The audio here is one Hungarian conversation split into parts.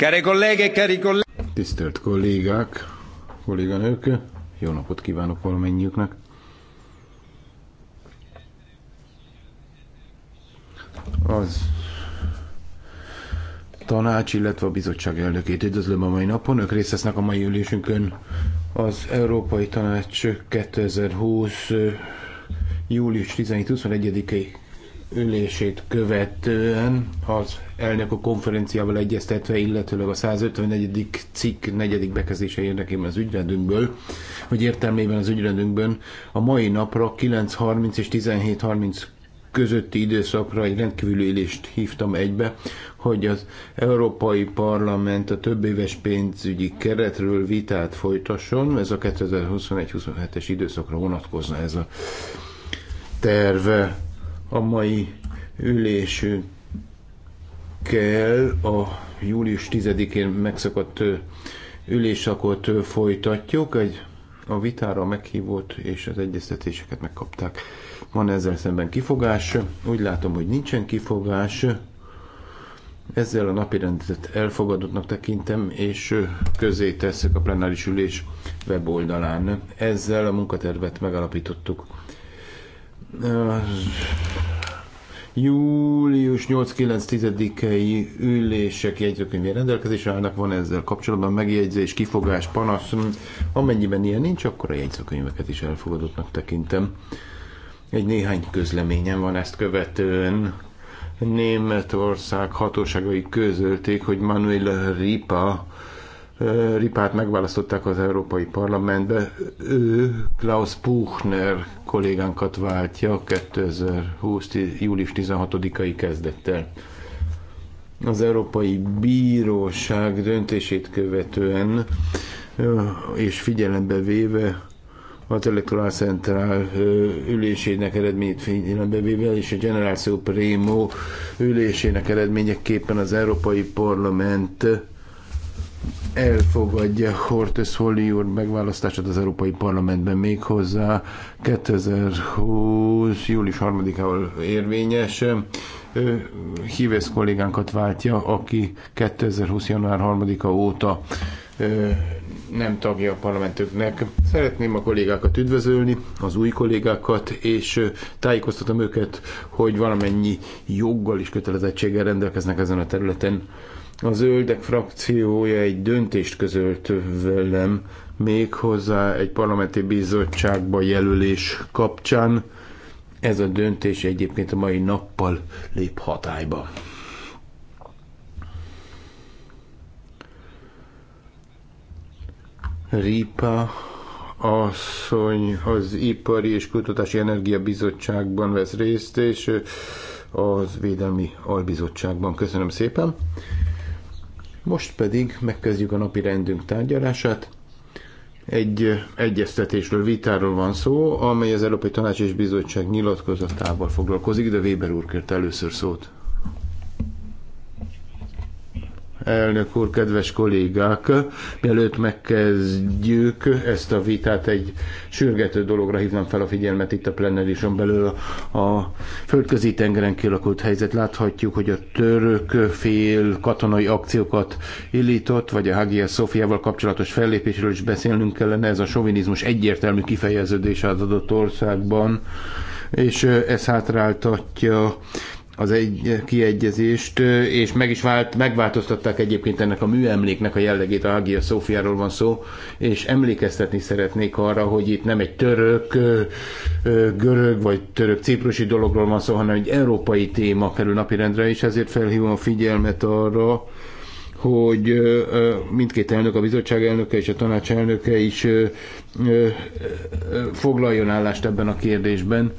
Care kollége, cari Tisztelt kollégák, kolléganők, jó napot kívánok valamennyiüknek. Az tanács, illetve a bizottság elnökét üdvözlöm a mai napon. Ők részt vesznek a mai ülésünkön az Európai Tanács 2020 július 11 21 i ülését követően az elnök a konferenciával egyeztetve, illetőleg a 154. cikk negyedik bekezdése érdekében az ügyrendünkből, hogy értelmében az ügyrendünkben a mai napra 9.30 és 17.30 közötti időszakra egy rendkívüli ülést hívtam egybe, hogy az Európai Parlament a több éves pénzügyi keretről vitát folytasson. Ez a 2021-27-es időszakra vonatkozna ez a terve a mai ülésünkkel a július 10-én megszakadt ülésakot folytatjuk. Egy, a vitára meghívott és az egyeztetéseket megkapták. Van ezzel szemben kifogás. Úgy látom, hogy nincsen kifogás. Ezzel a napi rendet elfogadottnak tekintem, és közé tesszük a plenáris ülés weboldalán. Ezzel a munkatervet megalapítottuk július 8-9-10-i ülések jegyzőkönyvén rendelkezésre állnak, van ezzel kapcsolatban megjegyzés, kifogás, panasz. Amennyiben ilyen nincs, akkor a jegyzőkönyveket is elfogadottnak tekintem. Egy néhány közleményem van ezt követően. Németország hatóságai közölték, hogy Manuel Ripa Ripát megválasztották az Európai Parlamentbe. Ő Klaus Puchner kollégánkat váltja 2020. július 16-ai kezdettel. Az Európai Bíróság döntését követően és figyelembe véve az Elektorál Central ülésének eredményét figyelembe véve, és a Generáció Prémó ülésének eredményeképpen az Európai Parlament elfogadja Hortes Holly úr megválasztását az Európai Parlamentben méghozzá 2020. július 3-ával érvényes. Hívész kollégánkat váltja, aki 2020. január 3-a óta nem tagja a parlamentüknek. Szeretném a kollégákat üdvözölni, az új kollégákat, és tájékoztatom őket, hogy valamennyi joggal és kötelezettséggel rendelkeznek ezen a területen. A zöldek frakciója egy döntést közölt velem, méghozzá egy parlamenti bizottságba jelölés kapcsán. Ez a döntés egyébként a mai nappal lép hatályba. Ripa asszony az Ipari és Kutatási Energia Bizottságban vesz részt, és az Védelmi Albizottságban. Köszönöm szépen. Most pedig megkezdjük a napi rendünk tárgyalását. Egy egyeztetésről, vitáról van szó, amely az Európai Tanács és Bizottság nyilatkozatával foglalkozik, de Weber úr kért először szót elnök úr, kedves kollégák! Mielőtt megkezdjük ezt a vitát, egy sürgető dologra hívnám fel a figyelmet itt a plenárison belül. A földközi tengeren kialakult helyzet láthatjuk, hogy a török fél katonai akciókat illított, vagy a Hagia Szofiával kapcsolatos fellépésről is beszélnünk kellene. Ez a sovinizmus egyértelmű kifejeződés az adott országban és ez hátráltatja az egy kiegyezést, és meg is vált, megváltoztatták egyébként ennek a műemléknek a jellegét, a Hagia Szófiáról van szó, és emlékeztetni szeretnék arra, hogy itt nem egy török, görög vagy török ciprusi dologról van szó, hanem egy európai téma kerül napirendre, és ezért felhívom a figyelmet arra, hogy mindkét elnök, a bizottság elnöke és a tanács elnöke is foglaljon állást ebben a kérdésben.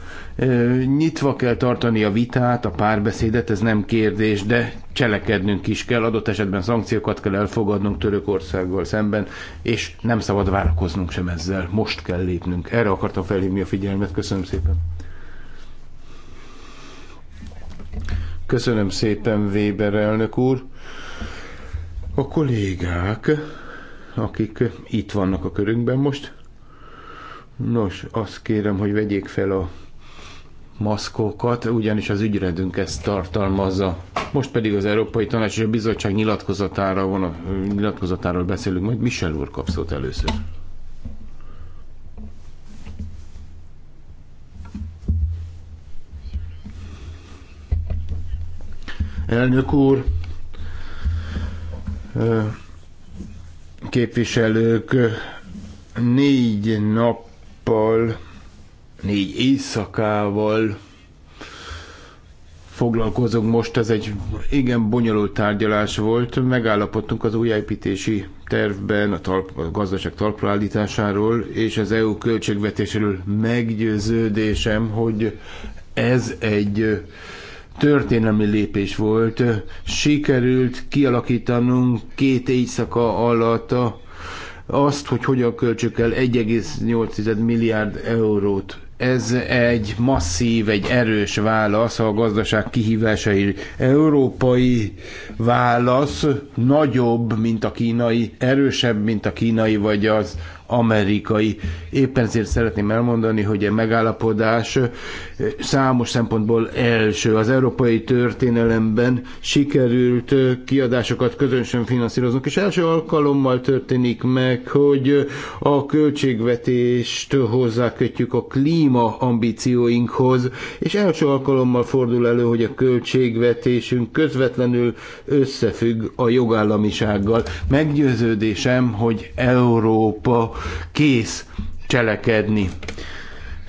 Nyitva kell tartani a vitát, a párbeszédet, ez nem kérdés, de cselekednünk is kell, adott esetben szankciókat kell elfogadnunk Törökországgal szemben, és nem szabad várakoznunk sem ezzel. Most kell lépnünk. Erre akartam felhívni a figyelmet. Köszönöm szépen. Köszönöm szépen, Weber elnök úr. A kollégák, akik itt vannak a körünkben most, nos, azt kérem, hogy vegyék fel a maszkokat, ugyanis az ügyredünk ezt tartalmazza. Most pedig az Európai Tanács és a Bizottság nyilatkozatára van, a, nyilatkozatáról beszélünk, majd Michel úr kap szót először. Elnök úr, képviselők négy nappal, négy éjszakával foglalkozunk most. Ez egy igen bonyolult tárgyalás volt. Megállapodtunk az újjáépítési tervben a, talp, a gazdaság talpraállításáról és az EU költségvetéséről meggyőződésem, hogy ez egy történelmi lépés volt. Sikerült kialakítanunk két éjszaka alatt azt, hogy hogyan költsük el 1,8 milliárd eurót ez egy masszív, egy erős válasz a gazdaság kihívásai. Európai válasz nagyobb, mint a kínai, erősebb, mint a kínai, vagy az amerikai. Éppen ezért szeretném elmondani, hogy a megállapodás számos szempontból első. Az európai történelemben sikerült kiadásokat közönsön finanszírozunk, és első alkalommal történik meg, hogy a költségvetést hozzákötjük a klíma ambícióinkhoz, és első alkalommal fordul elő, hogy a költségvetésünk közvetlenül összefügg a jogállamisággal. Meggyőződésem, hogy Európa kész cselekedni.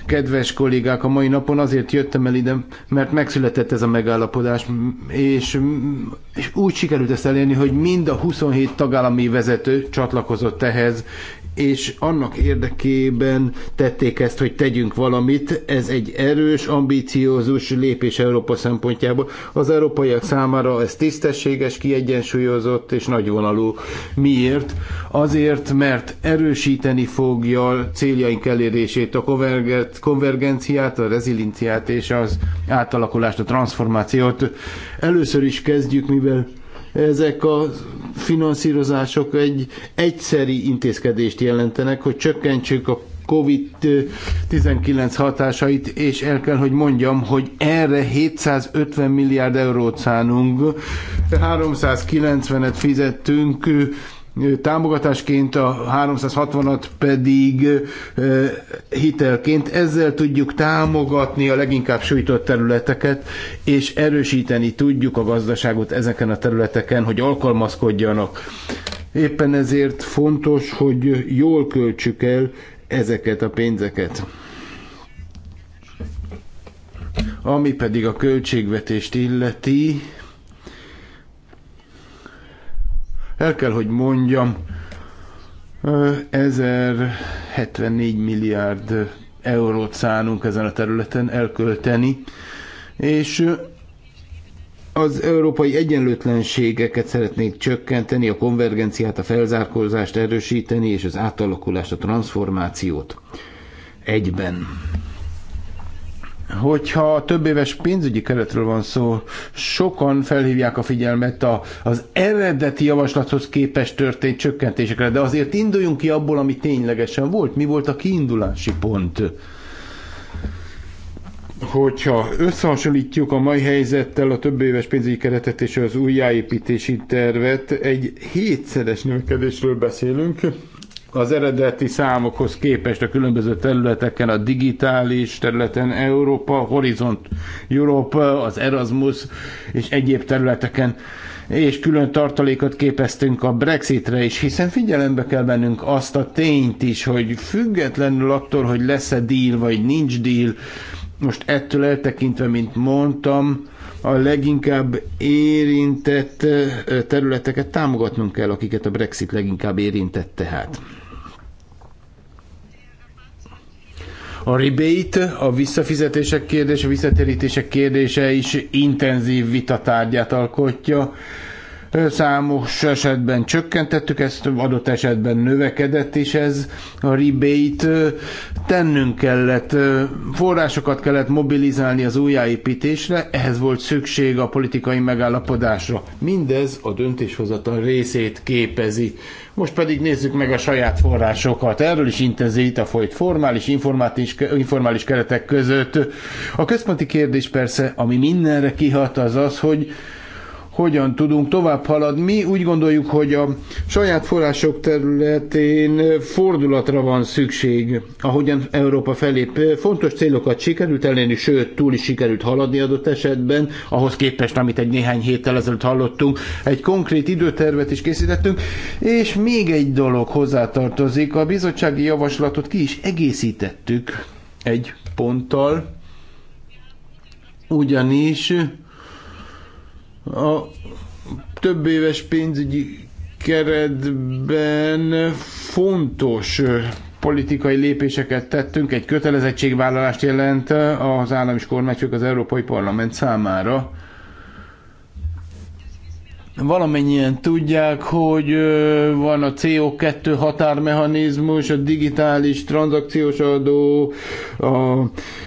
Kedves kollégák, a mai napon azért jöttem el ide, mert megszületett ez a megállapodás, és, és úgy sikerült ezt elérni, hogy mind a 27 tagállami vezető csatlakozott ehhez, és annak érdekében tették ezt, hogy tegyünk valamit. Ez egy erős, ambíciózus lépés Európa szempontjából. Az európaiak számára ez tisztességes, kiegyensúlyozott és nagyvonalú. Miért? Azért, mert erősíteni fogja céljaink elérését, a konvergenciát, a rezilinciát és az átalakulást, a transformációt. Először is kezdjük, mivel ezek a finanszírozások egy egyszeri intézkedést jelentenek, hogy csökkentsük a COVID-19 hatásait, és el kell, hogy mondjam, hogy erre 750 milliárd eurót szánunk, 390-et fizettünk támogatásként, a 360-at pedig hitelként. Ezzel tudjuk támogatni a leginkább sújtott területeket, és erősíteni tudjuk a gazdaságot ezeken a területeken, hogy alkalmazkodjanak. Éppen ezért fontos, hogy jól költsük el ezeket a pénzeket. Ami pedig a költségvetést illeti, El kell, hogy mondjam, 1074 milliárd eurót szánunk ezen a területen elkölteni, és az európai egyenlőtlenségeket szeretnénk csökkenteni, a konvergenciát, a felzárkózást erősíteni, és az átalakulást, a transformációt egyben hogyha a több éves pénzügyi keretről van szó, sokan felhívják a figyelmet a, az eredeti javaslathoz képest történt csökkentésekre, de azért induljunk ki abból, ami ténylegesen volt. Mi volt a kiindulási pont? hogyha összehasonlítjuk a mai helyzettel a több éves pénzügyi keretet és az újjáépítési tervet, egy hétszeres növekedésről beszélünk, az eredeti számokhoz képest a különböző területeken, a digitális területen Európa, Horizont Európa, az Erasmus és egyéb területeken és külön tartalékot képeztünk a Brexitre is, hiszen figyelembe kell vennünk azt a tényt is, hogy függetlenül attól, hogy lesz-e deal vagy nincs deal, most ettől eltekintve, mint mondtam, a leginkább érintett területeket támogatnunk kell, akiket a Brexit leginkább érintett tehát. A rebate, a visszafizetések kérdése, visszatérítések kérdése is intenzív vitatárgyát alkotja Számos esetben csökkentettük ezt, adott esetben növekedett is ez a rebate. Tennünk kellett, forrásokat kellett mobilizálni az újjáépítésre, ehhez volt szükség a politikai megállapodásra. Mindez a döntéshozatal részét képezi. Most pedig nézzük meg a saját forrásokat. Erről is intenzív a folyt formális, informális, informális keretek között. A központi kérdés persze, ami mindenre kihat, az az, hogy hogyan tudunk tovább haladni. Mi úgy gondoljuk, hogy a saját források területén fordulatra van szükség, ahogyan Európa felé fontos célokat sikerült elérni, sőt, túl is sikerült haladni adott esetben, ahhoz képest, amit egy néhány héttel ezelőtt hallottunk. Egy konkrét időtervet is készítettünk, és még egy dolog hozzátartozik, a bizottsági javaslatot ki is egészítettük egy ponttal, ugyanis a több éves pénzügyi keretben fontos politikai lépéseket tettünk, egy kötelezettségvállalást jelent az állam és kormányfők az Európai Parlament számára, valamennyien tudják, hogy van a CO2 határmechanizmus, a digitális tranzakciós adó, a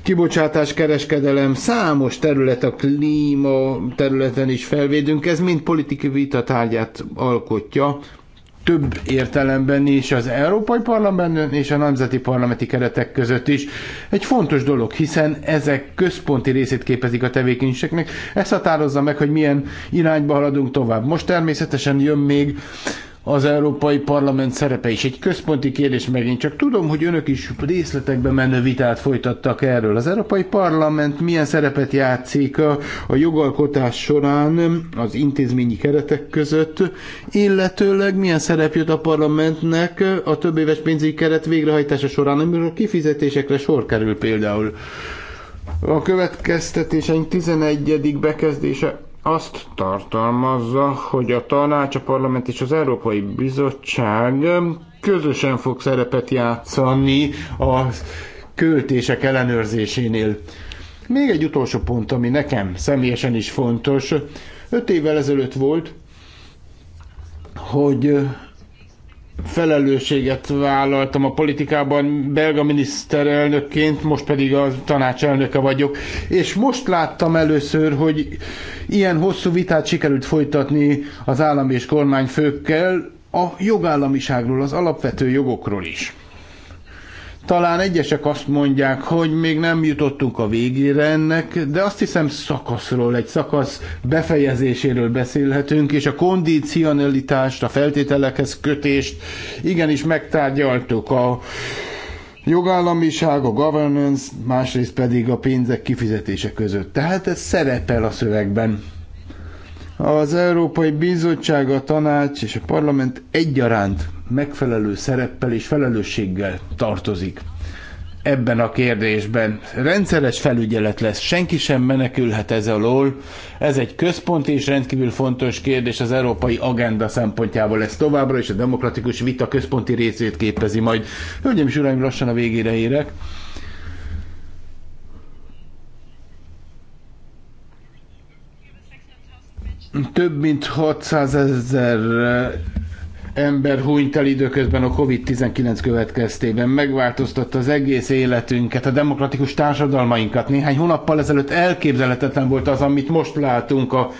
kibocsátás kereskedelem, számos terület a klíma területen is felvédünk, ez mind politikai vita tárgyát alkotja, több értelemben is az Európai Parlamentben és a nemzeti parlamenti keretek között is. Egy fontos dolog, hiszen ezek központi részét képezik a tevékenységnek. Ez határozza meg, hogy milyen irányba haladunk tovább. Most természetesen jön még az Európai Parlament szerepe is. Egy központi kérdés megint csak tudom, hogy önök is részletekbe menő vitát folytattak erről. Az Európai Parlament milyen szerepet játszik a, a jogalkotás során az intézményi keretek között, illetőleg milyen szerep jut a parlamentnek a több éves pénzügyi keret végrehajtása során, amiről a kifizetésekre sor kerül például. A következtetéseink 11. bekezdése azt tartalmazza, hogy a tanács, a parlament és az Európai Bizottság közösen fog szerepet játszani a költések ellenőrzésénél. Még egy utolsó pont, ami nekem személyesen is fontos. Öt évvel ezelőtt volt, hogy felelősséget vállaltam a politikában belga miniszterelnökként, most pedig a tanácselnöke vagyok. És most láttam először, hogy ilyen hosszú vitát sikerült folytatni az állam és kormányfőkkel a jogállamiságról, az alapvető jogokról is. Talán egyesek azt mondják, hogy még nem jutottunk a végére ennek, de azt hiszem szakaszról, egy szakasz befejezéséről beszélhetünk, és a kondicionalitást, a feltételekhez kötést igenis megtárgyaltuk a jogállamiság, a governance, másrészt pedig a pénzek kifizetése között. Tehát ez szerepel a szövegben az Európai Bizottság, a Tanács és a Parlament egyaránt megfelelő szereppel és felelősséggel tartozik ebben a kérdésben. Rendszeres felügyelet lesz, senki sem menekülhet ez alól. Ez egy központi és rendkívül fontos kérdés az európai agenda szempontjából. lesz továbbra is a demokratikus vita központi részét képezi majd. Hölgyeim és uraim, lassan a végére érek. Több mint 600 ezer eh, ember hunyt el időközben a COVID-19 következtében, megváltoztatta az egész életünket, a demokratikus társadalmainkat. Néhány hónappal ezelőtt elképzelhetetlen volt az, amit most látunk a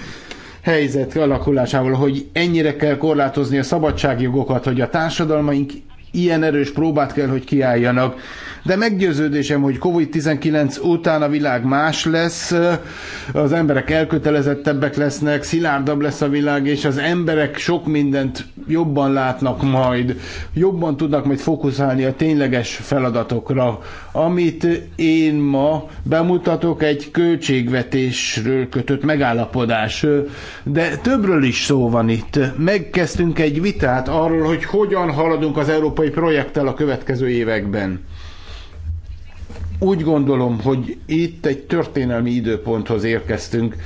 helyzet alakulásával, hogy ennyire kell korlátozni a szabadságjogokat, hogy a társadalmaink ilyen erős próbát kell, hogy kiálljanak de meggyőződésem, hogy COVID-19 után a világ más lesz, az emberek elkötelezettebbek lesznek, szilárdabb lesz a világ, és az emberek sok mindent jobban látnak majd, jobban tudnak majd fókuszálni a tényleges feladatokra. Amit én ma bemutatok, egy költségvetésről kötött megállapodás, de többről is szó van itt. Megkezdtünk egy vitát arról, hogy hogyan haladunk az európai projekttel a következő években. Úgy gondolom, hogy itt egy történelmi időponthoz érkeztünk,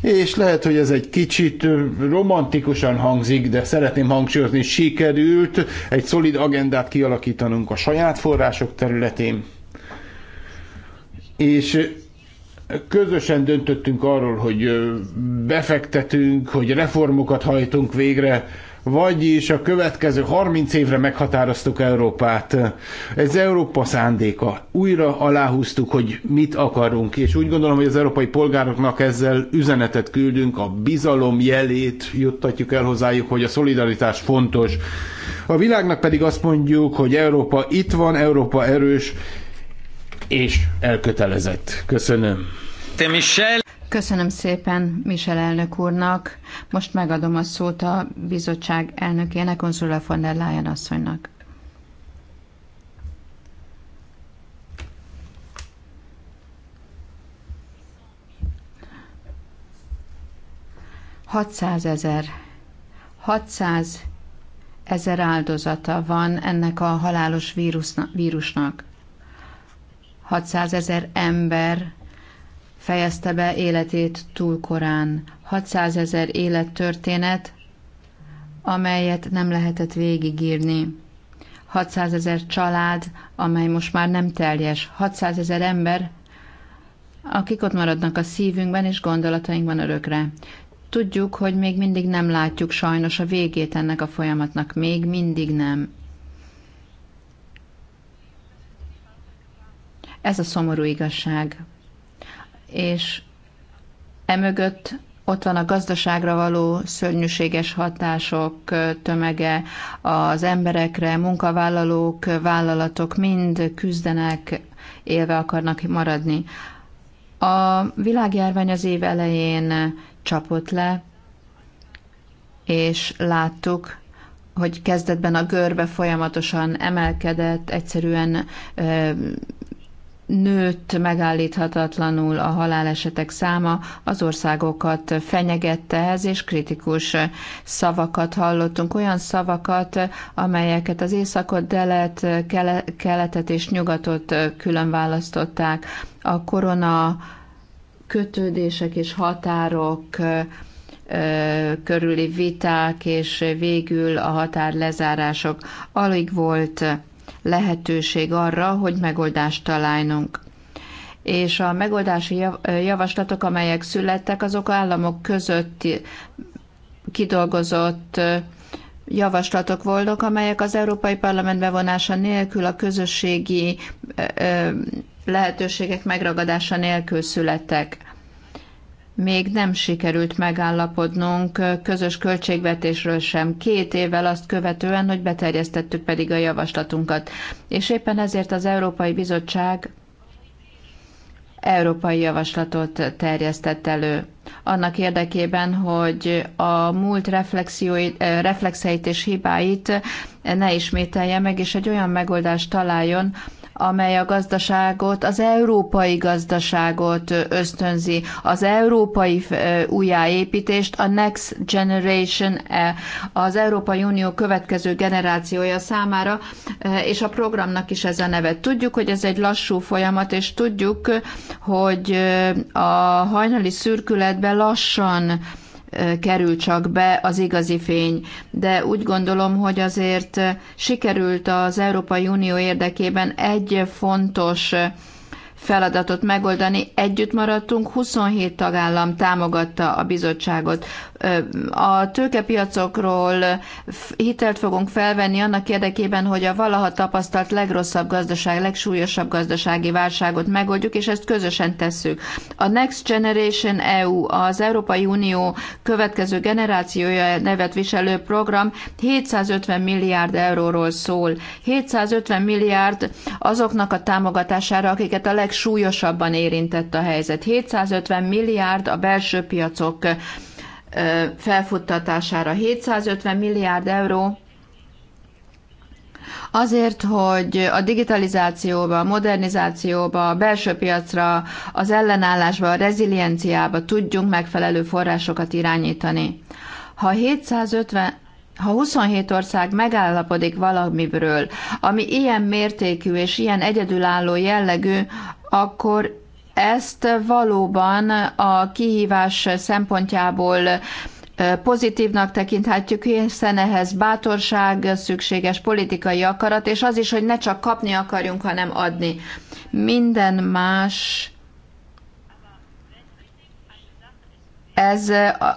és lehet, hogy ez egy kicsit romantikusan hangzik, de szeretném hangsúlyozni, sikerült egy szolid agendát kialakítanunk a saját források területén, és közösen döntöttünk arról, hogy befektetünk, hogy reformokat hajtunk végre, vagyis a következő 30 évre meghatároztuk Európát. Ez Európa szándéka. Újra aláhúztuk, hogy mit akarunk, és úgy gondolom, hogy az európai polgároknak ezzel üzenetet küldünk, a bizalom jelét juttatjuk el hozzájuk, hogy a szolidaritás fontos. A világnak pedig azt mondjuk, hogy Európa itt van, Európa erős, és elkötelezett. Köszönöm. Te Michel. Köszönöm szépen Michel elnök úrnak. Most megadom a szót a bizottság elnökének, Ursula von der Leyen asszonynak. ezer 600 ezer áldozata van ennek a halálos vírusnak. 600 ezer ember fejezte be életét túl korán. 600 ezer élettörténet, amelyet nem lehetett végigírni. 600 ezer család, amely most már nem teljes. 600 ezer ember, akik ott maradnak a szívünkben és gondolatainkban örökre. Tudjuk, hogy még mindig nem látjuk sajnos a végét ennek a folyamatnak, még mindig nem. Ez a szomorú igazság és emögött ott van a gazdaságra való szörnyűséges hatások tömege, az emberekre, munkavállalók, vállalatok mind küzdenek, élve akarnak maradni. A világjárvány az év elején csapott le, és láttuk, hogy kezdetben a görbe folyamatosan emelkedett, egyszerűen nőtt megállíthatatlanul a halálesetek száma, az országokat fenyegette ez, és kritikus szavakat hallottunk, olyan szavakat, amelyeket az északot, delet, keletet és nyugatot külön választották. A korona kötődések és határok körüli viták, és végül a határ lezárások. Alig volt lehetőség arra, hogy megoldást találjunk. És a megoldási javaslatok, amelyek születtek, azok államok között kidolgozott javaslatok voltak, amelyek az Európai Parlament bevonása nélkül a közösségi lehetőségek megragadása nélkül születtek még nem sikerült megállapodnunk közös költségvetésről sem két évvel azt követően, hogy beterjesztettük pedig a javaslatunkat. És éppen ezért az Európai Bizottság európai javaslatot terjesztett elő annak érdekében, hogy a múlt eh, reflexeit és hibáit ne ismételje meg, és egy olyan megoldást találjon, amely a gazdaságot, az európai gazdaságot ösztönzi, az európai eh, újjáépítést, a Next Generation, eh, az Európai Unió következő generációja számára, és a programnak is ez a neve. Tudjuk, hogy ez egy lassú folyamat, és tudjuk, hogy a hajnali szürkület életbe lassan kerül csak be az igazi fény. De úgy gondolom, hogy azért sikerült az Európai Unió érdekében egy fontos feladatot megoldani. Együtt maradtunk, 27 tagállam támogatta a bizottságot. A tőkepiacokról hitelt fogunk felvenni annak érdekében, hogy a valaha tapasztalt legrosszabb gazdaság, legsúlyosabb gazdasági válságot megoldjuk, és ezt közösen tesszük. A Next Generation EU, az Európai Unió következő generációja nevet viselő program 750 milliárd euróról szól. 750 milliárd azoknak a támogatására, akiket a leg legsúlyosabban érintett a helyzet. 750 milliárd a belső piacok felfuttatására, 750 milliárd euró Azért, hogy a digitalizációba, a modernizációba, a belső piacra, az ellenállásba, a rezilienciába tudjunk megfelelő forrásokat irányítani. Ha 750, ha 27 ország megállapodik valamiről, ami ilyen mértékű és ilyen egyedülálló jellegű, akkor ezt valóban a kihívás szempontjából pozitívnak tekinthetjük, hiszen ehhez bátorság, szükséges politikai akarat, és az is, hogy ne csak kapni akarjunk, hanem adni. Minden más Ez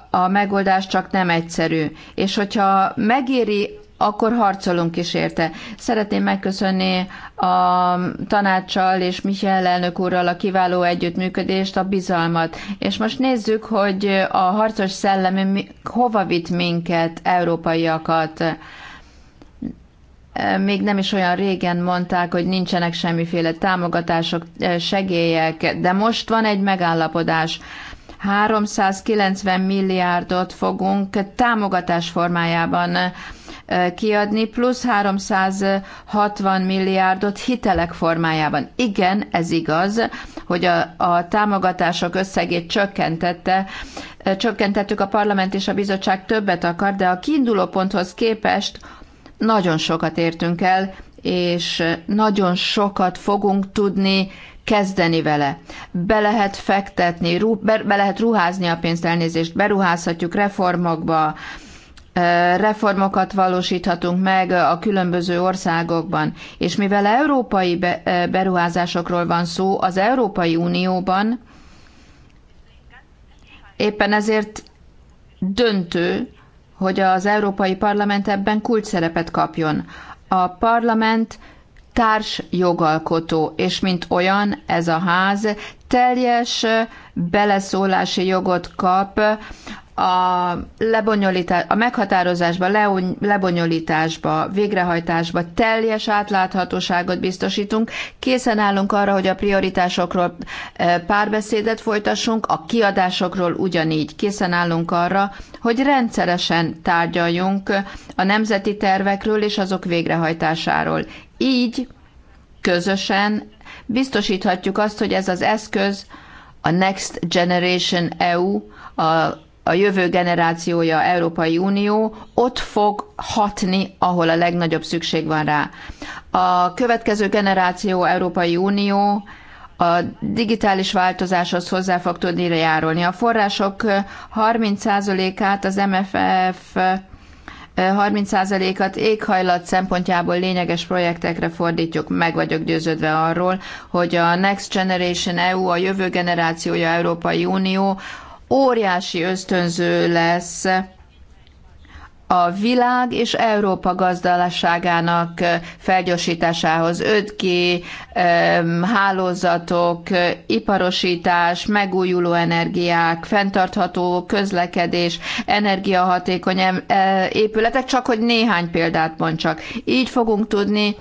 a megoldás csak nem egyszerű. És hogyha megéri akkor harcolunk is érte. Szeretném megköszönni a tanácssal és Michel elnök úrral a kiváló együttműködést, a bizalmat. És most nézzük, hogy a harcos szellemi hova vitt minket, európaiakat. Még nem is olyan régen mondták, hogy nincsenek semmiféle támogatások, segélyek, de most van egy megállapodás 390 milliárdot fogunk támogatás formájában eh, kiadni, plusz 360 milliárdot hitelek formájában. Igen, ez igaz, hogy a, a támogatások összegét csökkentette, eh, csökkentettük a parlament és a bizottság többet akar, de a kiinduló ponthoz képest nagyon sokat értünk el, és eh, nagyon sokat fogunk tudni kezdeni vele. Be lehet fektetni, rú, be, be lehet ruházni a pénzt, elnézést, beruházhatjuk reformokba, reformokat valósíthatunk meg a különböző országokban. És mivel európai beruházásokról van szó, az Európai Unióban éppen ezért döntő, hogy az Európai Parlament ebben kulcs szerepet kapjon. A parlament társ jogalkotó, és mint olyan ez a ház teljes beleszólási jogot kap a, lebonyolítás, a meghatározásba, leon, lebonyolításba, végrehajtásba teljes átláthatóságot biztosítunk. Készen állunk arra, hogy a prioritásokról e, párbeszédet folytassunk, a kiadásokról ugyanígy. Készen állunk arra, hogy rendszeresen tárgyaljunk a nemzeti tervekről és azok végrehajtásáról. Így közösen biztosíthatjuk azt, hogy ez az eszköz a Next Generation EU, a a jövő generációja Európai Unió ott fog hatni, ahol a legnagyobb szükség van rá. A következő generáció Európai Unió a digitális változáshoz hozzá fog tudni járulni. A források 30%-át az MFF 30%-at eh, éghajlat szempontjából lényeges projektekre fordítjuk. Meg vagyok győződve arról, hogy a Next Generation EU, a jövő generációja Európai Unió óriási ösztönző lesz a világ és Európa gazdaságának felgyorsításához. 5G, hálózatok, iparosítás, megújuló energiák, fenntartható közlekedés, energiahatékony e, épületek, csak hogy néhány példát mondjak. Így fogunk tudni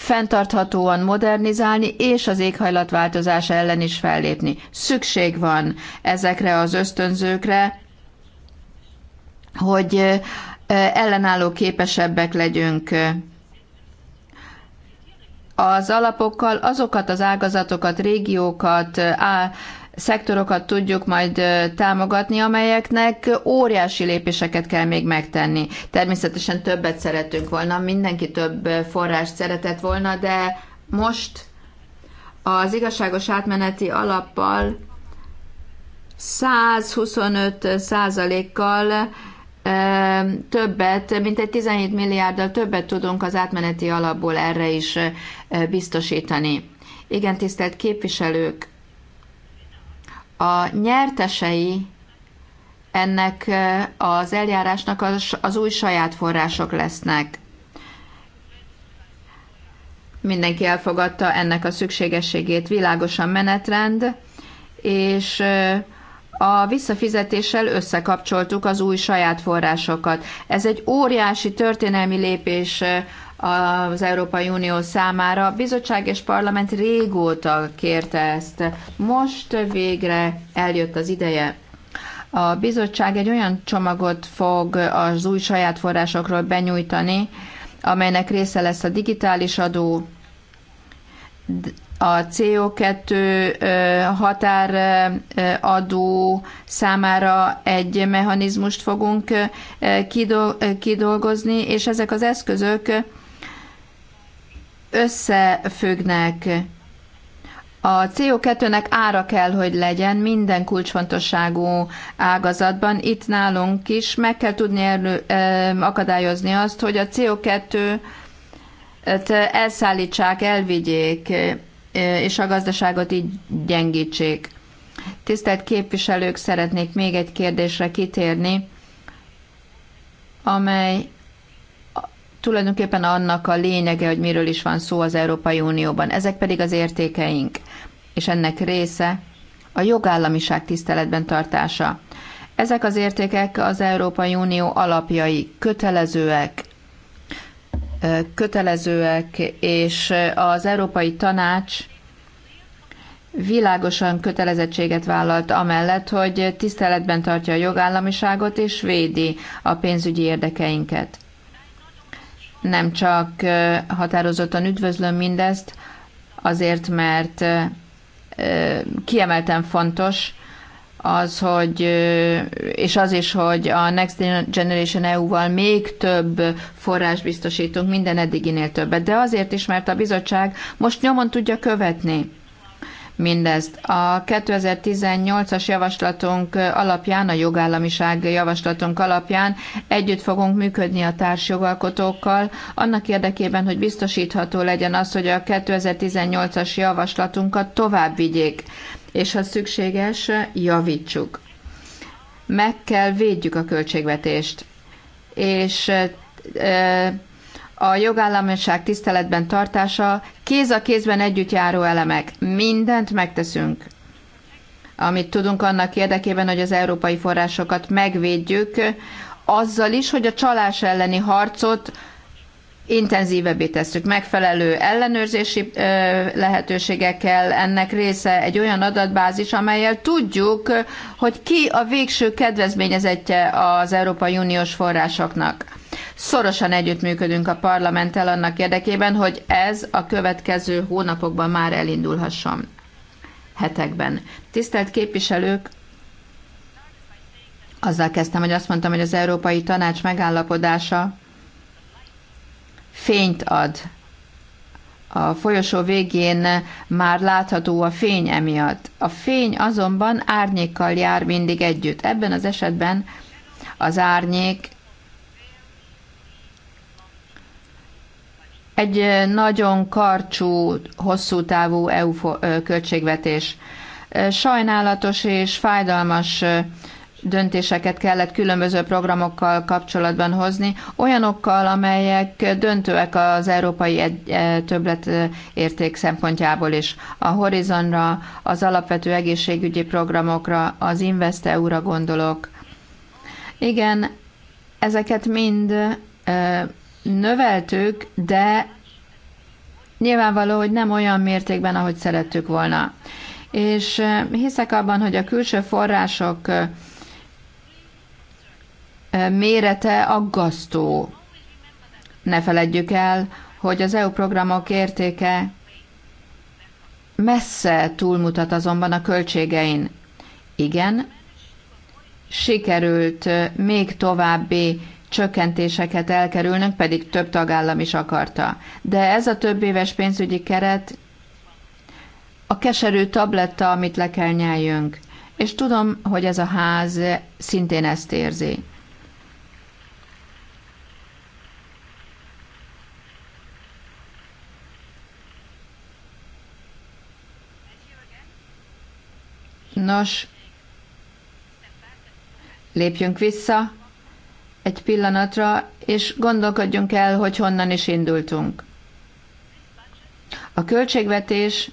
fenntarthatóan modernizálni, és az éghajlatváltozás ellen is fellépni. Szükség van ezekre az ösztönzőkre, hogy ellenálló képesebbek legyünk az alapokkal azokat az ágazatokat, régiókat, á, szektorokat tudjuk majd támogatni, amelyeknek óriási lépéseket kell még megtenni. Természetesen többet szeretünk volna, mindenki több forrást szeretett volna, de most az igazságos átmeneti alappal 125 százalékkal többet, mint egy 17 milliárddal többet tudunk az átmeneti alapból erre is biztosítani. Igen, tisztelt képviselők, a nyertesei ennek az eljárásnak az, az új saját források lesznek. Mindenki elfogadta ennek a szükségességét, világosan menetrend, és a visszafizetéssel összekapcsoltuk az új saját forrásokat. Ez egy óriási történelmi lépés az Európai Unió számára. A bizottság és parlament régóta kérte ezt. Most végre eljött az ideje. A bizottság egy olyan csomagot fog az új saját forrásokról benyújtani, amelynek része lesz a digitális adó, a CO2 határadó számára egy mechanizmust fogunk kidolgozni, és ezek az eszközök összefüggnek. A CO2-nek ára kell, hogy legyen minden kulcsfontosságú ágazatban. Itt nálunk is meg kell tudni elő, akadályozni azt, hogy a CO2-t elszállítsák, elvigyék, és a gazdaságot így gyengítsék. Tisztelt képviselők, szeretnék még egy kérdésre kitérni, amely tulajdonképpen annak a lényege, hogy miről is van szó az Európai Unióban. Ezek pedig az értékeink, és ennek része a jogállamiság tiszteletben tartása. Ezek az értékek az Európai Unió alapjai, kötelezőek, kötelezőek, és az Európai Tanács világosan kötelezettséget vállalt amellett, hogy tiszteletben tartja a jogállamiságot és védi a pénzügyi érdekeinket nem csak határozottan üdvözlöm mindezt, azért, mert kiemelten fontos az, hogy, és az is, hogy a Next Generation EU-val még több forrás biztosítunk, minden eddiginél többet, de azért is, mert a bizottság most nyomon tudja követni mindezt. A 2018-as javaslatunk alapján, a jogállamiság javaslatunk alapján együtt fogunk működni a társjogalkotókkal, annak érdekében, hogy biztosítható legyen az, hogy a 2018-as javaslatunkat tovább vigyék, és ha szükséges, javítsuk. Meg kell védjük a költségvetést, és a jogállamiság tiszteletben tartása kéz a kézben együtt járó elemek. Mindent megteszünk, amit tudunk annak érdekében, hogy az európai forrásokat megvédjük, azzal is, hogy a csalás elleni harcot intenzívebbé tesszük, megfelelő ellenőrzési lehetőségekkel, ennek része egy olyan adatbázis, amelyel tudjuk, hogy ki a végső kedvezményezetje az Európai Uniós forrásoknak. Szorosan együttműködünk a parlamenttel annak érdekében, hogy ez a következő hónapokban már elindulhasson hetekben. Tisztelt képviselők, azzal kezdtem, hogy azt mondtam, hogy az Európai Tanács megállapodása fényt ad. A folyosó végén már látható a fény emiatt. A fény azonban árnyékkal jár mindig együtt. Ebben az esetben az árnyék egy nagyon karcsú, hosszú távú EU költségvetés. Sajnálatos és fájdalmas döntéseket kellett különböző programokkal kapcsolatban hozni, olyanokkal, amelyek döntőek az európai többlet érték szempontjából is. A Horizonra, az alapvető egészségügyi programokra, az InvestEU-ra gondolok. Igen, ezeket mind növeltük, de nyilvánvaló, hogy nem olyan mértékben, ahogy szerettük volna. És eh, hiszek abban, hogy a külső források eh, mérete aggasztó. Ne feledjük el, hogy az EU programok értéke messze túlmutat azonban a költségein. Igen, sikerült eh, még további csökkentéseket elkerülnünk, pedig több tagállam is akarta. De ez a több éves pénzügyi keret a keserű tabletta, amit le kell nyeljünk. És tudom, hogy ez a ház szintén ezt érzi. Nos, lépjünk vissza, egy pillanatra, és gondolkodjunk el, hogy honnan is indultunk. A költségvetés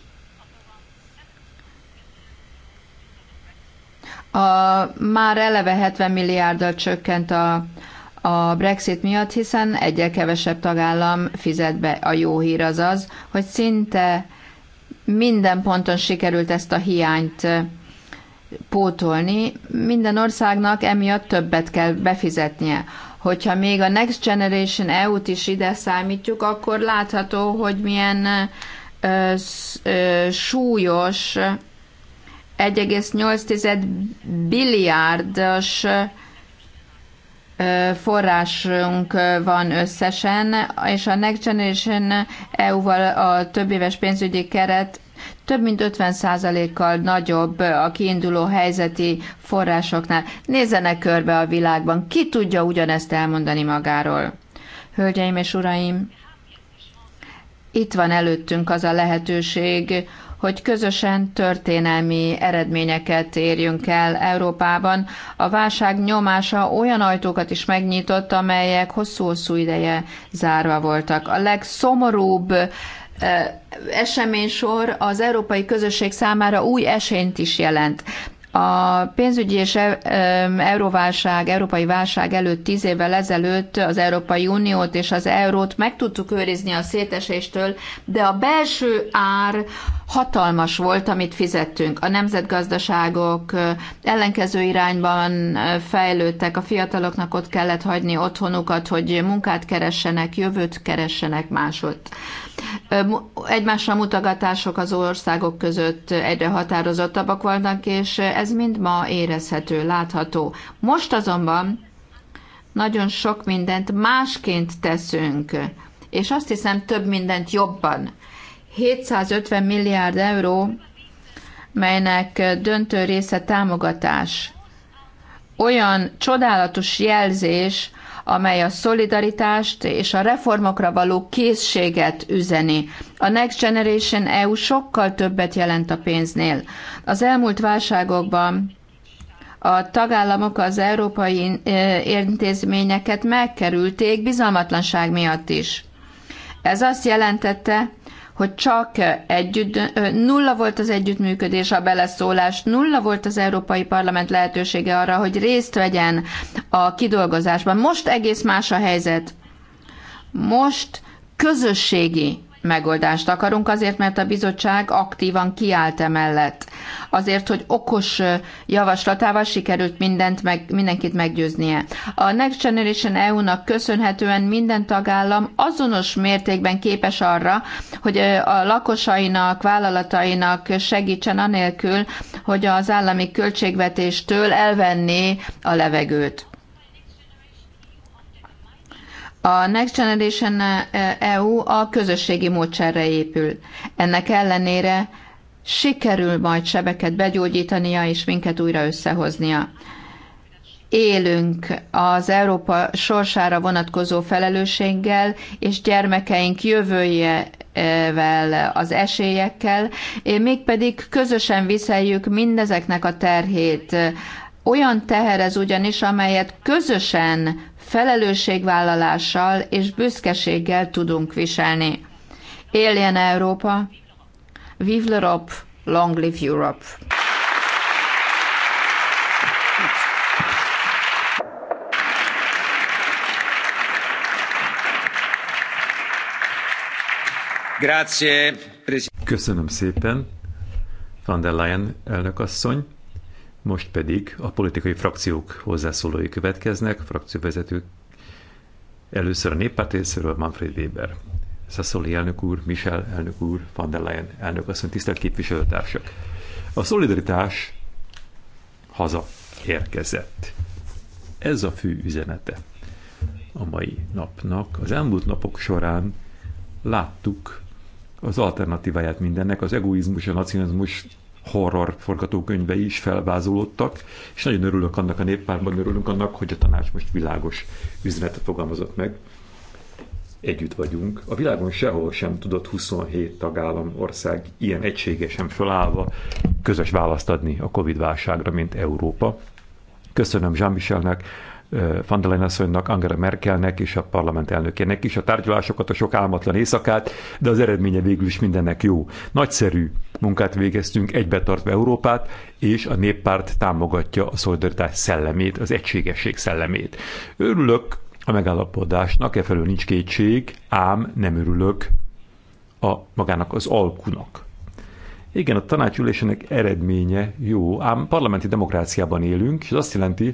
a, már eleve 70 milliárddal csökkent a, a Brexit miatt, hiszen egyel kevesebb tagállam fizet be. A jó hír az az, hogy szinte minden ponton sikerült ezt a hiányt pótolni, minden országnak emiatt többet kell befizetnie. Hogyha még a Next Generation EU-t is ide számítjuk, akkor látható, hogy milyen ö, ö, súlyos 1,8 billiárdos forrásunk van összesen, és a Next Generation EU-val a többéves pénzügyi keret több mint 50%-kal nagyobb a kiinduló helyzeti forrásoknál. Nézzenek körbe a világban, ki tudja ugyanezt elmondani magáról. Hölgyeim és uraim, itt van előttünk az a lehetőség, hogy közösen történelmi eredményeket érjünk el Európában. A válság nyomása olyan ajtókat is megnyitott, amelyek hosszú-hosszú ideje zárva voltak. A legszomorúbb eseménysor az európai közösség számára új esélyt is jelent. A pénzügyi és e- euróválság, európai válság előtt tíz évvel ezelőtt az Európai Uniót és az eurót meg tudtuk őrizni a széteséstől, de a belső ár hatalmas volt, amit fizettünk. A nemzetgazdaságok ellenkező irányban fejlődtek, a fiataloknak ott kellett hagyni otthonukat, hogy munkát keressenek, jövőt keressenek másod. Egymásra mutogatások az országok között egyre határozottabbak voltak, és ez mind ma érezhető, látható. Most azonban nagyon sok mindent másként teszünk, és azt hiszem több mindent jobban. 750 milliárd euró, melynek döntő része támogatás. Olyan csodálatos jelzés, amely a szolidaritást és a reformokra való készséget üzeni. A Next Generation EU sokkal többet jelent a pénznél. Az elmúlt válságokban a tagállamok az európai eh, intézményeket megkerülték bizalmatlanság miatt is. Ez azt jelentette, hogy csak együtt, nulla volt az együttműködés, a beleszólás, nulla volt az Európai Parlament lehetősége arra, hogy részt vegyen a kidolgozásban. Most egész más a helyzet. Most közösségi megoldást akarunk, azért, mert a bizottság aktívan kiállt emellett. Azért, hogy okos javaslatával sikerült mindent meg, mindenkit meggyőznie. A Next Generation EU-nak köszönhetően minden tagállam azonos mértékben képes arra, hogy a lakosainak, vállalatainak segítsen anélkül, hogy az állami költségvetéstől elvenné a levegőt. A Next Generation EU eh, e a közösségi módszerre épül. Ennek ellenére sikerül majd sebeket begyógyítania és minket újra összehoznia. Élünk az Európa sorsára vonatkozó felelősséggel és gyermekeink jövője vel, az esélyekkel, mégpedig közösen viseljük mindezeknek a terhét. Olyan teher ez ugyanis, amelyet közösen felelősségvállalással és büszkeséggel tudunk viselni. Éljen Európa! Vive l'Europe! Long live Europe! Köszönöm szépen, van der Leyen elnökasszony. Most pedig a politikai frakciók hozzászólói következnek, frakcióvezetők először a néppárt részéről Manfred Weber. Szaszoli elnök úr, Michel elnök úr, van der Leyen elnök asszony, tisztelt képviselőtársak. A szolidaritás haza érkezett. Ez a fő üzenete a mai napnak. Az elmúlt napok során láttuk az alternatíváját mindennek, az egoizmus, a nacionalizmus horror forgatókönyve is felvázolódtak, és nagyon örülök annak a néppárban, örülünk annak, hogy a tanács most világos üzenetet fogalmazott meg. Együtt vagyunk. A világon sehol sem tudott 27 tagállam ország ilyen egységesen felállva közös választ adni a Covid válságra, mint Európa. Köszönöm Jean-Michelnek, van der Leyen asszonynak, Angela Merkelnek és a parlament elnökének is a tárgyalásokat, a sok álmatlan éjszakát, de az eredménye végül is mindennek jó. Nagyszerű munkát végeztünk, egybetartva Európát, és a néppárt támogatja a szolidaritás szellemét, az egységesség szellemét. Örülök a megállapodásnak, e felől nincs kétség, ám nem örülök a magának az alkunak. Igen, a tanácsülésének eredménye jó, ám parlamenti demokráciában élünk, és az azt jelenti,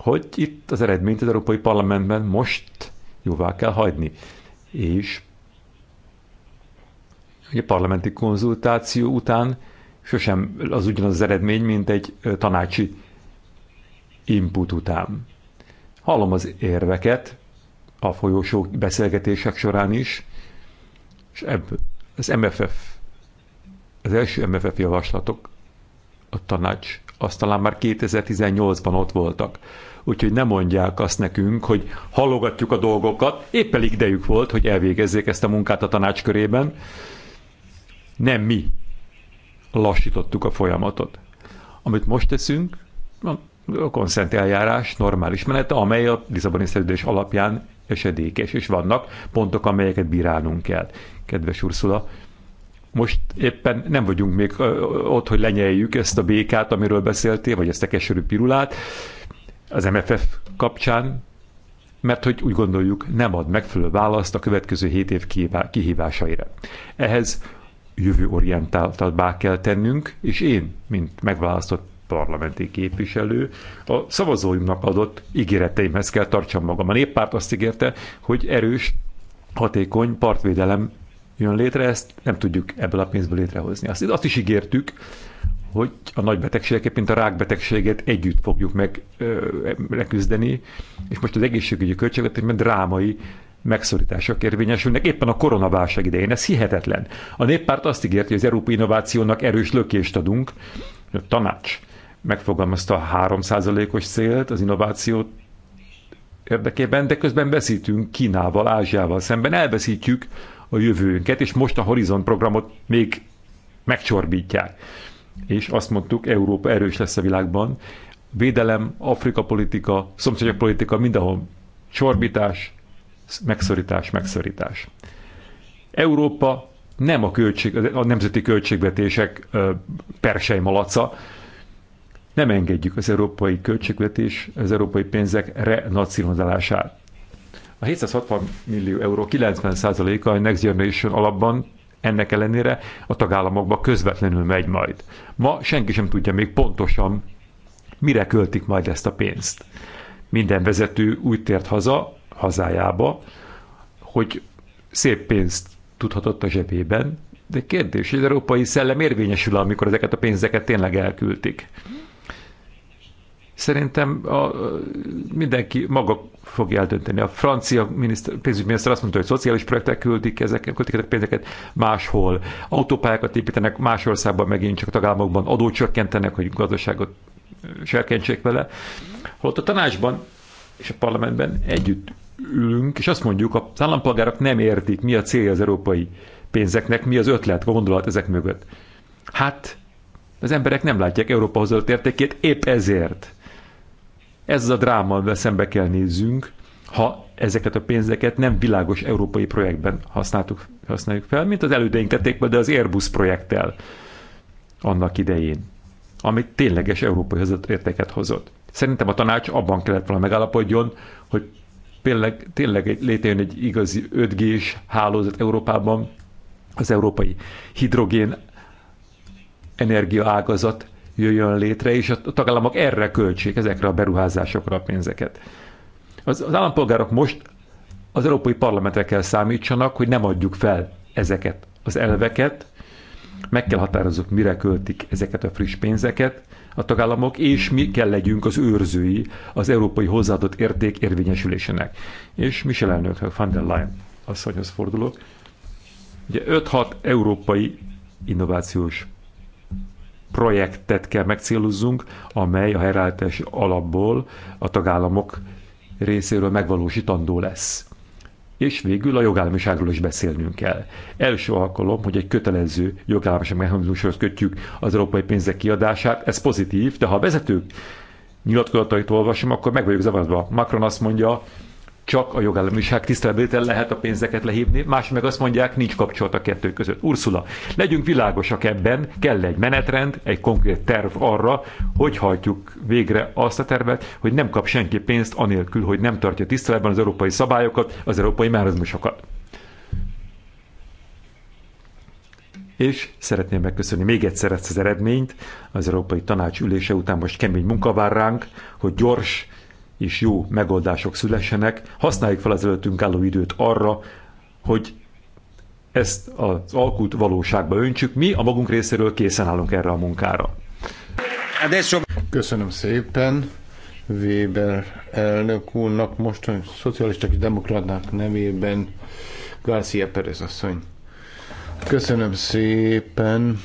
hogy itt az eredményt az Európai Parlamentben most jóvá kell hagyni. És a parlamenti konzultáció után sosem az ugyanaz az eredmény, mint egy tanácsi input után. Hallom az érveket a folyósó beszélgetések során is, és ebből az MFF, az első MFF javaslatok a tanács asztalán már 2018-ban ott voltak úgyhogy nem mondják azt nekünk, hogy halogatjuk a dolgokat. Épp elég idejük volt, hogy elvégezzék ezt a munkát a tanács körében. Nem mi lassítottuk a folyamatot. Amit most teszünk, a konszent eljárás normális menete, amely a Lisszaboni szerződés alapján esedékes, és vannak pontok, amelyeket bírálnunk kell. Kedves Ursula, most éppen nem vagyunk még ott, hogy lenyeljük ezt a békát, amiről beszéltél, vagy ezt a keserű pirulát, az MFF kapcsán, mert hogy úgy gondoljuk, nem ad megfelelő választ a következő 7 év kihívásaira. Ehhez jövőorientáltabbá kell tennünk, és én, mint megválasztott parlamenti képviselő, a szavazóimnak adott ígéreteimhez kell tartsam magam. A néppárt azt ígérte, hogy erős, hatékony partvédelem jön létre, ezt nem tudjuk ebből a pénzből létrehozni. Azt, azt is ígértük, hogy a nagy betegségeket, mint a rákbetegséget együtt fogjuk meg, ö, leküzdeni, és most az egészségügyi költségvetésben drámai megszorítások érvényesülnek éppen a koronaválság idején. Ez hihetetlen. A néppárt azt ígért, hogy az európai innovációnak erős lökést adunk. A tanács megfogalmazta a 3%-os célt az innováció érdekében, de közben veszítünk Kínával, Ázsiával szemben, elveszítjük a jövőnket, és most a Horizon programot még megcsorbítják és azt mondtuk, Európa erős lesz a világban. Védelem, Afrika politika, szomszédok politika, mindenhol csorbítás, megszorítás, megszorítás. Európa nem a, költség, a nemzeti költségvetések persei malaca, nem engedjük az európai költségvetés, az európai pénzek renacionalizálását. A 760 millió euró 90%-a a Next Generation alapban ennek ellenére a tagállamokba közvetlenül megy majd. Ma senki sem tudja még pontosan, mire költik majd ezt a pénzt. Minden vezető úgy tért haza, hazájába, hogy szép pénzt tudhatott a zsebében, de kérdés, hogy az európai szellem érvényesül, amikor ezeket a pénzeket tényleg elküldik. Szerintem a, mindenki maga fogja eldönteni. A francia miniszter, pénzügyminiszter azt mondta, hogy szociális projektek küldik ezeket, költik ezek pénzeket máshol. Autópályákat építenek más országban, megint csak tagállamokban adót csökkentenek, hogy gazdaságot serkentsék vele. Holott a tanácsban és a parlamentben együtt ülünk, és azt mondjuk, az állampolgárok nem értik, mi a célja az európai pénzeknek, mi az ötlet, a gondolat ezek mögött. Hát, az emberek nem látják Európa hozzáadott értékét épp ezért ez az a dráma, amivel szembe kell nézzünk, ha ezeket a pénzeket nem világos európai projektben használtuk, használjuk fel, mint az elődeink tették be, de az Airbus projekttel annak idején, amit tényleges európai értéket hozott. Szerintem a tanács abban kellett volna megállapodjon, hogy tényleg, tényleg létrejön egy igazi 5G-s hálózat Európában, az európai hidrogén energiaágazat jöjjön létre, és a tagállamok erre költsék, ezekre a beruházásokra a pénzeket. Az, az állampolgárok most az európai parlamentekkel számítsanak, hogy nem adjuk fel ezeket az elveket, meg kell határozzuk, mire költik ezeket a friss pénzeket a tagállamok, és mi kell legyünk az őrzői az európai hozzáadott érték érvényesülésének. És Michel elnök, van der Leyen asszonyhoz fordulok. Ugye 5-6 európai innovációs projektet kell megcélozzunk, amely a helyreállítás alapból a tagállamok részéről megvalósítandó lesz. És végül a jogállamiságról is beszélnünk kell. Első alkalom, hogy egy kötelező jogállamiság mechanizmushoz kötjük az európai pénzek kiadását, ez pozitív, de ha a vezetők nyilatkozatait olvasom, akkor meg vagyok zavarodva. Macron azt mondja, csak a jogállamiság tiszteletben lehet a pénzeket lehívni, más meg azt mondják, nincs kapcsolat a kettő között. Ursula, legyünk világosak ebben, kell egy menetrend, egy konkrét terv arra, hogy hajtjuk végre azt a tervet, hogy nem kap senki pénzt anélkül, hogy nem tartja tiszteletben az európai szabályokat, az európai mechanizmusokat. és szeretném megköszönni még egyszer ezt az eredményt. Az Európai Tanács ülése után most kemény munka vár ránk, hogy gyors, és jó megoldások szülessenek. Használjuk fel az előttünk álló időt arra, hogy ezt az alkut valóságba öntsük. Mi a magunk részéről készen állunk erre a munkára. Köszönöm szépen. Weber elnök úrnak, most a és demokraták nevében García Pérez asszony. Köszönöm szépen,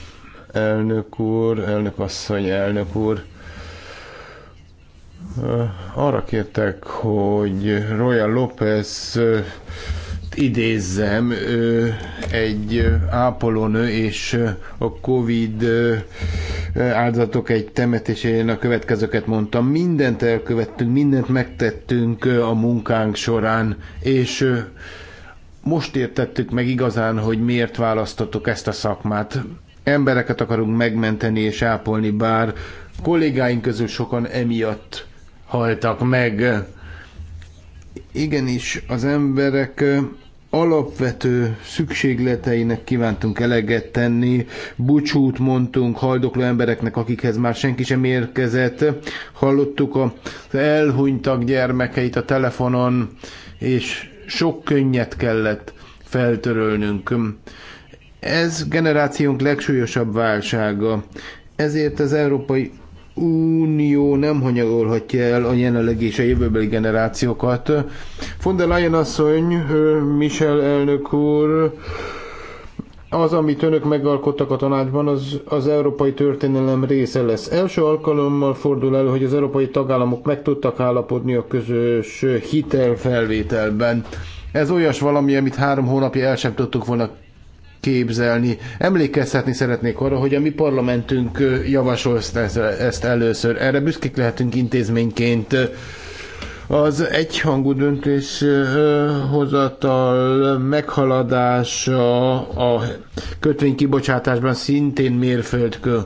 elnök úr, elnök asszony, elnök úr arra kértek, hogy Royal López idézzem, ő egy ápolónő és a Covid áldozatok egy temetésén a következőket mondtam. Mindent elkövettünk, mindent megtettünk a munkánk során, és most értettük meg igazán, hogy miért választottuk ezt a szakmát. Embereket akarunk megmenteni és ápolni, bár kollégáink közül sokan emiatt haltak meg. Igenis, az emberek alapvető szükségleteinek kívántunk eleget tenni, bucsút mondtunk haldokló embereknek, akikhez már senki sem érkezett. Hallottuk az elhunytak gyermekeit a telefonon, és sok könnyet kellett feltörölnünk. Ez generációnk legsúlyosabb válsága. Ezért az Európai Unió nem hanyagolhatja el a jelenleg és a jövőbeli generációkat. Von der Leyen asszony, Michel elnök úr, az, amit önök megalkottak a tanácsban, az az európai történelem része lesz. Első alkalommal fordul elő, hogy az európai tagállamok meg tudtak állapodni a közös hitelfelvételben. Ez olyas valami, amit három hónapja el sem tudtuk volna képzelni. Emlékeztetni szeretnék arra, hogy a mi parlamentünk javasolt ezt először. Erre büszkék lehetünk intézményként. Az egyhangú döntés hozatal meghaladása a kötvénykibocsátásban szintén mérföldkő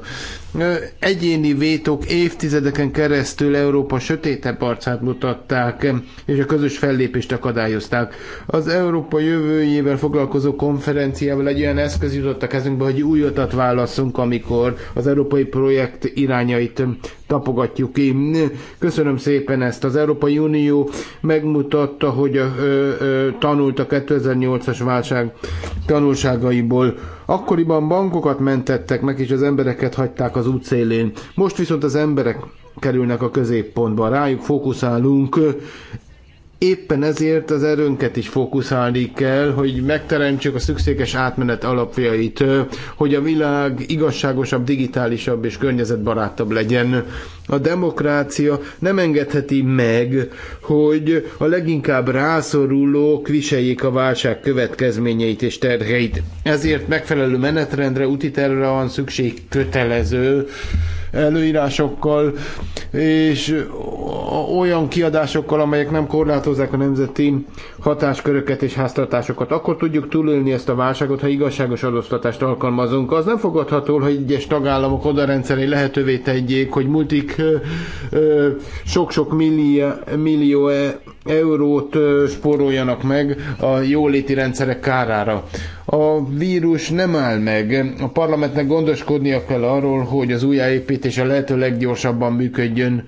egyéni vétók évtizedeken keresztül Európa sötétebb arcát mutatták, és a közös fellépést akadályozták. Az Európa jövőjével foglalkozó konferenciával egy olyan eszköz jutott a kezünkbe, hogy újatat válaszunk, amikor az európai projekt irányait tapogatjuk ki. Köszönöm szépen ezt. Az Európai Unió megmutatta, hogy a, tanult a 2008-as válság tanulságaiból Akkoriban bankokat mentettek meg, és az embereket hagyták az útszélén. Most viszont az emberek kerülnek a középpontba, rájuk fókuszálunk, Éppen ezért az erőnket is fókuszálni kell, hogy megteremtsük a szükséges átmenet alapjait, hogy a világ igazságosabb, digitálisabb és környezetbarátabb legyen. A demokrácia nem engedheti meg, hogy a leginkább rászorulók viseljék a válság következményeit és terheit. Ezért megfelelő menetrendre, útitervre van szükség kötelező, előírásokkal, és olyan kiadásokkal, amelyek nem korlátozzák a nemzeti hatásköröket és háztartásokat. Akkor tudjuk túlélni ezt a válságot, ha igazságos adóztatást alkalmazunk. Az nem fogadható, hogy egyes tagállamok oda rendszeré lehetővé tegyék, hogy multik sok-sok millió, millió e- eurót spóroljanak meg a jóléti rendszerek kárára a vírus nem áll meg. A parlamentnek gondoskodnia kell arról, hogy az újjáépítés a lehető leggyorsabban működjön.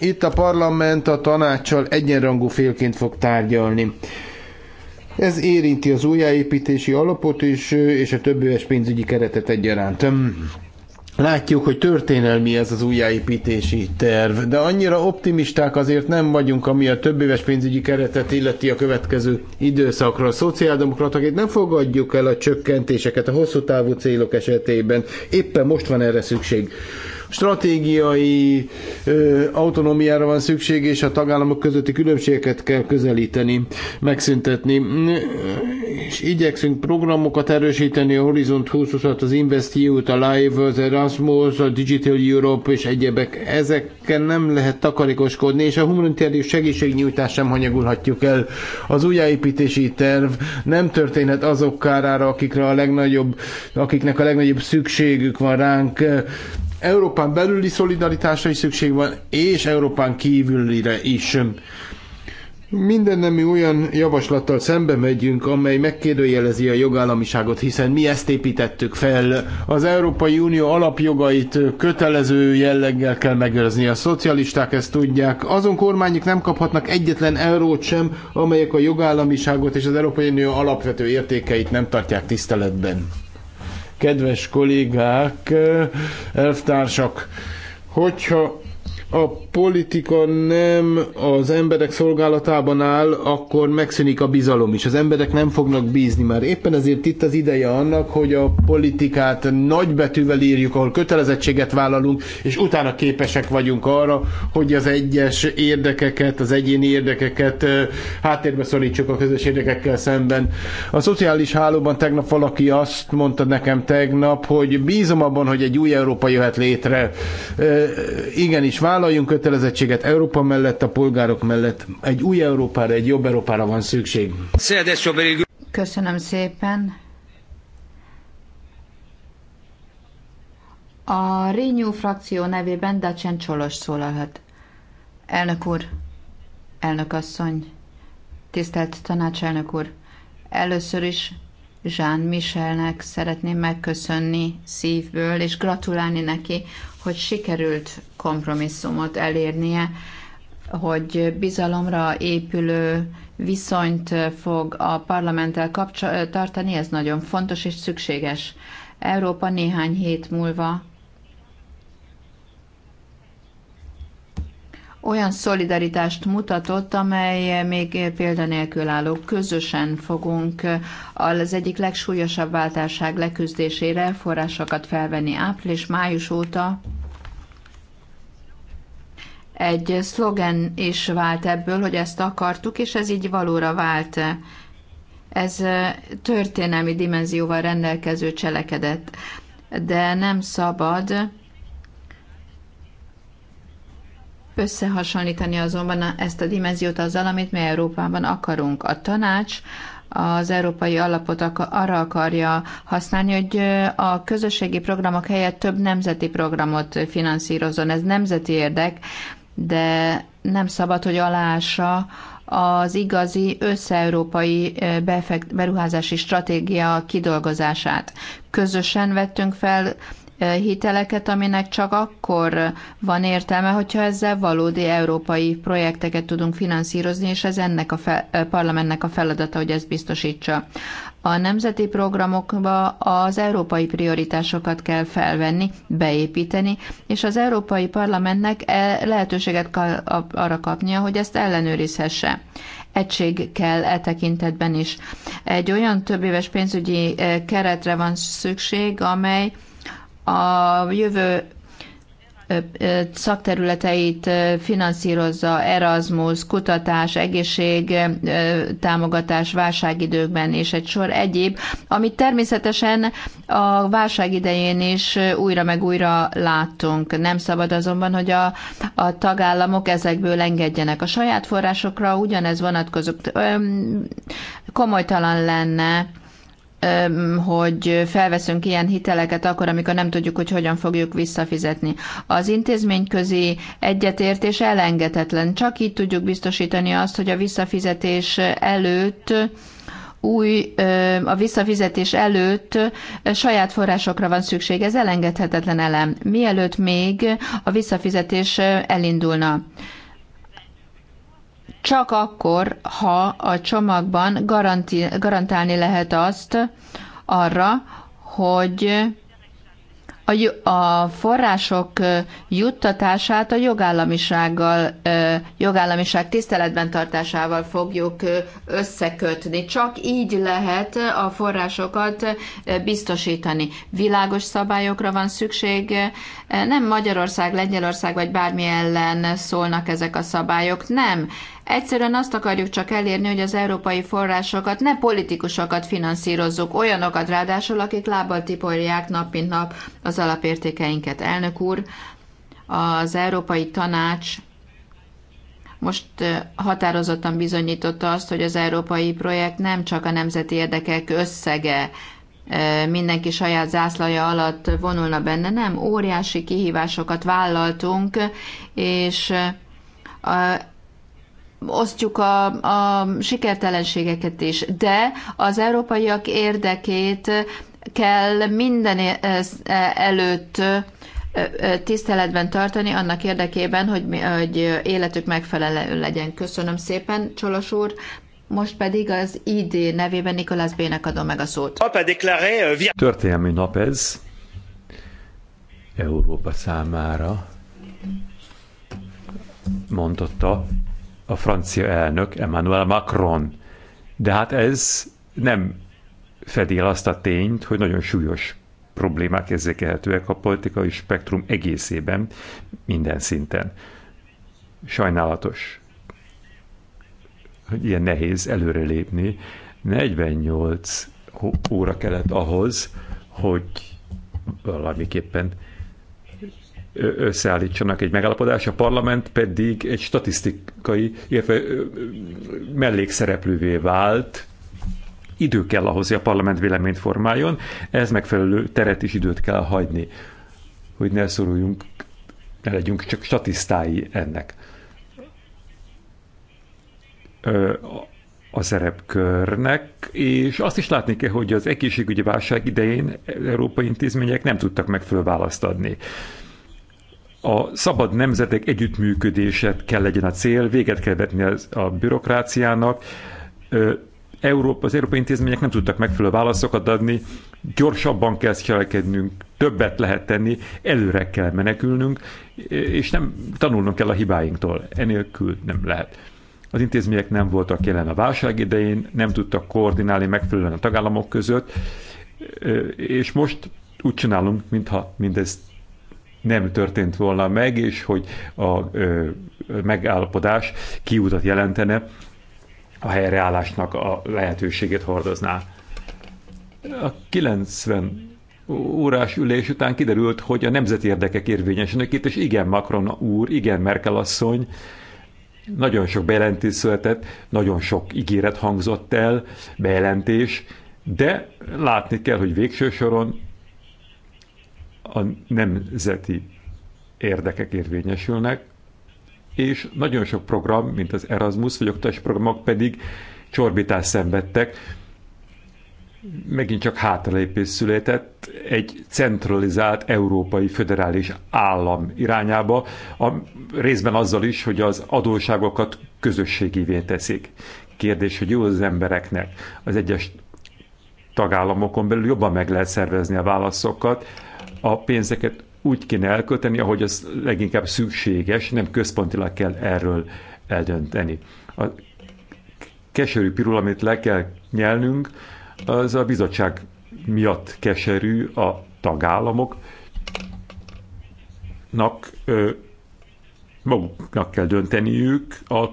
Itt a parlament a tanácssal egyenrangú félként fog tárgyalni. Ez érinti az újjáépítési alapot is, és a többéves pénzügyi keretet egyaránt. Látjuk, hogy történelmi ez az újjáépítési terv, de annyira optimisták azért nem vagyunk, ami a több éves pénzügyi keretet illeti a következő időszakra. A szociáldemokrataként nem fogadjuk el a csökkentéseket a hosszú távú célok esetében. Éppen most van erre szükség stratégiai ö, autonómiára van szükség, és a tagállamok közötti különbségeket kell közelíteni, megszüntetni. És igyekszünk programokat erősíteni, a Horizont 2020 az InvestEU-t, a Live, az Erasmus, a Digital Europe és egyebek. Ezekkel nem lehet takarékoskodni, és a humanitárius segítségnyújtást sem hanyagulhatjuk el. Az újjáépítési terv nem történhet azok kárára, akikre a legnagyobb, akiknek a legnagyobb szükségük van ránk Európán belüli szolidaritásra is szükség van, és Európán kívülire is. Minden nemű olyan javaslattal szembe megyünk, amely megkérdőjelezi a jogállamiságot, hiszen mi ezt építettük fel. Az Európai Unió alapjogait kötelező jelleggel kell megőrizni. A szocialisták ezt tudják. Azon kormányok nem kaphatnak egyetlen eurót sem, amelyek a jogállamiságot és az Európai Unió alapvető értékeit nem tartják tiszteletben kedves kollégák, eh, elvtársak, hogyha a politika nem az emberek szolgálatában áll, akkor megszűnik a bizalom is. Az emberek nem fognak bízni már. Éppen ezért itt az ideje annak, hogy a politikát nagybetűvel írjuk, ahol kötelezettséget vállalunk, és utána képesek vagyunk arra, hogy az egyes érdekeket, az egyéni érdekeket háttérbe szorítsuk a közös érdekekkel szemben. A szociális hálóban tegnap valaki azt mondta nekem tegnap, hogy bízom abban, hogy egy új Európa jöhet létre. E, igenis, vállal Vállaljunk kötelezettséget Európa mellett, a polgárok mellett. Egy új Európára, egy jobb Európára van szükség. Köszönöm szépen. A Renew frakció nevében Dacsen Csolos szólalhat. Elnök úr, elnök asszony, tisztelt tanácselnök úr, először is Jean Michelnek szeretném megköszönni szívből, és gratulálni neki, hogy sikerült kompromisszumot elérnie, hogy bizalomra épülő viszonyt fog a parlamenttel tartani, ez nagyon fontos és szükséges. Európa néhány hét múlva olyan szolidaritást mutatott, amely még példanélkül álló. Közösen fogunk az egyik legsúlyosabb váltásság leküzdésére forrásokat felvenni április-május óta. Egy szlogen is vált ebből, hogy ezt akartuk, és ez így valóra vált. Ez történelmi dimenzióval rendelkező cselekedet, de nem szabad összehasonlítani azonban ezt a dimenziót azzal, amit mi Európában akarunk. A tanács az európai alapot arra akarja használni, hogy a közösségi programok helyett több nemzeti programot finanszírozon. Ez nemzeti érdek, de nem szabad, hogy aláássa az igazi összeurópai beruházási stratégia kidolgozását. Közösen vettünk fel hiteleket, aminek csak akkor van értelme, hogyha ezzel valódi európai projekteket tudunk finanszírozni, és ez ennek a parlamentnek a feladata, hogy ezt biztosítsa. A nemzeti programokba az európai prioritásokat kell felvenni, beépíteni, és az Európai Parlamentnek e lehetőséget kell arra kapnia, hogy ezt ellenőrizhesse egység kell e tekintetben is. Egy olyan többéves pénzügyi e, keretre van szükség, amely a jövő szakterületeit finanszírozza Erasmus, kutatás, egészség, támogatás válságidőkben és egy sor egyéb, amit természetesen a válság idején is újra meg újra láttunk. Nem szabad azonban, hogy a, a tagállamok ezekből engedjenek. A saját forrásokra ugyanez vonatkozik. Komolytalan lenne hogy felveszünk ilyen hiteleket akkor, amikor nem tudjuk, hogy hogyan fogjuk visszafizetni. Az intézményközi egyetértés elengedhetetlen. Csak így tudjuk biztosítani azt, hogy a visszafizetés előtt új, a visszafizetés előtt saját forrásokra van szükség. Ez elengedhetetlen elem. Mielőtt még a visszafizetés elindulna csak akkor, ha a csomagban garanti, garantálni lehet azt arra, hogy a források juttatását a jogállamisággal, jogállamiság tiszteletben tartásával fogjuk összekötni. Csak így lehet a forrásokat biztosítani. Világos szabályokra van szükség. Nem Magyarország, Lengyelország vagy bármi ellen szólnak ezek a szabályok, nem. Egyszerűen azt akarjuk csak elérni, hogy az európai forrásokat ne politikusokat finanszírozzuk, olyanokat ráadásul, akik lábbal tiporják nap mint nap az alapértékeinket. Elnök úr, az Európai Tanács most határozottan bizonyította azt, hogy az európai projekt nem csak a nemzeti érdekek összege, mindenki saját zászlaja alatt vonulna benne, nem, óriási kihívásokat vállaltunk, és osztjuk a, a sikertelenségeket is, de az európaiak érdekét kell minden eh, előtt eh, eh, tiszteletben tartani annak érdekében, hogy, hogy életük megfelelő legyen. Köszönöm szépen, Csolos úr. Most pedig az ID nevében Nikolász Bének adom meg a szót. Euh, Történelmi nap ez Európa számára, mondotta a francia elnök Emmanuel Macron. De hát ez nem fedi el azt a tényt, hogy nagyon súlyos problémák érzékelhetőek a politikai spektrum egészében, minden szinten. Sajnálatos, hogy ilyen nehéz előrelépni. 48 óra kellett ahhoz, hogy valamiképpen összeállítsanak egy megállapodás a parlament pedig egy statisztikai, illetve mellékszereplővé vált, idő kell ahhoz, hogy a parlament véleményt formáljon, ez megfelelő teret és időt kell hagyni, hogy ne szoruljunk, ne legyünk csak statisztái ennek. a szerepkörnek, és azt is látni kell, hogy az egészségügyi válság idején európai intézmények nem tudtak megfelelő választ adni a szabad nemzetek együttműködése kell legyen a cél, véget kell vetni a bürokráciának. Európa, az európai intézmények nem tudtak megfelelő válaszokat adni, gyorsabban kell cselekednünk, többet lehet tenni, előre kell menekülnünk, és nem tanulnunk kell a hibáinktól. Enélkül nem lehet. Az intézmények nem voltak jelen a válság idején, nem tudtak koordinálni megfelelően a tagállamok között, és most úgy csinálunk, mintha mindezt nem történt volna meg, és hogy a ö, megállapodás kiutat jelentene, a helyreállásnak a lehetőségét hordozná. A 90 órás ülés után kiderült, hogy a nemzeti érdekek érvényesülnek itt, és igen Macron úr, igen Merkel asszony, nagyon sok bejelentés született, nagyon sok ígéret hangzott el, bejelentés, de látni kell, hogy végső soron a nemzeti érdekek érvényesülnek, és nagyon sok program, mint az Erasmus vagy oktatási programok pedig csorbítást szenvedtek, megint csak hátralépés született egy centralizált európai föderális állam irányába, a, részben azzal is, hogy az adóságokat közösségivé teszik. Kérdés, hogy jó az embereknek az egyes tagállamokon belül jobban meg lehet szervezni a válaszokat, a pénzeket úgy kéne elkölteni, ahogy az leginkább szükséges, nem központilag kell erről eldönteni. A keserű pirul, amit le kell nyelnünk, az a bizottság miatt keserű a tagállamoknak ö, maguknak kell dönteniük, az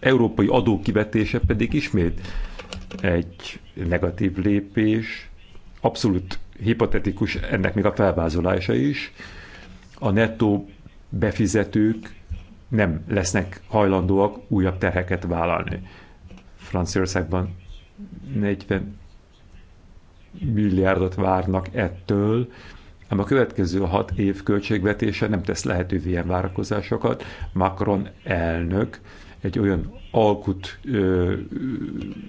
európai adókivetése pedig ismét egy negatív lépés, abszolút hipotetikus ennek még a felvázolása is. A nettó befizetők nem lesznek hajlandóak újabb terheket vállalni. Franciaországban 40 milliárdot várnak ettől, ám a következő hat év költségvetése nem tesz lehetővé ilyen várakozásokat. Macron elnök egy olyan alkut ö,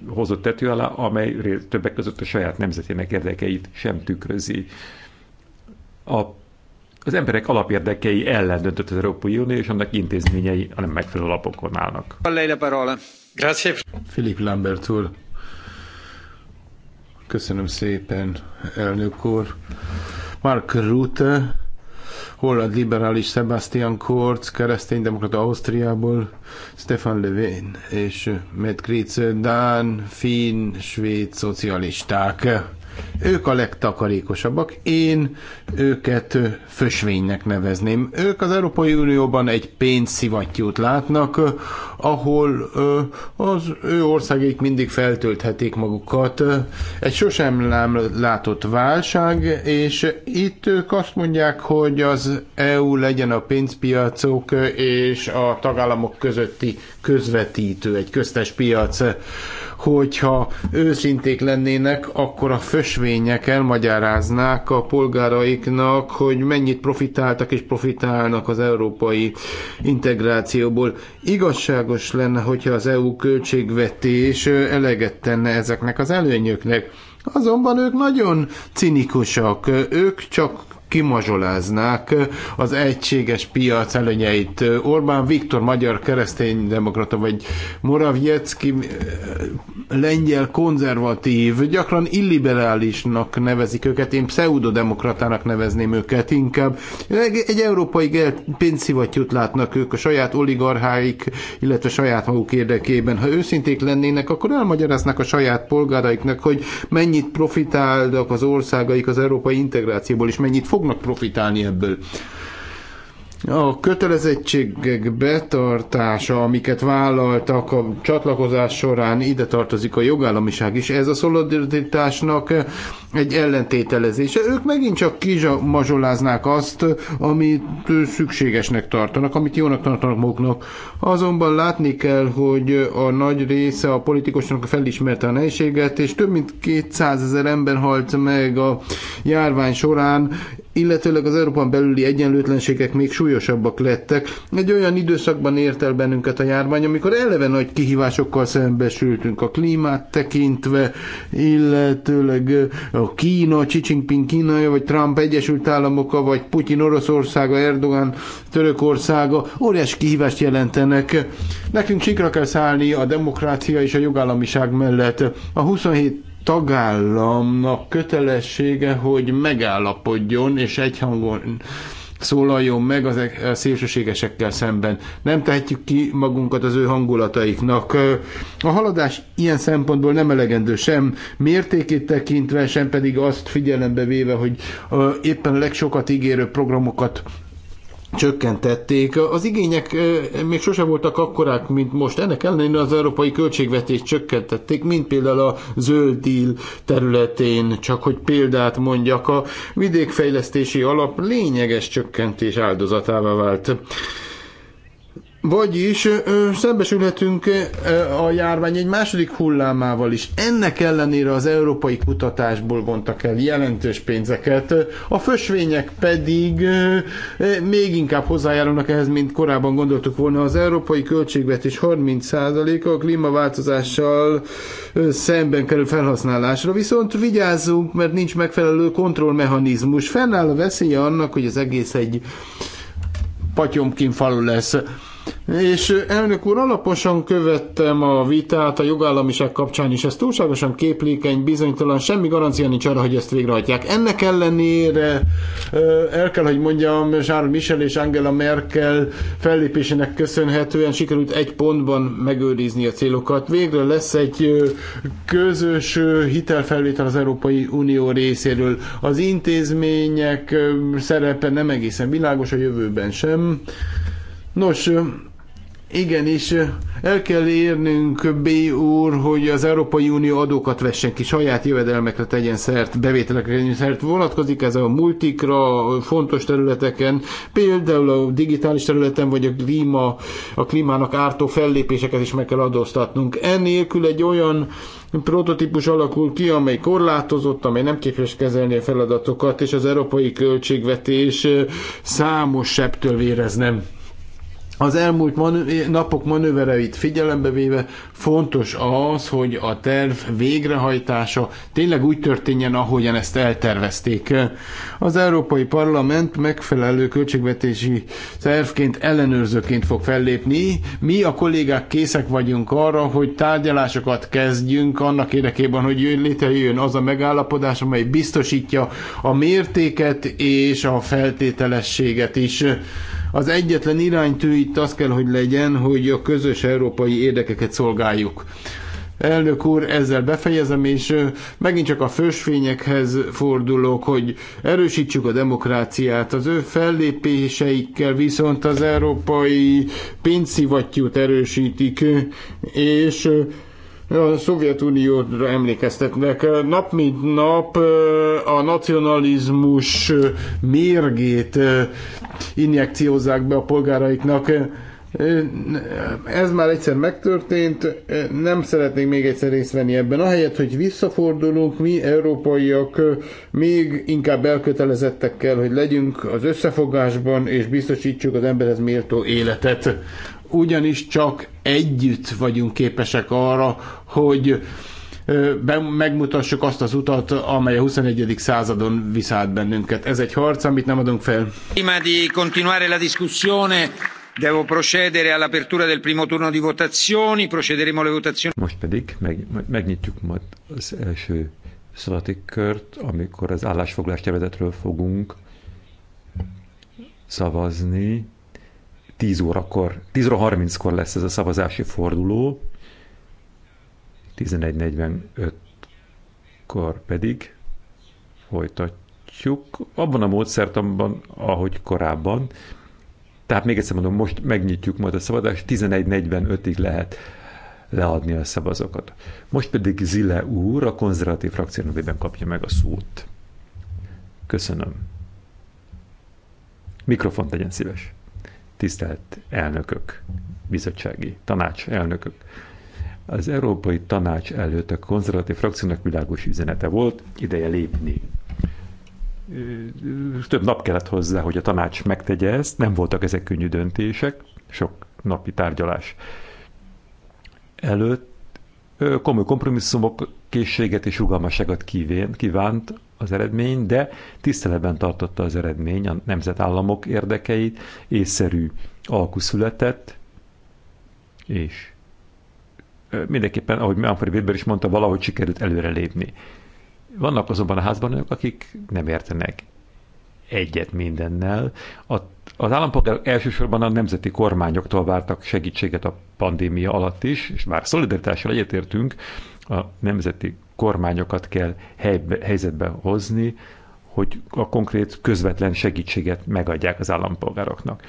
hozott tető alá, amely többek között a saját nemzetének érdekeit sem tükrözi. A, az emberek alapérdekei ellen döntött az Európai Unió, és annak intézményei a nem megfelelő alapokon állnak. Filip Lambert úr. Köszönöm szépen, elnök úr. Mark Rutte holland liberális Sebastian Kurz, kereszténydemokrata Ausztriából, Stefan Löwén és Matt Kritz, Dán, Finn, svéd szocialisták. Ők a legtakarékosabbak, én őket fösvénynek nevezném. Ők az Európai Unióban egy pénzszivattyút látnak, ahol az ő országék mindig feltölthetik magukat. Egy sosem látott válság, és itt ők azt mondják, hogy az EU legyen a pénzpiacok és a tagállamok közötti közvetítő, egy köztes piac. Hogyha őszinték lennének, akkor a fösvények elmagyaráznák a polgáraiknak, hogy mennyit profitáltak és profitálnak az európai integrációból. Igazságos lenne, hogyha az EU költségvetés eleget tenne ezeknek az előnyöknek. Azonban ők nagyon cinikusak, ők csak kimazsoláznák az egységes piac előnyeit. Orbán Viktor, magyar kereszténydemokrata, vagy Moravjecki, lengyel konzervatív, gyakran illiberálisnak nevezik őket, én pseudodemokratának nevezném őket inkább. Egy európai pénzszivattyút látnak ők a saját oligarcháik, illetve saját maguk érdekében. Ha őszinték lennének, akkor elmagyaráznak a saját polgáraiknak, hogy mennyit profitálnak az országaik az európai integrációból, és mennyit fog fognak profitálni ebből. A kötelezettségek betartása, amiket vállaltak a csatlakozás során, ide tartozik a jogállamiság is. Ez a szolidaritásnak egy ellentételezése. Ők megint csak kizsamazsoláznák azt, amit szükségesnek tartanak, amit jónak tartanak maguknak. Azonban látni kell, hogy a nagy része a politikusnak felismerte a nehézséget, és több mint 200 ezer ember halt meg a járvány során, illetőleg az Európán belüli egyenlőtlenségek még súlyosabbak lettek. Egy olyan időszakban ért el bennünket a járvány, amikor eleve nagy kihívásokkal szembesültünk a klímát tekintve, illetőleg a Kína, Xi Jinping Kínája, vagy Trump Egyesült Államoka, vagy Putyin Oroszországa, Erdogan Törökországa óriási kihívást jelentenek. Nekünk sikra kell szállni a demokrácia és a jogállamiság mellett. A 27 tagállamnak kötelessége, hogy megállapodjon és egyhangon szólaljon meg az e- szélsőségesekkel szemben. Nem tehetjük ki magunkat az ő hangulataiknak. A haladás ilyen szempontból nem elegendő sem mértékét tekintve, sem pedig azt figyelembe véve, hogy éppen a legsokat ígérő programokat csökkentették. Az igények még sose voltak akkorák, mint most. Ennek ellenére az európai költségvetést csökkentették, mint például a zöld díl területén, csak hogy példát mondjak, a vidékfejlesztési alap lényeges csökkentés áldozatává vált. Vagyis szembesülhetünk a járvány egy második hullámával is. Ennek ellenére az európai kutatásból vontak el jelentős pénzeket, a fösvények pedig még inkább hozzájárulnak ehhez, mint korábban gondoltuk volna. Az európai költségvetés 30%-a a klímaváltozással szemben kerül felhasználásra, viszont vigyázzunk, mert nincs megfelelő kontrollmechanizmus. Fennáll a veszélye annak, hogy az egész egy patyomkin falu lesz és elnök úr, alaposan követtem a vitát a jogállamiság kapcsán is, ez túlságosan képlékeny, bizonytalan, semmi garancia nincs arra, hogy ezt végrehajtják. Ennek ellenére el kell, hogy mondjam, Charles Michel és Angela Merkel fellépésének köszönhetően sikerült egy pontban megőrizni a célokat. Végre lesz egy közös hitelfelvétel az Európai Unió részéről. Az intézmények szerepe nem egészen világos a jövőben sem Nos, igenis, el kell érnünk, B úr, hogy az Európai Unió adókat vessen ki, saját jövedelmekre tegyen szert, bevételekre tegyen szert. Vonatkozik ez a multikra, fontos területeken, például a digitális területen, vagy a, klíma, a klímának ártó fellépéseket is meg kell adóztatnunk. Ennélkül egy olyan prototípus alakul ki, amely korlátozott, amely nem képes kezelni a feladatokat, és az európai költségvetés számos septől vérez nem. Az elmúlt manő- napok manővereit figyelembe véve fontos az, hogy a terv végrehajtása tényleg úgy történjen, ahogyan ezt eltervezték. Az Európai Parlament megfelelő költségvetési tervként, ellenőrzőként fog fellépni. Mi a kollégák készek vagyunk arra, hogy tárgyalásokat kezdjünk annak érdekében, hogy jön, létrejön az a megállapodás, amely biztosítja a mértéket és a feltételességet is. Az egyetlen iránytű itt az kell, hogy legyen, hogy a közös európai érdekeket szolgáljuk. Elnök úr, ezzel befejezem, és megint csak a fősfényekhez fordulok, hogy erősítsük a demokráciát. Az ő fellépéseikkel viszont az európai pénzszivattyút erősítik, és a Szovjetunióra emlékeztetnek. Nap mint nap a nacionalizmus mérgét injekciózzák be a polgáraiknak. Ez már egyszer megtörtént, nem szeretnék még egyszer részt venni ebben. Ahelyett, hogy visszafordulunk, mi európaiak még inkább elkötelezettek kell, hogy legyünk az összefogásban, és biztosítsuk az emberhez méltó életet ugyanis csak együtt vagyunk képesek arra, hogy megmutassuk azt az utat, amely a 21. századon viszált bennünket. Ez egy harc, amit nem adunk fel. Prima di continuare la discussione, devo procedere all'apertura del primo turno di votazioni, procederemo alle votazioni. Most pedig meg, megnyitjuk majd az első kört, amikor az állásfoglalás tervezetről fogunk szavazni. 10 órakor, 10 óra 30-kor lesz ez a szavazási forduló, 11.45-kor pedig folytatjuk. Abban a módszertamban, ahogy korábban, tehát még egyszer mondom, most megnyitjuk majd a szavazást, 11.45-ig lehet leadni a szavazokat. Most pedig Zile úr a konzervatív frakció nevében kapja meg a szót. Köszönöm. Mikrofon tegyen szíves tisztelt elnökök, bizottsági tanács elnökök. Az Európai Tanács előtt a konzervatív frakciónak világos üzenete volt, ideje lépni. Több nap kellett hozzá, hogy a tanács megtegye ezt, nem voltak ezek könnyű döntések, sok napi tárgyalás előtt komoly kompromisszumok, készséget és rugalmasságot kívánt az eredmény, de tiszteletben tartotta az eredmény a nemzetállamok érdekeit, észszerű alkú született, és mindenképpen, ahogy Manfred Weber is mondta, valahogy sikerült előrelépni. Vannak azonban a házban olyanok, akik nem értenek egyet mindennel. A, az állampolgárok elsősorban a nemzeti kormányoktól vártak segítséget a pandémia alatt is, és már szolidaritással egyetértünk, a nemzeti kormányokat kell helybe, helyzetbe hozni, hogy a konkrét közvetlen segítséget megadják az állampolgároknak.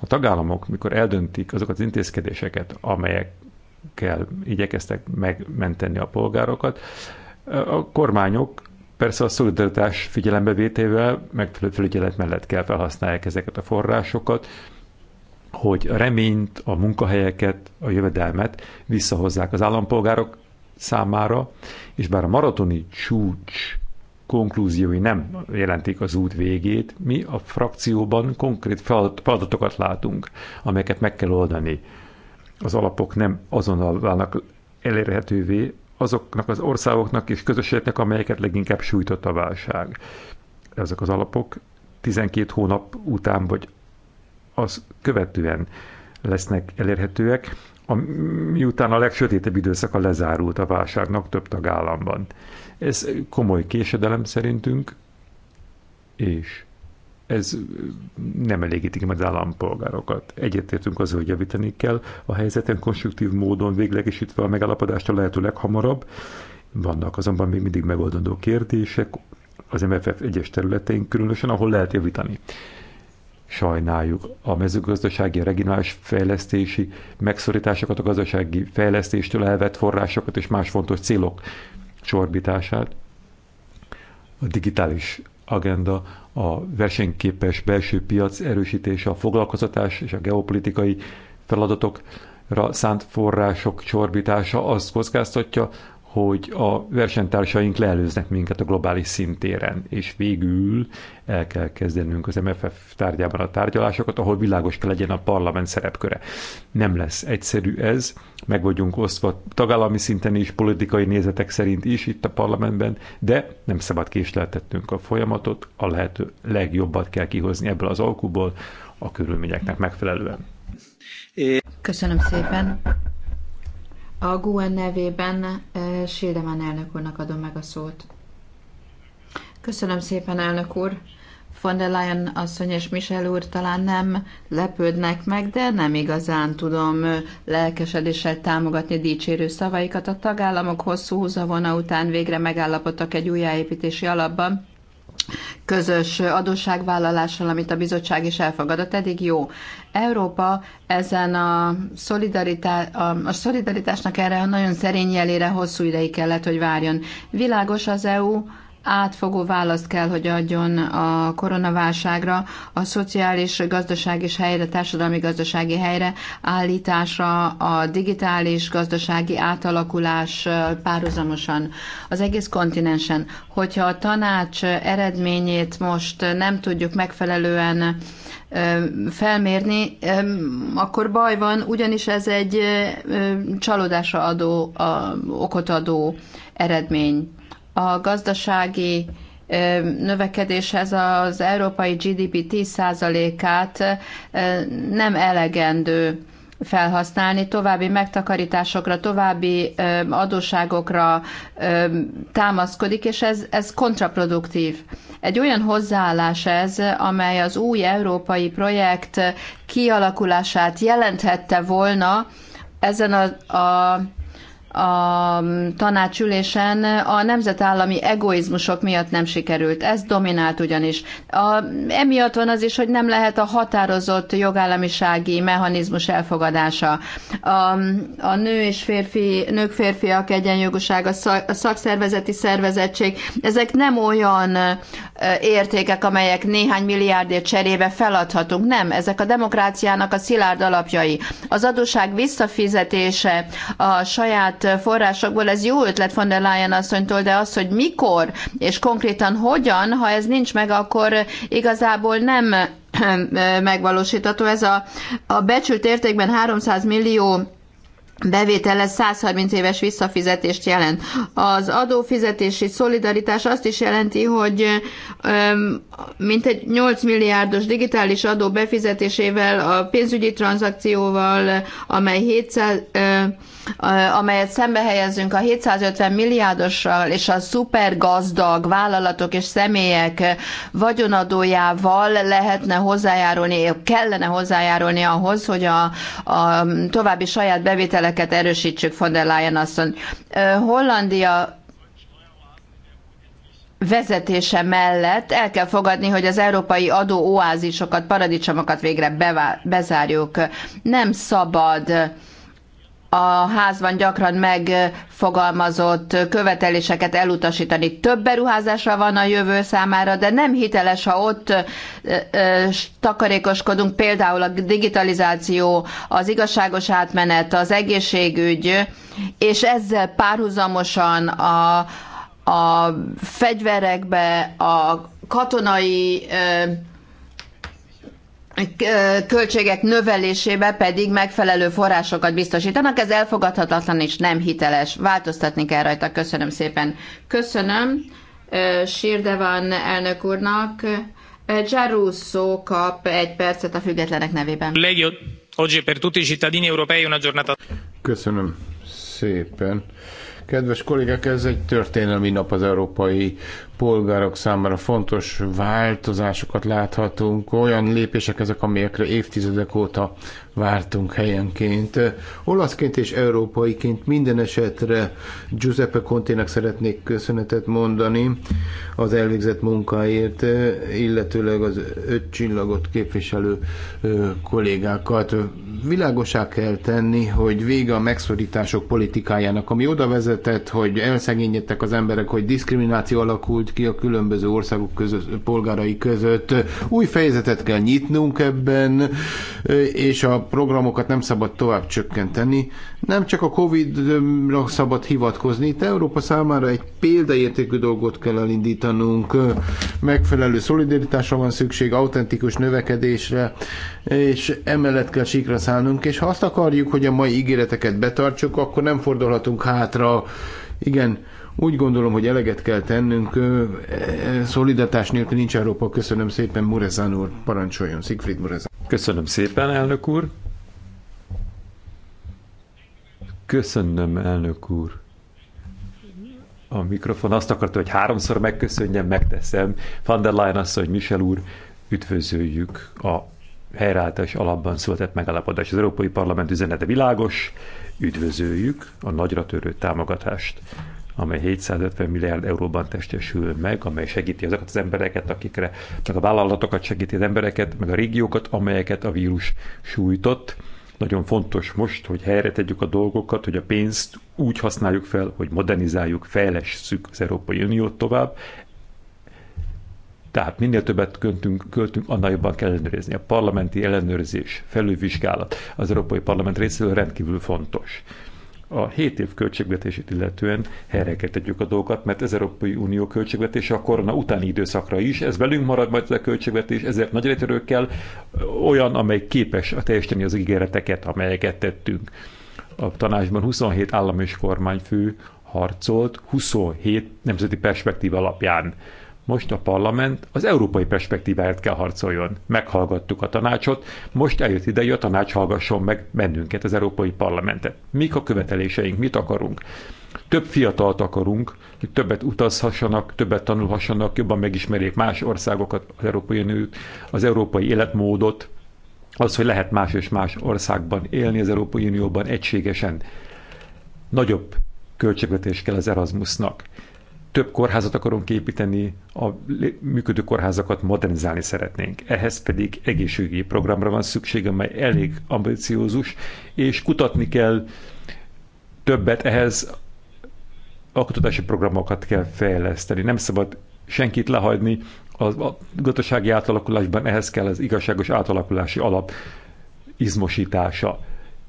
A tagállamok, mikor eldöntik azokat az intézkedéseket, amelyekkel igyekeztek megmenteni a polgárokat, a kormányok persze a szolidaritás figyelembevételével, megfelelő felügyelet mellett kell felhasználják ezeket a forrásokat, hogy a reményt, a munkahelyeket, a jövedelmet visszahozzák az állampolgárok számára, és bár a maratoni csúcs konklúziói nem jelentik az út végét, mi a frakcióban konkrét feladatokat látunk, amelyeket meg kell oldani. Az alapok nem azonnal válnak elérhetővé azoknak az országoknak és közösségeknek, amelyeket leginkább sújtott a válság. Ezek az alapok 12 hónap után vagy az követően lesznek elérhetőek, a, miután a legsötétebb időszaka lezárult a válságnak több tagállamban. Ez komoly késedelem szerintünk, és ez nem elégítik meg az állampolgárokat. Egyetértünk az, hogy javítani kell a helyzeten konstruktív módon véglegesítve a megállapodást a lehető leghamarabb. Vannak azonban még mindig megoldandó kérdések az MFF egyes területein, különösen ahol lehet javítani sajnáljuk. A mezőgazdasági, a regionális fejlesztési megszorításokat, a gazdasági fejlesztéstől elvett forrásokat és más fontos célok csorbítását. A digitális agenda, a versenyképes belső piac erősítése, a foglalkoztatás és a geopolitikai feladatokra szánt források csorbítása azt kockáztatja, hogy a versenytársaink leelőznek minket a globális szintéren, és végül el kell kezdenünk az MFF tárgyában a tárgyalásokat, ahol világos kell legyen a parlament szerepköre. Nem lesz egyszerű ez, meg vagyunk osztva tagállami szinten is, politikai nézetek szerint is itt a parlamentben, de nem szabad késleltetnünk a folyamatot, a lehető legjobbat kell kihozni ebből az alkuból a körülményeknek megfelelően. Köszönöm szépen. A GUEN nevében Sildemán elnök úrnak adom meg a szót. Köszönöm szépen, elnök úr! von der Leyen asszony és Michel úr talán nem lepődnek meg, de nem igazán tudom lelkesedéssel támogatni dicsérő szavaikat. A tagállamok hosszú húzavona után végre megállapodtak egy újjáépítési alapban, közös adósságvállalással, amit a bizottság is elfogadott, eddig jó. Európa ezen a, szolidaritá- a, a szolidaritásnak erre a nagyon szerény jelére hosszú ideig kellett, hogy várjon. Világos az EU átfogó választ kell, hogy adjon a koronaválságra, a szociális, gazdaság és helyre, társadalmi gazdasági helyre állításra, a digitális gazdasági átalakulás párhuzamosan az egész kontinensen. Hogyha a tanács eredményét most nem tudjuk megfelelően felmérni, akkor baj van, ugyanis ez egy csalódásra adó, okot adó eredmény a gazdasági növekedéshez az európai GDP 10%-át nem elegendő felhasználni, további megtakarításokra, további adóságokra támaszkodik, és ez, ez kontraproduktív. Egy olyan hozzáállás ez, amely az új európai projekt kialakulását jelenthette volna ezen a, a a tanácsülésen a nemzetállami egoizmusok miatt nem sikerült. Ez dominált ugyanis. A, emiatt van az is, hogy nem lehet a határozott jogállamisági mechanizmus elfogadása. A, a nő és férfi, nők férfiak egyenjogúsága, a szakszervezeti szervezettség, ezek nem olyan értékek, amelyek néhány milliárdért cserébe feladhatunk. Nem, ezek a demokráciának a szilárd alapjai. Az adóság visszafizetése a saját saját forrásokból, ez jó ötlet von der Leyen asszonytól, de az, hogy mikor és konkrétan hogyan, ha ez nincs meg, akkor igazából nem megvalósítható. Ez a, a becsült értékben 300 millió bevétele 130 éves visszafizetést jelent. Az adófizetési szolidaritás azt is jelenti, hogy mintegy 8 milliárdos digitális adó befizetésével, a pénzügyi tranzakcióval, amely 700, amelyet szembe helyezünk a 750 milliárdossal és a szupergazdag vállalatok és személyek vagyonadójával lehetne hozzájárulni, kellene hozzájárulni ahhoz, hogy a, a további saját bevételek ezeket erősítsük, von der Leyen asszony. Hollandia vezetése mellett el kell fogadni, hogy az európai adóoázisokat, paradicsomokat végre bevá- bezárjuk. Nem szabad a házban gyakran megfogalmazott követeléseket elutasítani. Több beruházásra van a jövő számára, de nem hiteles, ha ott takarékoskodunk, például a digitalizáció, az igazságos átmenet, az egészségügy, és ezzel párhuzamosan a, a fegyverekbe, a katonai költségek növelésébe pedig megfelelő forrásokat biztosítanak. Ez elfogadhatatlan és nem hiteles. Változtatni kell rajta. Köszönöm szépen. Köszönöm Sirdevan elnök úrnak. Giarusso kap egy percet a függetlenek nevében. oggi per tutti i cittadini europei una giornata. Köszönöm szépen. Kedves kollégák, ez egy történelmi nap az Európai polgárok számára fontos változásokat láthatunk, olyan lépések ezek, amelyekre évtizedek óta vártunk helyenként. Olaszként és európaiként minden esetre Giuseppe Conte-nek szeretnék köszönetet mondani az elvégzett munkáért, illetőleg az öt csillagot képviselő kollégákat. Világosá kell tenni, hogy vége a megszorítások politikájának, ami oda vezetett, hogy elszegényedtek az emberek, hogy diszkrimináció alakult ki a különböző országok között, polgárai között. Új fejezetet kell nyitnunk ebben, és a programokat nem szabad tovább csökkenteni. Nem csak a Covid-ra szabad hivatkozni, itt Európa számára egy példaértékű dolgot kell elindítanunk. Megfelelő szolidaritásra van szükség, autentikus növekedésre, és emellett kell síkra szállnunk, és ha azt akarjuk, hogy a mai ígéreteket betartsuk, akkor nem fordulhatunk hátra. Igen, úgy gondolom, hogy eleget kell tennünk. Szolidatás nélkül nincs Európa. Köszönöm szépen, Murezán úr. Parancsoljon, Siegfried Murezán. Köszönöm szépen, elnök úr. Köszönöm, elnök úr. A mikrofon azt akarta, hogy háromszor megköszönjem, megteszem. Van der Leyen azt, hogy Michel úr, üdvözöljük a helyreállítás alapban született megállapodás. Az Európai Parlament üzenete világos, üdvözöljük a nagyra törő támogatást amely 750 milliárd euróban testesül meg, amely segíti azokat az embereket, akikre, meg a vállalatokat segíti az embereket, meg a régiókat, amelyeket a vírus sújtott. Nagyon fontos most, hogy helyre tegyük a dolgokat, hogy a pénzt úgy használjuk fel, hogy modernizáljuk, fejlesszük az Európai Uniót tovább, tehát minél többet költünk, költünk annál jobban kell ellenőrizni. A parlamenti ellenőrzés, felülvizsgálat az Európai Parlament részéről rendkívül fontos a 7 év költségvetését illetően tegyük a dolgokat, mert az Európai Unió költségvetése a korona utáni időszakra is, ez velünk marad majd ez a költségvetés, ezért nagy kell olyan, amely képes teljesíteni az ígéreteket, amelyeket tettünk. A tanácsban 27 állam és kormányfő harcolt 27 nemzeti perspektív alapján most a parlament az európai perspektíváért kell harcoljon. Meghallgattuk a tanácsot, most eljött ide, hogy a tanács hallgasson meg bennünket, az európai parlamentet. Mik a követeléseink, mit akarunk? Több fiatalt akarunk, hogy többet utazhassanak, többet tanulhassanak, jobban megismerjék más országokat, az Európai Uniót, az európai életmódot, az, hogy lehet más és más országban élni az Európai Unióban egységesen. Nagyobb költségvetés kell az Erasmusnak több kórházat akarunk építeni, a működő kórházakat modernizálni szeretnénk. Ehhez pedig egészségügyi programra van szükség, amely elég ambiciózus, és kutatni kell többet ehhez a kutatási programokat kell fejleszteni. Nem szabad senkit lehagyni, a gazdasági átalakulásban ehhez kell az igazságos átalakulási alap izmosítása.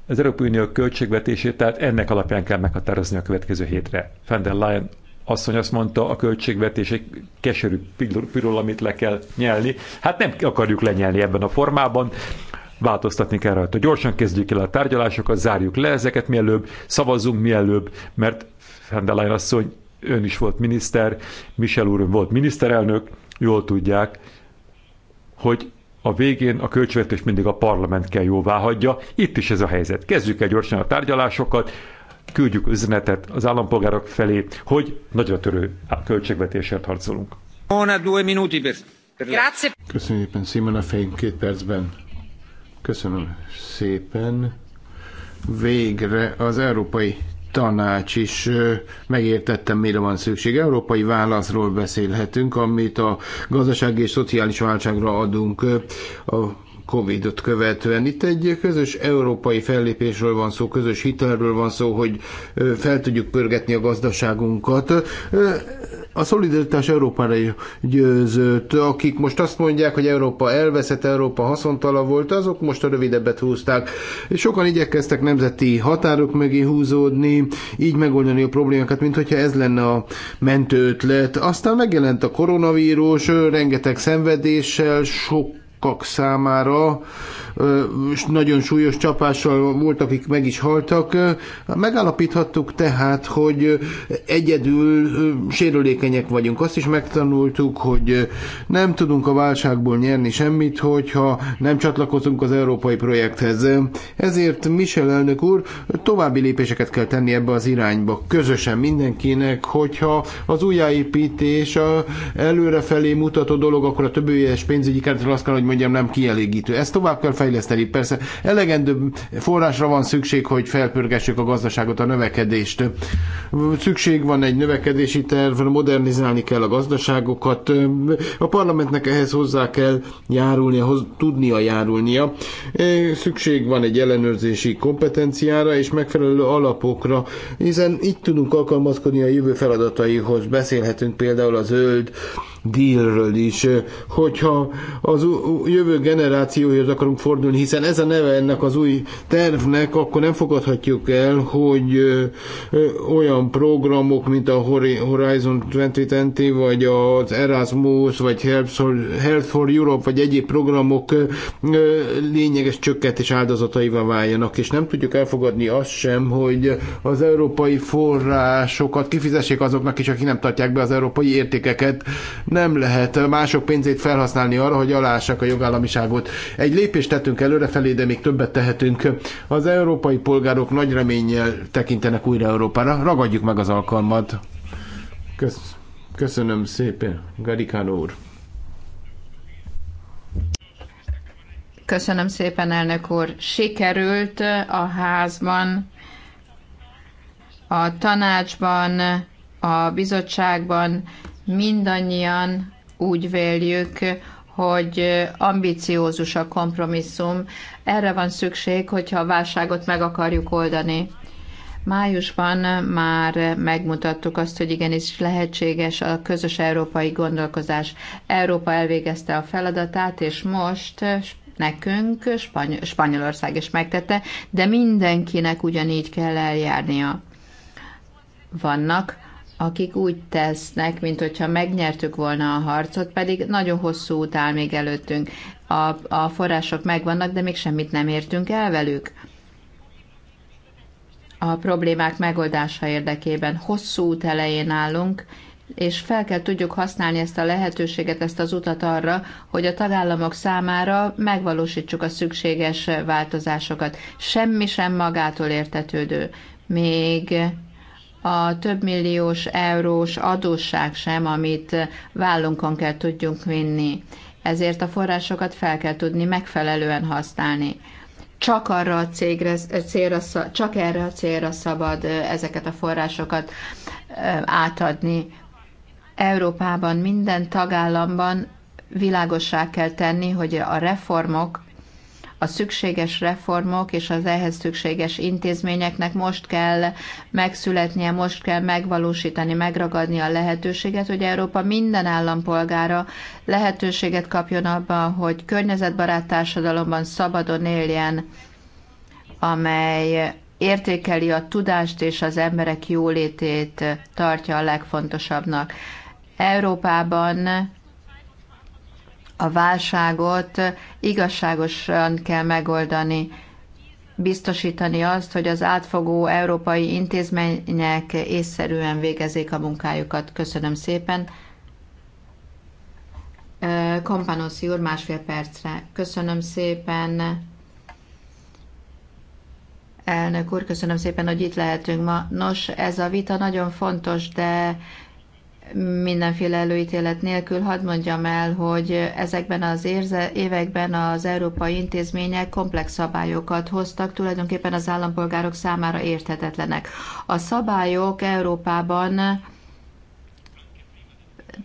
Az Európai Unió költségvetését tehát ennek alapján kell meghatározni a következő hétre. Fender Lion asszony azt mondta, a költségvetés egy keserű pirul, amit le kell nyelni. Hát nem akarjuk lenyelni ebben a formában, változtatni kell rajta. Gyorsan kezdjük el a tárgyalásokat, zárjuk le ezeket mielőbb, szavazzunk mielőbb, mert Fendelein asszony, ön is volt miniszter, Michel úr volt miniszterelnök, jól tudják, hogy a végén a költségvetés mindig a parlament kell jóvá hagyja. Itt is ez a helyzet. Kezdjük el gyorsan a tárgyalásokat, küldjük üzenetet az állampolgárok felé, hogy nagyra törő költségvetésért harcolunk. Köszönjük szépen, Simon a fején két percben. Köszönöm szépen. Végre az Európai Tanács is megértettem, mire van szükség. Európai válaszról beszélhetünk, amit a gazdasági és szociális válságra adunk. A Covid-ot követően. Itt egy közös európai fellépésről van szó, közös hitelről van szó, hogy fel tudjuk pörgetni a gazdaságunkat. A szolidaritás Európára győzött. Akik most azt mondják, hogy Európa elveszett, Európa haszontala volt, azok most a rövidebbet húzták. És sokan igyekeztek nemzeti határok mögé húzódni, így megoldani a problémákat, mint hogyha ez lenne a mentő ötlet. Aztán megjelent a koronavírus, rengeteg szenvedéssel, sok kak nagyon súlyos csapással volt, akik meg is haltak. Megállapíthattuk tehát, hogy egyedül sérülékenyek vagyunk. Azt is megtanultuk, hogy nem tudunk a válságból nyerni semmit, hogyha nem csatlakozunk az európai projekthez. Ezért Michel elnök úr további lépéseket kell tenni ebbe az irányba. Közösen mindenkinek, hogyha az újjáépítés a előrefelé mutató dolog, akkor a többi pénzügyi keretről azt kell, hogy mondjam, nem kielégítő. Ezt tovább kell fejleszteni. Persze elegendő forrásra van szükség, hogy felpörgessük a gazdaságot, a növekedést. Szükség van egy növekedési terv, modernizálni kell a gazdaságokat. A parlamentnek ehhez hozzá kell járulnia, hoz, tudnia járulnia. E, szükség van egy ellenőrzési kompetenciára és megfelelő alapokra, hiszen itt tudunk alkalmazkodni a jövő feladataihoz. Beszélhetünk például a zöld dílről is, hogyha az jövő generációhoz akarunk fordulni, hiszen ez a neve ennek az új tervnek, akkor nem fogadhatjuk el, hogy olyan programok, mint a Horizon 2020, vagy az Erasmus, vagy Health for Europe, vagy egyéb programok lényeges csökkentés áldozataival váljanak, és nem tudjuk elfogadni azt sem, hogy az európai forrásokat kifizessék azoknak is, akik nem tartják be az európai értékeket nem lehet mások pénzét felhasználni arra, hogy alássák a jogállamiságot. Egy lépést tettünk előrefelé, de még többet tehetünk. Az európai polgárok nagy reménnyel tekintenek újra Európára. Ragadjuk meg az alkalmat. Kösz, köszönöm szépen, Garikán úr. Köszönöm szépen, elnök úr. Sikerült a házban, a tanácsban, a bizottságban mindannyian úgy véljük, hogy ambiciózus a kompromisszum. Erre van szükség, hogyha a válságot meg akarjuk oldani. Májusban már megmutattuk azt, hogy igenis lehetséges a közös európai gondolkozás. Európa elvégezte a feladatát, és most nekünk, Spany- Spanyolország is megtette, de mindenkinek ugyanígy kell eljárnia. Vannak akik úgy tesznek, mint hogyha megnyertük volna a harcot, pedig nagyon hosszú út áll még előttünk. A, a források megvannak, de még semmit nem értünk el velük. A problémák megoldása érdekében hosszú út elején állunk, és fel kell tudjuk használni ezt a lehetőséget, ezt az utat arra, hogy a tagállamok számára megvalósítsuk a szükséges változásokat. Semmi sem magától értetődő. Még a több milliós eurós adósság sem, amit vállunkon kell tudjunk vinni. Ezért a forrásokat fel kell tudni megfelelően használni. Csak, arra a cégre, célra, csak erre a célra szabad ezeket a forrásokat átadni. Európában, minden tagállamban világossá kell tenni, hogy a reformok a szükséges reformok és az ehhez szükséges intézményeknek most kell megszületnie, most kell megvalósítani, megragadni a lehetőséget, hogy Európa minden állampolgára lehetőséget kapjon abban, hogy környezetbarát társadalomban szabadon éljen, amely értékeli a tudást és az emberek jólétét tartja a legfontosabbnak. Európában a válságot igazságosan kell megoldani, biztosítani azt, hogy az átfogó európai intézmények észszerűen végezzék a munkájukat. Köszönöm szépen. Kompanoszi úr, másfél percre. Köszönöm szépen. Elnök úr, köszönöm szépen, hogy itt lehetünk ma. Nos, ez a vita nagyon fontos, de mindenféle előítélet nélkül hadd mondjam el, hogy ezekben az érze, években az európai intézmények komplex szabályokat hoztak, tulajdonképpen az állampolgárok számára érthetetlenek. A szabályok Európában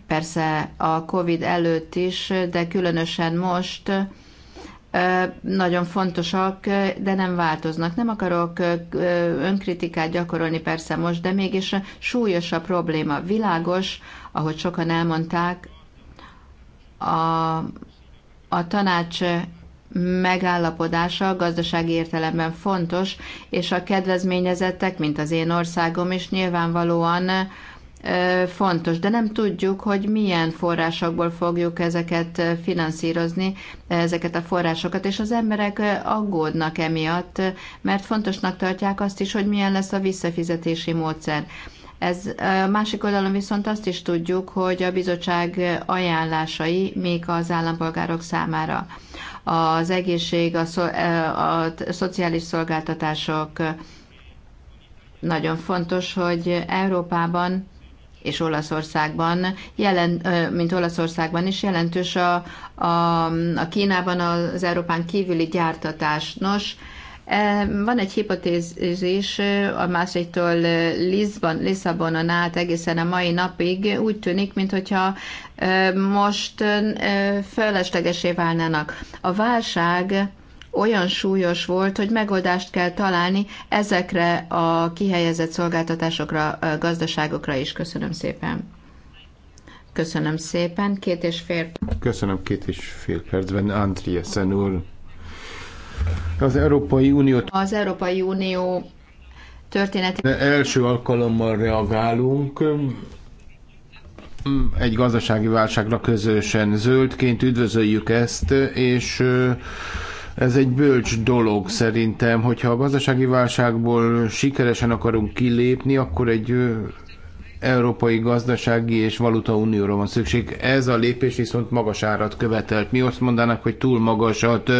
persze a COVID előtt is, de különösen most nagyon fontosak, de nem változnak. Nem akarok önkritikát gyakorolni persze most, de mégis súlyos a probléma. Világos, ahogy sokan elmondták, a, a tanács megállapodása a gazdasági értelemben fontos, és a kedvezményezettek, mint az én országom is nyilvánvalóan fontos, de nem tudjuk, hogy milyen forrásokból fogjuk ezeket finanszírozni, ezeket a forrásokat, és az emberek aggódnak emiatt, mert fontosnak tartják azt is, hogy milyen lesz a visszafizetési módszer. Ez másik oldalon viszont azt is tudjuk, hogy a bizottság ajánlásai még az állampolgárok számára. Az egészség, a, szo- a szociális szolgáltatások nagyon fontos, hogy Európában és Olaszországban, jelen, mint Olaszországban is jelentős a, a, a Kínában az Európán kívüli gyártatás. Nos, e, van egy hipotézis a másiktól Lisbon, Lisszabonon át egészen a mai napig úgy tűnik, mintha most fölöslegesé válnának. A válság olyan súlyos volt, hogy megoldást kell találni ezekre a kihelyezett szolgáltatásokra, gazdaságokra is. Köszönöm szépen. Köszönöm szépen. Két és fél. Köszönöm két és fél percben, Andriesen úr. Az Európai Unió... Az Európai Unió történeti... Első alkalommal reagálunk egy gazdasági válságra közösen. Zöldként üdvözöljük ezt, és ez egy bölcs dolog szerintem, hogyha a gazdasági válságból sikeresen akarunk kilépni, akkor egy európai gazdasági és valuta unióra van szükség. Ez a lépés viszont magas árat követelt. Mi azt mondanak, hogy túl magasat.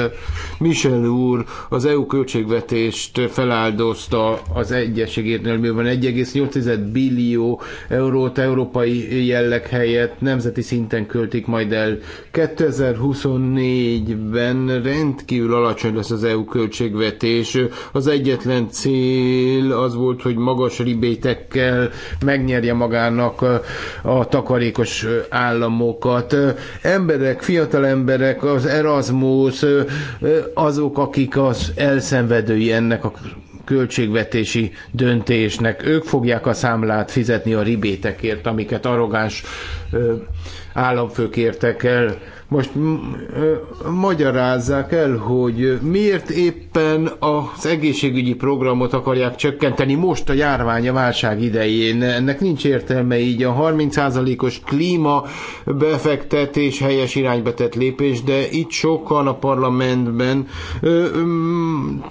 Michel úr az EU költségvetést feláldozta az egyességértnél, mivel 1,8 billió eurót európai jelleg helyett nemzeti szinten költik majd el. 2024-ben rendkívül alacsony lesz az EU költségvetés. Az egyetlen cél az volt, hogy magas ribétekkel megnyerje kizárja magának a takarékos államokat. Emberek, fiatal emberek, az Erasmus, azok, akik az elszenvedői ennek a költségvetési döntésnek. Ők fogják a számlát fizetni a ribétekért, amiket arrogáns államfők értek el most magyarázzák el, hogy miért éppen az egészségügyi programot akarják csökkenteni most a járvány a válság idején. Ennek nincs értelme így a 30%-os klíma befektetés helyes irányba tett lépés, de itt sokan a parlamentben ö, ö,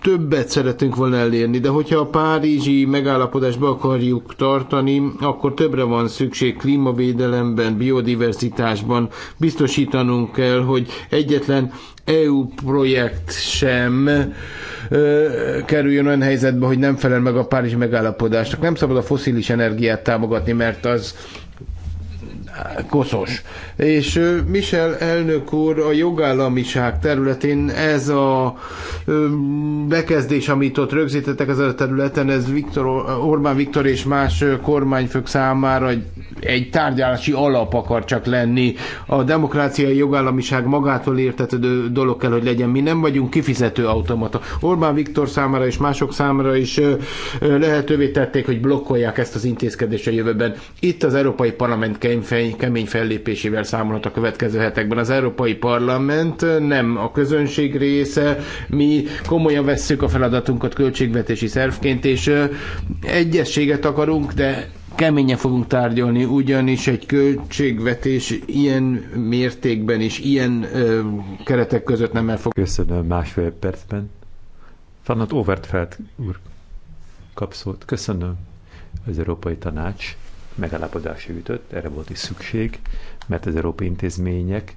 többet szeretünk volna elérni, de hogyha a párizsi megállapodást akarjuk tartani, akkor többre van szükség klímavédelemben, biodiverzitásban, biztosítanunk látnunk kell, hogy egyetlen EU projekt sem ö, kerüljön olyan helyzetbe, hogy nem felel meg a Párizsi megállapodásnak. Nem szabad a foszilis energiát támogatni, mert az koszos. És Michel elnök úr a jogállamiság területén ez a bekezdés, amit ott rögzítettek ezen a területen, ez Viktor, Orbán Viktor és más kormányfők számára egy tárgyalási alap akar csak lenni. A demokráciai jogállamiság magától értetődő dolog kell, hogy legyen. Mi nem vagyunk kifizető automata. Orbán Viktor számára és mások számára is lehetővé tették, hogy blokkolják ezt az intézkedést a jövőben. Itt az Európai Parlament kell kemény, kemény fellépésével számolhat a következő hetekben. Az Európai Parlament nem a közönség része, mi komolyan vesszük a feladatunkat költségvetési szervként, és egyességet akarunk, de keményen fogunk tárgyalni, ugyanis egy költségvetés ilyen mértékben és ilyen ö, keretek között nem el fog. Köszönöm másfél percben. Fannat Overtfeld úr kapszót. Köszönöm az Európai Tanács megállapodásra jutott, erre volt is szükség, mert az európai intézmények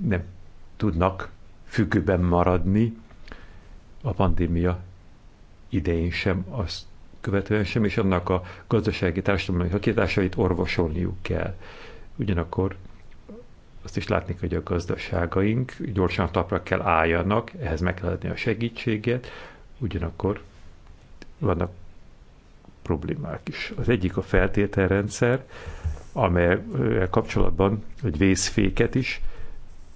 nem tudnak függőben maradni a pandémia idején sem, azt követően sem, és annak a gazdasági társadalmi hakításait orvosolniuk kell. Ugyanakkor azt is látni, hogy a gazdaságaink gyorsan tapra kell álljanak, ehhez meg kell adni a segítséget, ugyanakkor vannak problémák is. Az egyik a feltételrendszer, amely kapcsolatban egy vészféket is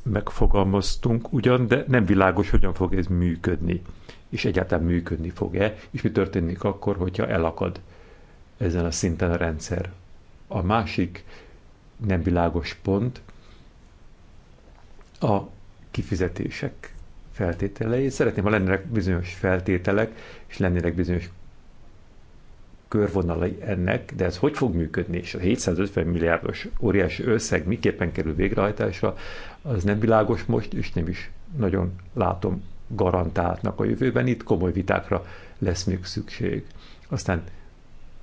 megfogalmaztunk ugyan, de nem világos, hogyan fog ez működni, és egyáltalán működni fog-e, és mi történik akkor, hogyha elakad ezen a szinten a rendszer. A másik nem világos pont a kifizetések feltételei. Szeretném, ha lennének bizonyos feltételek, és lennének bizonyos körvonalai ennek, de ez hogy fog működni, és a 750 milliárdos óriási összeg miképpen kerül végrehajtásra, az nem világos most, és nem is nagyon látom garantáltnak a jövőben. Itt komoly vitákra lesz még szükség. Aztán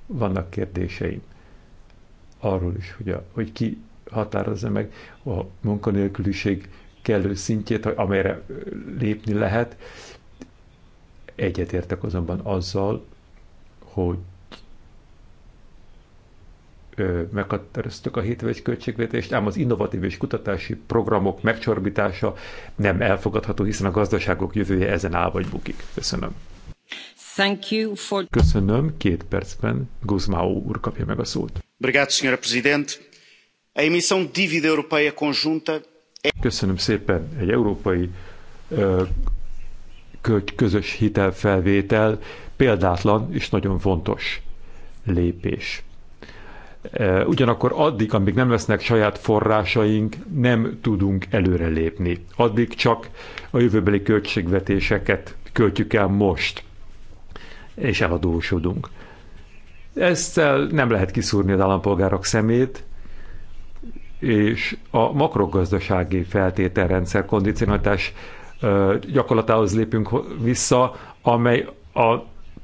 vannak kérdéseim arról is, hogy, a, hogy ki határozza meg a munkanélküliség kellő szintjét, amelyre lépni lehet. Egyetértek azonban azzal, hogy meghatároztuk a hétvegy költségvetést, ám az innovatív és kutatási programok megcsorbítása nem elfogadható, hiszen a gazdaságok jövője ezen áll vagy bukik. Köszönöm. Thank you for... Köszönöm. Két percben Guzmáó úr kapja meg a szót. Obrigado, Presidente. A emissão de dívida europeia conjunta... Köszönöm szépen. Egy európai ö, közös hitelfelvétel példátlan és nagyon fontos lépés Ugyanakkor addig, amíg nem lesznek saját forrásaink, nem tudunk előrelépni. Addig csak a jövőbeli költségvetéseket költjük el most, és eladósodunk. Ezzel nem lehet kiszúrni az állampolgárok szemét, és a makrogazdasági feltételrendszer kondicionálatás gyakorlatához lépünk vissza, amely a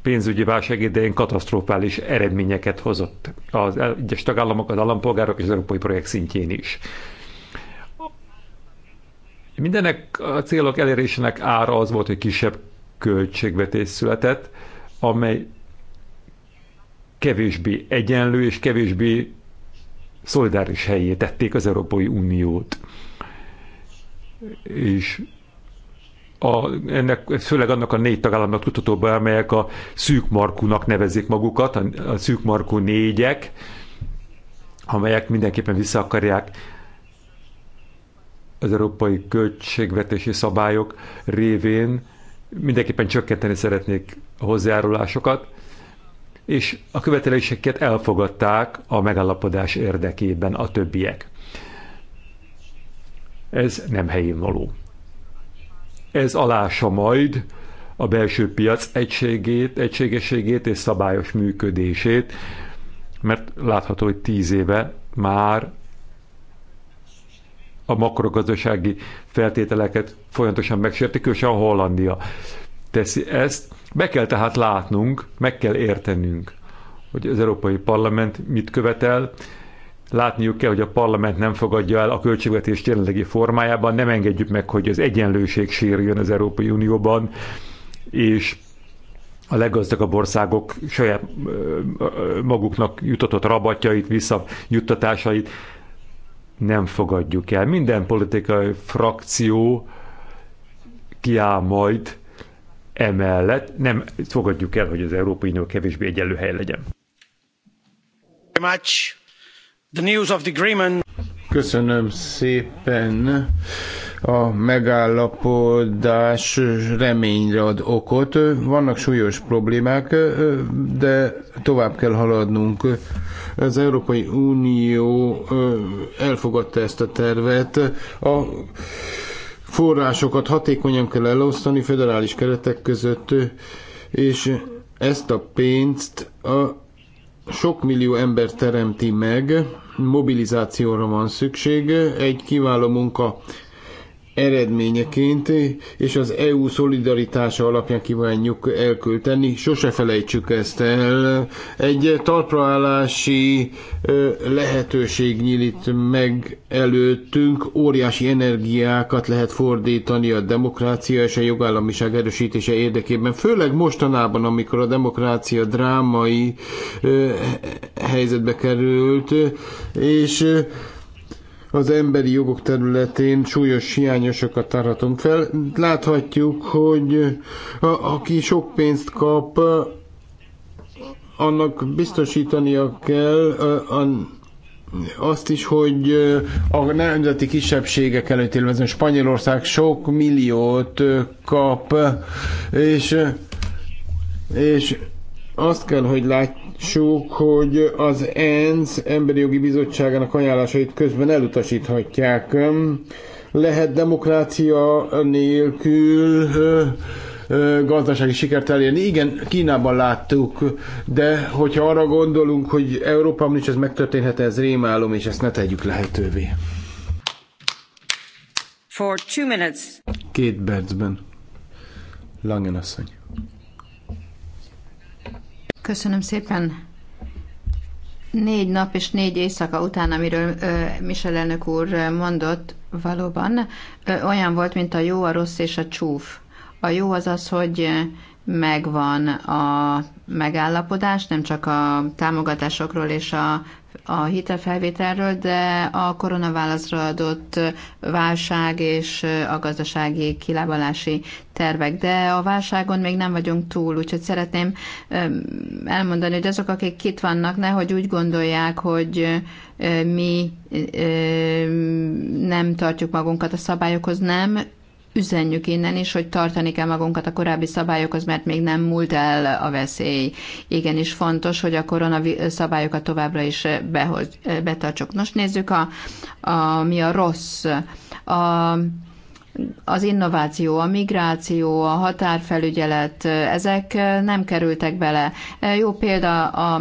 pénzügyi válság idején katasztrofális eredményeket hozott az egyes tagállamok, az állampolgárok és az európai projekt szintjén is. Mindenek a célok elérésének ára az volt, hogy kisebb költségvetés született, amely kevésbé egyenlő és kevésbé szolidáris helyé tették az Európai Uniót. És a, ennek, főleg annak a négy tagállamnak tudható be, amelyek a szűkmarkúnak nevezik magukat, a, a szűkmarkú négyek, amelyek mindenképpen vissza akarják az európai költségvetési szabályok révén mindenképpen csökkenteni szeretnék a hozzájárulásokat, és a követeléseket elfogadták a megállapodás érdekében a többiek. Ez nem helyén való. Ez alása majd a belső piac egységét, egységességét és szabályos működését, mert látható, hogy tíz éve már a makrogazdasági feltételeket folyamatosan megsértik, és a Hollandia teszi ezt. Be kell tehát látnunk, meg kell értenünk, hogy az Európai Parlament mit követel, látniuk kell, hogy a parlament nem fogadja el a költségvetés jelenlegi formájában, nem engedjük meg, hogy az egyenlőség sérüljön az Európai Unióban, és a leggazdagabb országok saját maguknak jutatott rabatjait, visszajuttatásait nem fogadjuk el. Minden politikai frakció kiáll majd emellett, nem fogadjuk el, hogy az Európai Unió kevésbé egyenlő hely legyen. Much. Köszönöm szépen. A megállapodás reményre ad okot. Vannak súlyos problémák, de tovább kell haladnunk. Az Európai Unió elfogadta ezt a tervet. A forrásokat hatékonyan kell elosztani federális keretek között, és ezt a pénzt a sok millió ember teremti meg, mobilizációra van szükség, egy kiváló munka eredményeként, és az EU szolidaritása alapján kívánjuk elkölteni. Sose felejtsük ezt el. Egy talpraállási lehetőség nyílt meg előttünk. Óriási energiákat lehet fordítani a demokrácia és a jogállamiság erősítése érdekében. Főleg mostanában, amikor a demokrácia drámai helyzetbe került, és az emberi jogok területén súlyos hiányosokat tarhatunk fel. Láthatjuk, hogy a, aki sok pénzt kap, annak biztosítania kell a, a, azt is, hogy a nemzeti kisebbségek előtt élvező Spanyolország sok milliót kap, és, és azt kell, hogy látsuk, hogy az ENSZ Emberi Jogi Bizottságának ajánlásait közben elutasíthatják. Lehet demokrácia nélkül gazdasági sikert elérni. Igen, Kínában láttuk, de hogyha arra gondolunk, hogy Európában is ez megtörténhet, ez rémálom, és ezt ne tegyük lehetővé. For two minutes. Két percben. Langen asszony. Köszönöm szépen. Négy nap és négy éjszaka után, amiről Michel elnök úr mondott, valóban olyan volt, mint a jó, a rossz és a csúf. A jó az az, hogy megvan a megállapodás, nem csak a támogatásokról és a a hitelfelvételről, de a koronaválaszra adott válság és a gazdasági kilábalási tervek. De a válságon még nem vagyunk túl, úgyhogy szeretném elmondani, hogy azok, akik itt vannak, nehogy úgy gondolják, hogy mi nem tartjuk magunkat a szabályokhoz, nem, üzenjük innen is, hogy tartani kell magunkat a korábbi szabályokhoz, mert még nem múlt el a veszély. Igenis fontos, hogy a korona szabályokat továbbra is behoz, betartsuk. Nos, nézzük, a, a, mi a rossz. A, az innováció, a migráció, a határfelügyelet, ezek eh, nem kerültek bele. Eh, jó példa a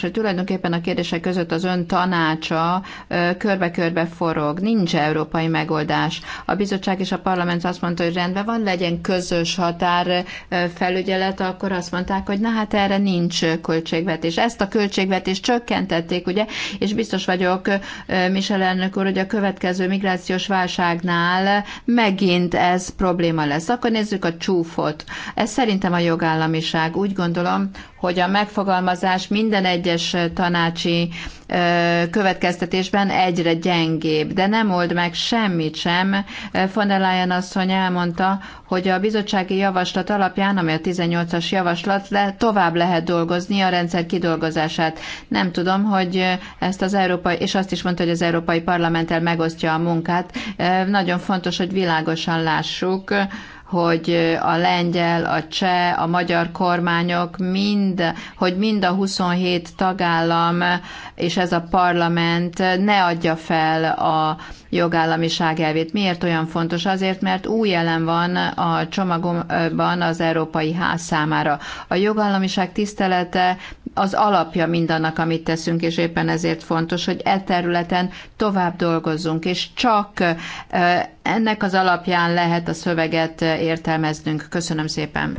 hogy Tulajdonképpen a kérdések között az ön tanácsa eh, körbe-körbe forog. Nincs európai megoldás. A bizottság és a parlament azt mondta, hogy rendben van, legyen közös határfelügyelet, akkor azt mondták, hogy na hát erre nincs költségvetés. Ezt a költségvetést csökkentették, ugye, és biztos vagyok, Michel elnök úr, hogy a következő migrációs válságnál megint ez probléma lesz. Akkor nézzük a csúfot. Ez szerintem a jogállamiság. Úgy gondolom, hogy a megfogalmazás minden egyes tanácsi következtetésben egyre gyengébb, de nem old meg semmit sem. Von der Leyen asszony elmondta, hogy a bizottsági javaslat alapján, ami a 18-as javaslat, le, tovább lehet dolgozni a rendszer kidolgozását. Nem tudom, hogy ezt az európai, és azt is mondta, hogy az Európai Parlamenttel megosztja a munkát. Nagyon fontos, hogy világos világosan lássuk, hogy a lengyel, a cseh, a magyar kormányok mind, hogy mind a 27 tagállam és ez a parlament ne adja fel a jogállamiság elvét. Miért olyan fontos? Azért, mert új jelen van a csomagban az Európai Ház számára. A jogállamiság tisztelete az alapja mindannak, amit teszünk, és éppen ezért fontos, hogy e területen tovább dolgozzunk, és csak ennek az alapján lehet a szöveget értelmeznünk. Köszönöm szépen.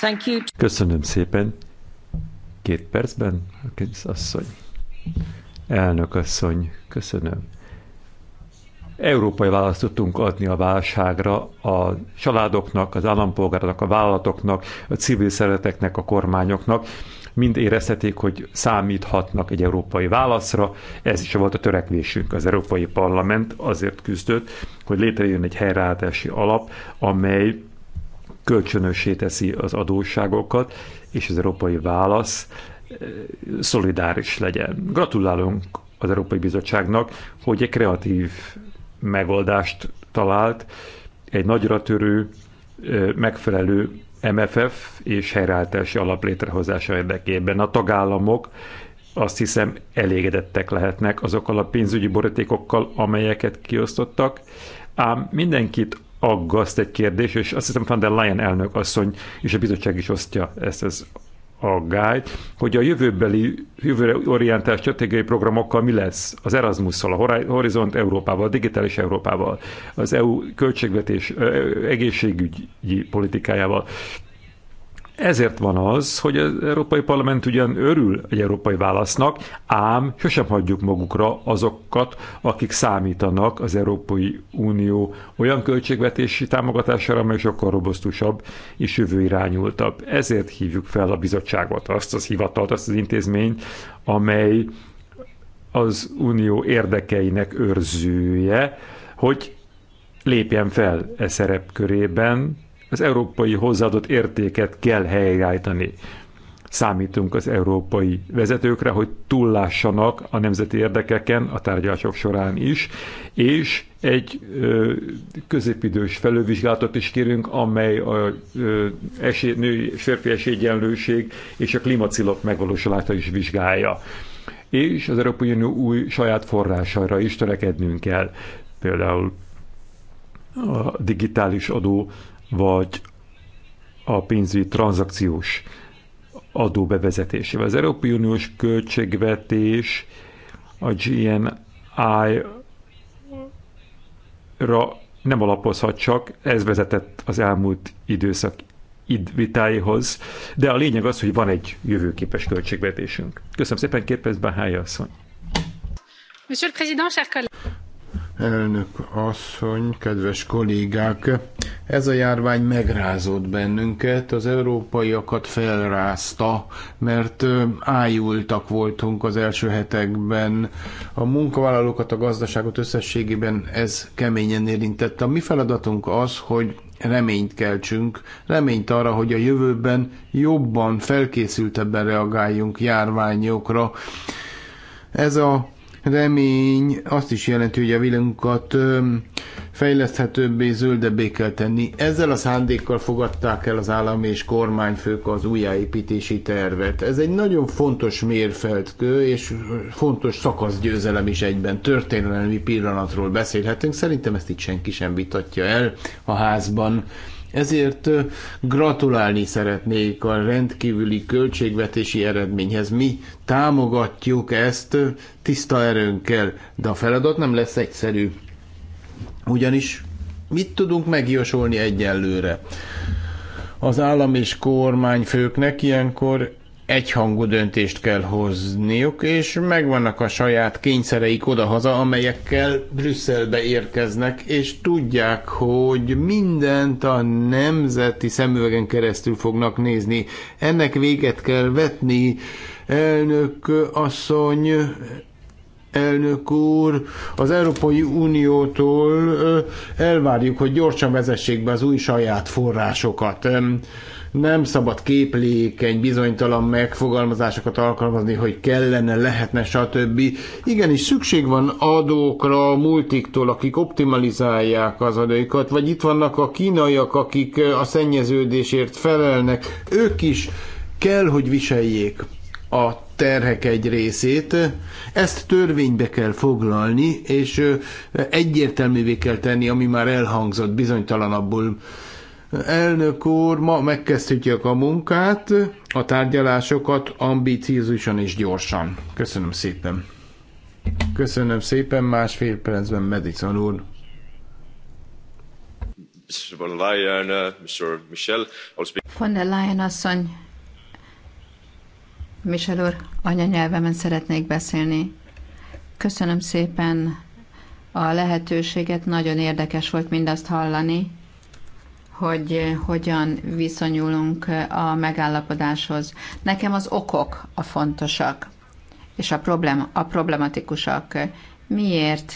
Thank you. Köszönöm szépen. Két percben, asszony. Elnök asszony, köszönöm. Európai választ tudtunk adni a válságra a családoknak, az állampolgároknak, a vállalatoknak, a civil szereteknek, a kormányoknak mind érezhetik, hogy számíthatnak egy európai válaszra. Ez is volt a törekvésünk. Az Európai Parlament azért küzdött, hogy létrejön egy helyreállítási alap, amely kölcsönössé teszi az adósságokat, és az európai válasz eh, szolidáris legyen. Gratulálunk az Európai Bizottságnak, hogy egy kreatív megoldást talált, egy nagyra törő, eh, megfelelő MFF és helyreállítási alap létrehozása érdekében. A tagállamok azt hiszem elégedettek lehetnek azokkal a pénzügyi borítékokkal, amelyeket kiosztottak, ám mindenkit aggaszt egy kérdés, és azt hiszem Van der Leyen elnök asszony és a bizottság is osztja ezt az aggályt, hogy a jövőbeli, jövőre orientált stratégiai programokkal mi lesz az erasmus a Horizont Európával, a Digitális Európával, az EU költségvetés egészségügyi politikájával. Ezért van az, hogy az Európai Parlament ugyan örül egy európai válasznak, ám sosem hagyjuk magukra azokat, akik számítanak az Európai Unió olyan költségvetési támogatására, amely sokkal robosztusabb és jövőirányultabb. Ezért hívjuk fel a bizottságot, azt az hivatalt, azt az intézményt, amely az unió érdekeinek őrzője, hogy lépjen fel e szerepkörében, az európai hozzáadott értéket kell helyreállítani. Számítunk az európai vezetőkre, hogy túllássanak a nemzeti érdekeken a tárgyalások során is, és egy ö, középidős felővizsgálatot is kérünk, amely a ö, esé, női férfi esélyegyenlőség és a klímacilok megvalósulása is vizsgálja. És az Európai Unió új saját forrásaira is törekednünk kell. Például a digitális adó vagy a pénzügyi tranzakciós adó bevezetésével. Az Európai Uniós költségvetés a GNI-ra nem alapozhat csak, ez vezetett az elmúlt időszak vitáihoz, de a lényeg az, hogy van egy jövőképes költségvetésünk. Köszönöm szépen, két percben Hája asszony elnök asszony, kedves kollégák! Ez a járvány megrázott bennünket, az európaiakat felrázta, mert ájultak voltunk az első hetekben. A munkavállalókat, a gazdaságot összességében ez keményen érintette. A mi feladatunk az, hogy reményt keltsünk, reményt arra, hogy a jövőben jobban, felkészültebben reagáljunk járványokra. Ez a remény azt is jelenti, hogy a világunkat fejleszthetőbbé, zöldebbé kell tenni. Ezzel a szándékkal fogadták el az állam és kormányfők az újjáépítési tervet. Ez egy nagyon fontos mérfeldkő, és fontos szakaszgyőzelem is egyben. Történelmi pillanatról beszélhetünk. Szerintem ezt itt senki sem vitatja el a házban. Ezért gratulálni szeretnék a rendkívüli költségvetési eredményhez. Mi támogatjuk ezt tiszta erőnkkel, de a feladat nem lesz egyszerű. Ugyanis mit tudunk megjósolni egyelőre? Az állam és kormányfőknek ilyenkor egyhangú döntést kell hozniuk, és megvannak a saját kényszereik odahaza, amelyekkel Brüsszelbe érkeznek, és tudják, hogy mindent a nemzeti szemüvegen keresztül fognak nézni. Ennek véget kell vetni, elnök asszony, elnök úr, az Európai Uniótól elvárjuk, hogy gyorsan vezessék be az új saját forrásokat nem szabad képlékeny, bizonytalan megfogalmazásokat alkalmazni, hogy kellene, lehetne, stb. Igenis, szükség van adókra a multiktól, akik optimalizálják az adóikat, vagy itt vannak a kínaiak, akik a szennyeződésért felelnek. Ők is kell, hogy viseljék a terhek egy részét. Ezt törvénybe kell foglalni, és egyértelművé kell tenni, ami már elhangzott, bizonytalanabbul Elnök úr, ma megkezdhetjük a munkát, a tárgyalásokat ambíciózusan és gyorsan. Köszönöm szépen. Köszönöm szépen, másfél percben Madison úr. Von der Leyen, uh, Mr. Michel. Von der Leyen asszony, Michel úr, anyanyelvemen szeretnék beszélni. Köszönöm szépen a lehetőséget, nagyon érdekes volt mindazt hallani hogy eh, hogyan viszonyulunk eh, a megállapodáshoz. Nekem az okok a fontosak, és a, problém, a problematikusak. Miért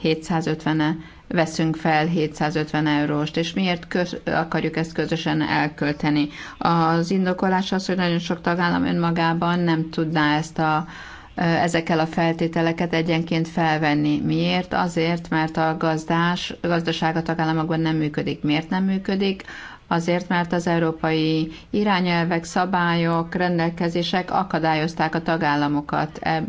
750 -e veszünk fel 750 euróst, és miért köz, akarjuk ezt közösen elkölteni. Az indokolás az, hogy nagyon sok tagállam önmagában nem tudná ezt a, Eh, ezekkel a feltételeket egyenként felvenni. Miért? Azért, mert a gazdás, a gazdaság a tagállamokban nem működik. Miért nem működik? Azért, mert az európai irányelvek, szabályok, rendelkezések akadályozták a tagállamokat. E,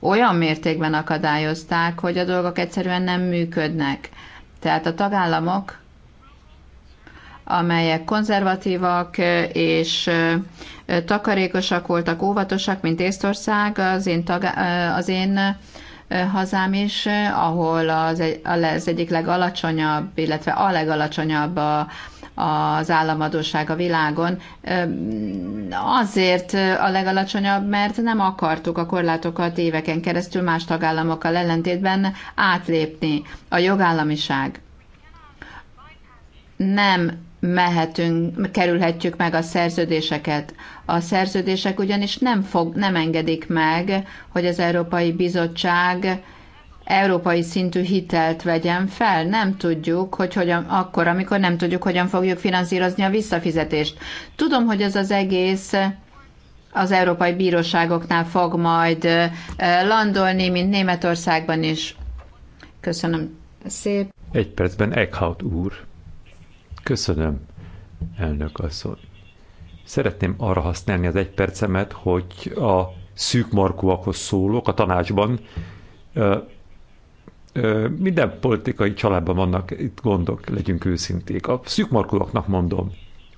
olyan mértékben akadályozták, hogy a dolgok egyszerűen nem működnek. Tehát a tagállamok amelyek konzervatívak eh, és eh, takarékosak voltak, óvatosak, mint Észtország, az én, tag, az én hazám is, ahol az, egy, az egyik legalacsonyabb, illetve a legalacsonyabb a, az államadóság a világon. Azért a legalacsonyabb, mert nem akartuk a korlátokat éveken keresztül más tagállamokkal ellentétben átlépni. A jogállamiság nem mehetünk, kerülhetjük meg a szerződéseket. A szerződések ugyanis nem, fog, nem engedik meg, hogy az Európai Bizottság európai szintű hitelt vegyen fel. Nem tudjuk, hogy hogyan, akkor, amikor nem tudjuk, hogyan fogjuk finanszírozni a visszafizetést. Tudom, hogy ez az egész az európai bíróságoknál fog majd landolni, mint Németországban is. Köszönöm szép. Egy percben Eckhout úr. Köszönöm, elnök asszony. Szeretném arra használni az egy percemet, hogy a szűkmarkúakhoz szólok a tanácsban. Ö, ö, minden politikai családban vannak itt gondok, legyünk őszinték. A szűkmarkúaknak mondom,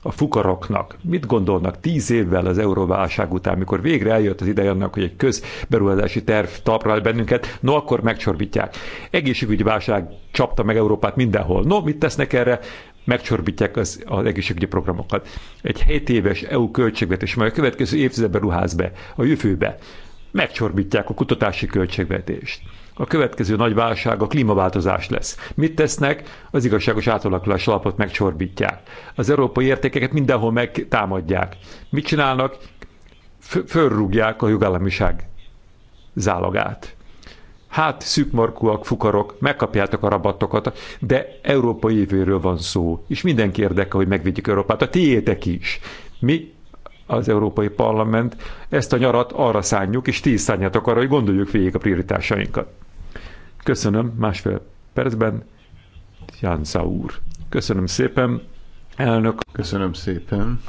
a fukaroknak. Mit gondolnak tíz évvel az euróválság után, mikor végre eljött az ideje annak, hogy egy közberuházási terv talpra bennünket, no akkor megcsorbítják. Egészségügyi válság csapta meg Európát mindenhol. No, mit tesznek erre? megcsorbítják az, az egészségügyi programokat. Egy 7 éves EU költségvetés, majd a következő évtizedben ruház be, a jövőbe, megcsorbítják a kutatási költségvetést. A következő nagy válság a klímaváltozás lesz. Mit tesznek? Az igazságos átalakulás alapot megcsorbítják. Az európai értékeket mindenhol megtámadják. Mit csinálnak? Fölrúgják a jogállamiság zálogát hát szűkmarkúak, fukarok, megkapjátok a rabattokat, de Európa jövőről van szó, és mindenki érdeke, hogy megvédjük Európát, a tiétek is. Mi az Európai Parlament ezt a nyarat arra szánjuk, és ti is szánjátok arra, hogy gondoljuk végig a prioritásainkat. Köszönöm, másfél percben, Jánsza úr. Köszönöm szépen, elnök. Köszönöm szépen.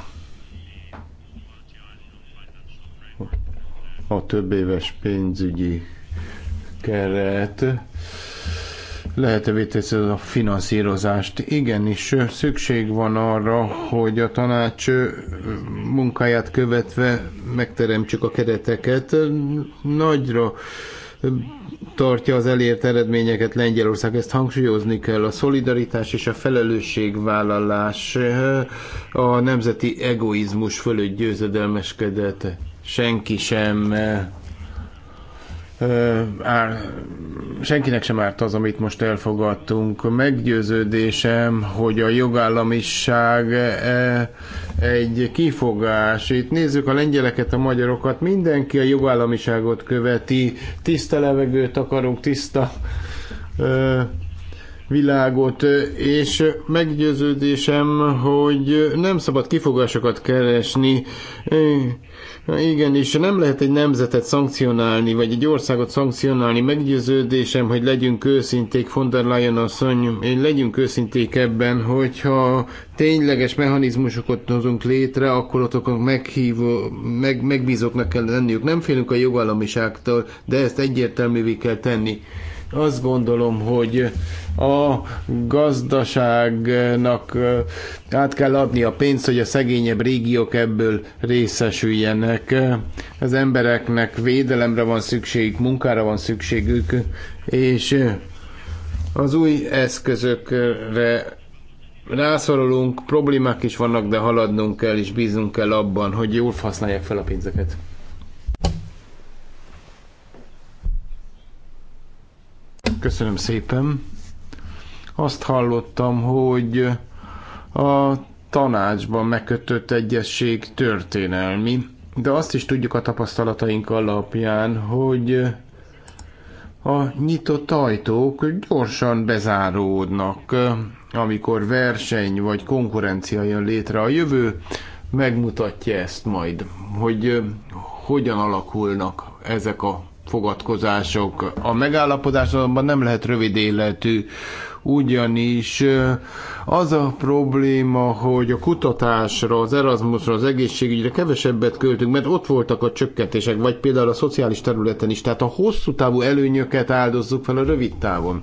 A több éves pénzügyi keret Lehet-e vétesz a finanszírozást. Igenis, szükség van arra, hogy a tanács munkáját követve megteremtsük a kereteket. Nagyra tartja az elért eredményeket Lengyelország, ezt hangsúlyozni kell. A szolidaritás és a felelősségvállalás a nemzeti egoizmus fölött győzedelmeskedett. Senki sem ár, senkinek sem árt az, amit most elfogadtunk. Meggyőződésem, hogy a jogállamiság e, egy kifogás. Itt nézzük a lengyeleket, a magyarokat, mindenki a jogállamiságot követi, tiszta levegőt akarunk, tiszta világot, és meggyőződésem, hogy nem szabad kifogásokat keresni. Igen, és nem lehet egy nemzetet szankcionálni, vagy egy országot szankcionálni. Meggyőződésem, hogy legyünk őszinték, von der Leyen asszony, én legyünk őszinték ebben, hogyha tényleges mechanizmusokat hozunk létre, akkor ott meghívó, meg, megbízóknak kell lenniük. Nem félünk a jogállamiságtól, de ezt egyértelművé kell tenni. Azt gondolom, hogy a gazdaságnak át kell adni a pénzt, hogy a szegényebb régiók ebből részesüljenek. Az embereknek védelemre van szükségük, munkára van szükségük, és az új eszközökre rászorulunk, problémák is vannak, de haladnunk kell, és bízunk kell abban, hogy jól használják fel a pénzeket. Köszönöm szépen. Azt hallottam, hogy a tanácsban megkötött egyesség történelmi, de azt is tudjuk a tapasztalataink alapján, hogy a nyitott ajtók gyorsan bezáródnak, amikor verseny vagy konkurencia jön létre a jövő, megmutatja ezt majd, hogy hogyan alakulnak ezek a fogadkozások. A megállapodás azonban nem lehet rövid életű, ugyanis az a probléma, hogy a kutatásra, az Erasmusra, az egészségügyre kevesebbet költünk, mert ott voltak a csökkentések, vagy például a szociális területen is, tehát a hosszú távú előnyöket áldozzuk fel a rövid távon.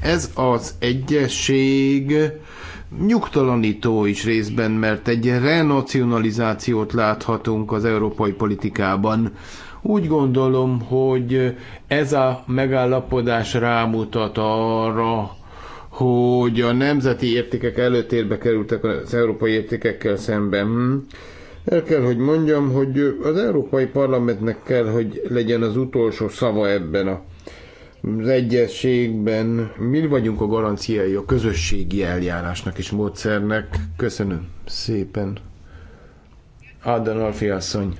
Ez az egyesség nyugtalanító is részben, mert egy renacionalizációt láthatunk az európai politikában úgy gondolom, hogy ez a megállapodás rámutat arra, hogy a nemzeti értékek előtérbe kerültek az európai értékekkel szemben. El kell, hogy mondjam, hogy az Európai Parlamentnek kell, hogy legyen az utolsó szava ebben a az egyességben. Mi vagyunk a garanciai a közösségi eljárásnak és módszernek. Köszönöm szépen. Adan Alfi asszony.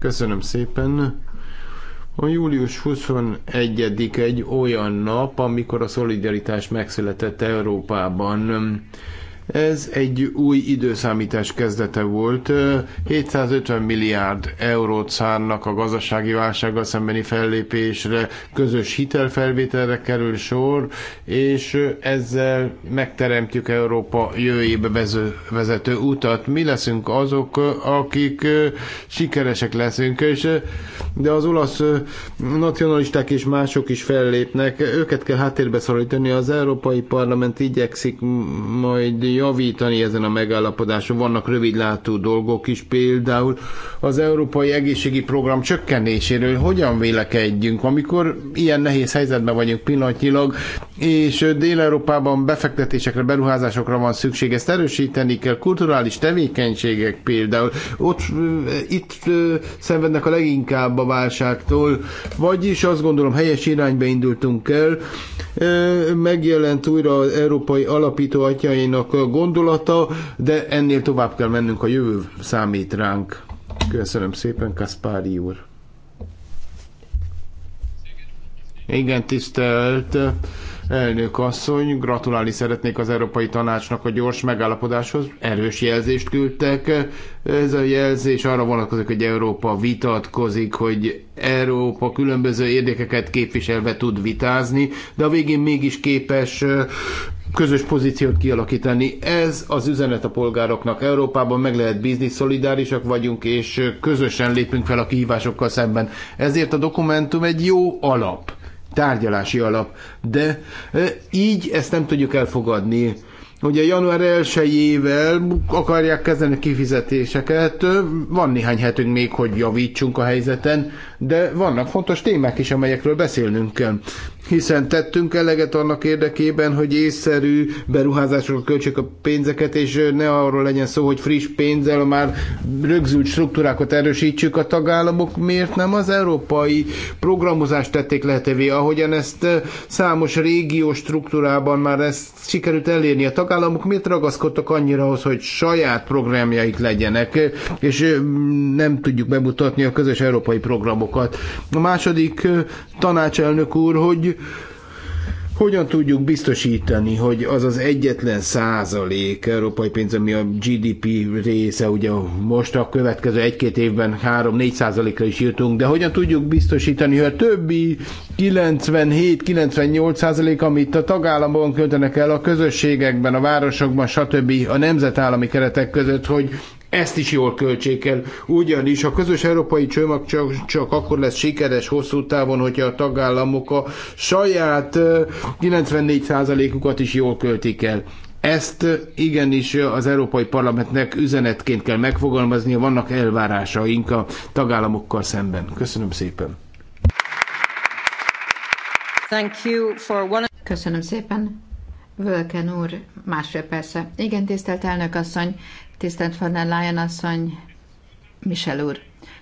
Köszönöm szépen. A július 21 egy olyan nap, amikor a szolidaritás megszületett Európában. Ez egy új időszámítás kezdete volt. 750 milliárd eurót szánnak a gazdasági válsággal szembeni fellépésre, közös hitelfelvételre kerül sor, és ezzel megteremtjük Európa jövőjébe vezető utat. Mi leszünk azok, akik sikeresek leszünk, és de az olasz nacionalisták és mások is fellépnek, őket kell háttérbe szorítani, az Európai Parlament igyekszik majd javítani ezen a megállapodáson. Vannak rövidlátó dolgok is, például az Európai Egészségi Program csökkenéséről hogyan vélekedjünk, amikor ilyen nehéz helyzetben vagyunk pillanatnyilag, és Dél-Európában befektetésekre, beruházásokra van szükség, ezt erősíteni kell, kulturális tevékenységek például, ott eh, itt eh, szenvednek a leginkább a válságtól, vagyis azt gondolom helyes irányba indultunk el, eh, megjelent újra az Európai Alapító Atyainak a gondolata, de ennél tovább kell mennünk, a jövő számít ránk. Köszönöm szépen, Kaspári úr. Igen, tisztelt Elnök asszony, gratulálni szeretnék az Európai Tanácsnak a gyors megállapodáshoz. Erős jelzést küldtek. Ez a jelzés arra vonatkozik, hogy Európa vitatkozik, hogy Európa különböző érdekeket képviselve tud vitázni, de a végén mégis képes közös pozíciót kialakítani. Ez az üzenet a polgároknak. Európában meg lehet bízni, szolidárisak vagyunk, és közösen lépünk fel a kihívásokkal szemben. Ezért a dokumentum egy jó alap tárgyalási alap, de e, így ezt nem tudjuk elfogadni. Ugye január 1-ével akarják kezdeni a kifizetéseket, van néhány hetünk még, hogy javítsunk a helyzeten, de vannak fontos témák is, amelyekről beszélnünk kell hiszen tettünk eleget annak érdekében, hogy észszerű beruházásokra költsük a pénzeket, és ne arról legyen szó, hogy friss pénzzel már rögzült struktúrákat erősítsük a tagállamok. Miért nem az európai programozást tették lehetővé, ahogyan ezt eh, számos régió struktúrában már ezt sikerült elérni. A tagállamok miért ragaszkodtak annyira ahhoz, hogy saját programjaik legyenek, és eh, nem tudjuk bemutatni a közös európai programokat. A második eh, tanácselnök úr, hogy hogyan tudjuk biztosítani, hogy az az egyetlen százalék európai pénz, ami a GDP része, ugye most a következő egy-két évben 3-4 százalékra is jutunk, de hogyan tudjuk biztosítani, hogy a többi 97-98 százalék, amit a tagállamban költenek el, a közösségekben, a városokban, stb. a nemzetállami keretek között, hogy ezt is jól költséken, ugyanis a közös európai csomag csak, csak akkor lesz sikeres hosszú távon, hogyha a tagállamok a saját 94%-ukat is jól költik el. Ezt igenis az Európai Parlamentnek üzenetként kell megfogalmaznia, vannak elvárásaink a tagállamokkal szemben. Köszönöm szépen. Thank you for one... Köszönöm szépen. Völken úr, másfél persze. Igen, tisztelt elnök asszony, Tisztelt van der Leyen asszony, Michel úr,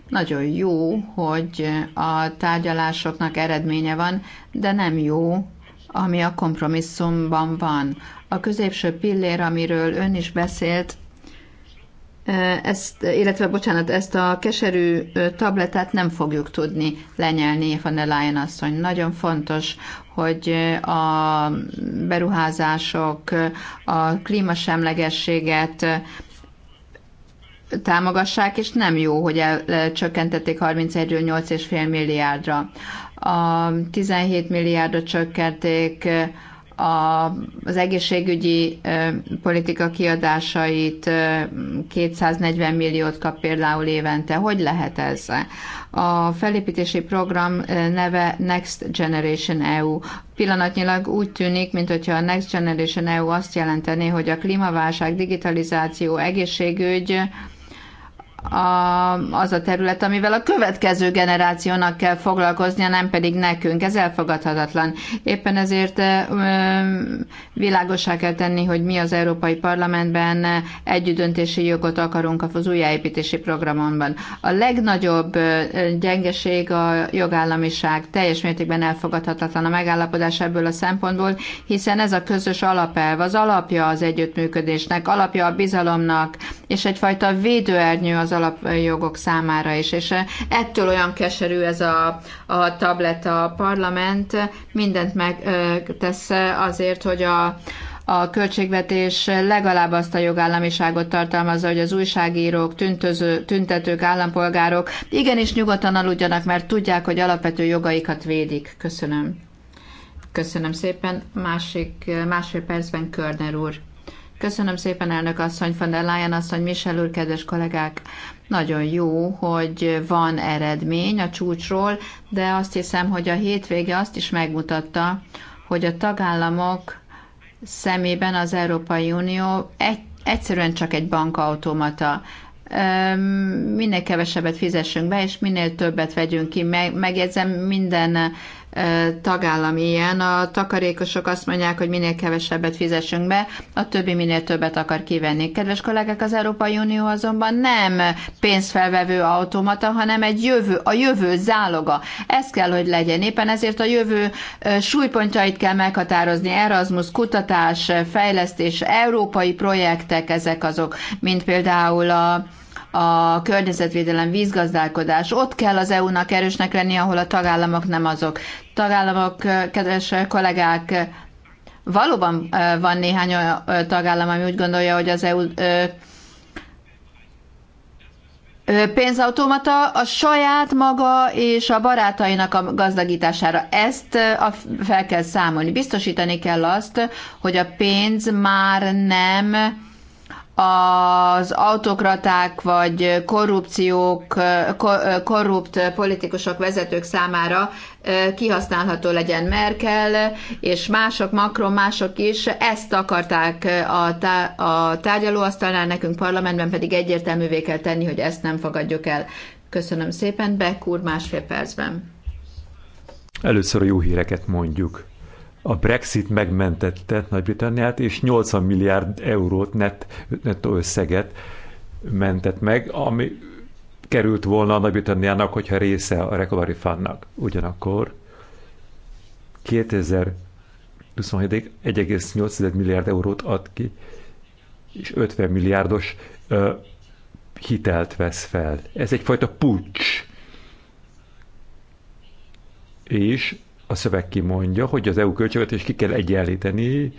nagyon jó, hogy a tárgyalásoknak eredménye van, de nem jó, ami a kompromisszumban van. A középső pillér, amiről ön is beszélt, ezt, illetve bocsánat, ezt a keserű tabletát nem fogjuk tudni lenyelni van der Leyen asszony. Nagyon fontos, hogy a beruházások, a klímasemlegességet, támogassák, és nem jó, hogy csökkentették 31-ről 8,5 milliárdra. A 17 milliárdot csökkenték a, az egészségügyi e, politika kiadásait e, 240 milliót kap például évente. Hogy lehet ez? A felépítési program neve Next Generation EU. Pillanatnyilag úgy tűnik, mintha a Next Generation EU azt jelenteni, hogy a klímaválság, digitalizáció, egészségügy, a, az a terület, amivel a következő generációnak kell foglalkoznia, nem pedig nekünk. Ez elfogadhatatlan. Éppen ezért ö, világosá kell tenni, hogy mi az Európai Parlamentben együttdöntési jogot akarunk az újjáépítési programonban. A legnagyobb gyengeség a jogállamiság. Teljes mértékben elfogadhatatlan a megállapodás ebből a szempontból, hiszen ez a közös alapelv, az alapja az együttműködésnek, alapja a bizalomnak, és egyfajta védőernyő az az alapjogok számára is. És eh, ettől olyan keserű ez a, a tablet a parlament, mindent megtesz eh, azért, hogy a, a költségvetés legalább azt a jogállamiságot tartalmazza, hogy az újságírók, tüntöző, tüntetők, állampolgárok igenis nyugodtan aludjanak, mert tudják, hogy alapvető jogaikat védik. Köszönöm. Köszönöm szépen. Másik, eh, másfél percben Körner úr. Köszönöm szépen, elnök asszony, von der Leyen asszony, Michel úr, kedves kollégák. Nagyon jó, hogy van eredmény a csúcsról, de azt hiszem, hogy a hétvége azt is megmutatta, hogy a tagállamok szemében az Európai Unió egy, egyszerűen csak egy bankautomata minél kevesebbet fizessünk be, és minél többet vegyünk ki. Megjegyzem, minden tagállam ilyen. A takarékosok azt mondják, hogy minél kevesebbet fizessünk be, a többi minél többet akar kivenni. Kedves kollégák, az Európai Unió azonban nem pénzfelvevő automata, hanem egy jövő, a jövő záloga. Ez kell, hogy legyen. Éppen ezért a jövő súlypontjait kell meghatározni. Erasmus, kutatás, fejlesztés, európai projektek, ezek azok, mint például a a környezetvédelem, vízgazdálkodás. Ott kell az EU-nak erősnek lenni, ahol a tagállamok nem azok. Tagállamok, kedves kollégák, valóban van néhány olyan tagállam, ami úgy gondolja, hogy az EU pénzautomata a saját maga és a barátainak a gazdagítására. Ezt fel kell számolni. Biztosítani kell azt, hogy a pénz már nem az autokraták vagy korrupciók, korrupt politikusok, vezetők számára kihasználható legyen Merkel, és mások, Macron, mások is ezt akarták a, tárgyalóasztalnál, nekünk parlamentben pedig egyértelművé kell tenni, hogy ezt nem fogadjuk el. Köszönöm szépen, Beck úr másfél percben. Először a jó híreket mondjuk a Brexit megmentette Nagy-Britanniát, és 80 milliárd eurót net, nettó összeget mentett meg, ami került volna a Nagy-Britanniának, hogyha része a Recovery Fundnak. Ugyanakkor 2027 1,8 milliárd eurót ad ki, és 50 milliárdos ö, hitelt vesz fel. Ez egyfajta pucs. És a szöveg kimondja, hogy az EU költségvetést ki kell egyenlíteni,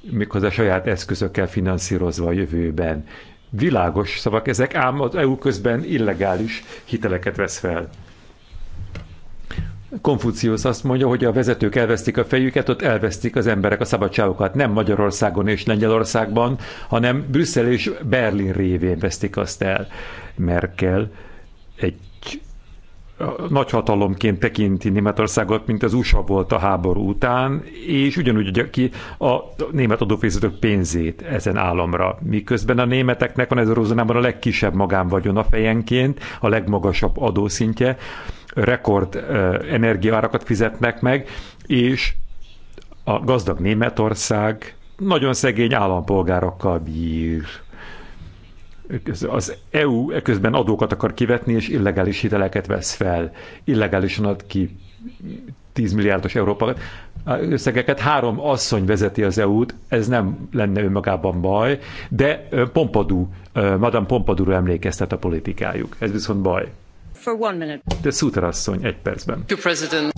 méghozzá saját eszközökkel finanszírozva a jövőben. Világos szavak ezek, ám az EU közben illegális hiteleket vesz fel. Konfuciusz azt mondja, hogy a vezetők elvesztik a fejüket, ott elvesztik az emberek a szabadságokat. Nem Magyarországon és Lengyelországban, hanem Brüsszel és Berlin révén vesztik azt el. Merkel egy nagyhatalomként tekinti Németországot, mint az USA volt a háború után, és ugyanúgy adja ki a német adófizetők pénzét ezen államra. Miközben a németeknek van ez a rozonában a legkisebb magánvagyon a fejenként, a legmagasabb adószintje, rekord energiaárakat fizetnek meg, és a gazdag Németország nagyon szegény állampolgárokkal bír az EU eközben adókat akar kivetni, és illegális hiteleket vesz fel. Illegálisan ad ki 10 milliárdos Európa összegeket. Három asszony vezeti az EU-t, ez nem lenne önmagában baj, de Pompadú, Madame Pompadour emlékeztet a politikájuk. Ez viszont baj. For one minute. De Szúter asszony, egy percben.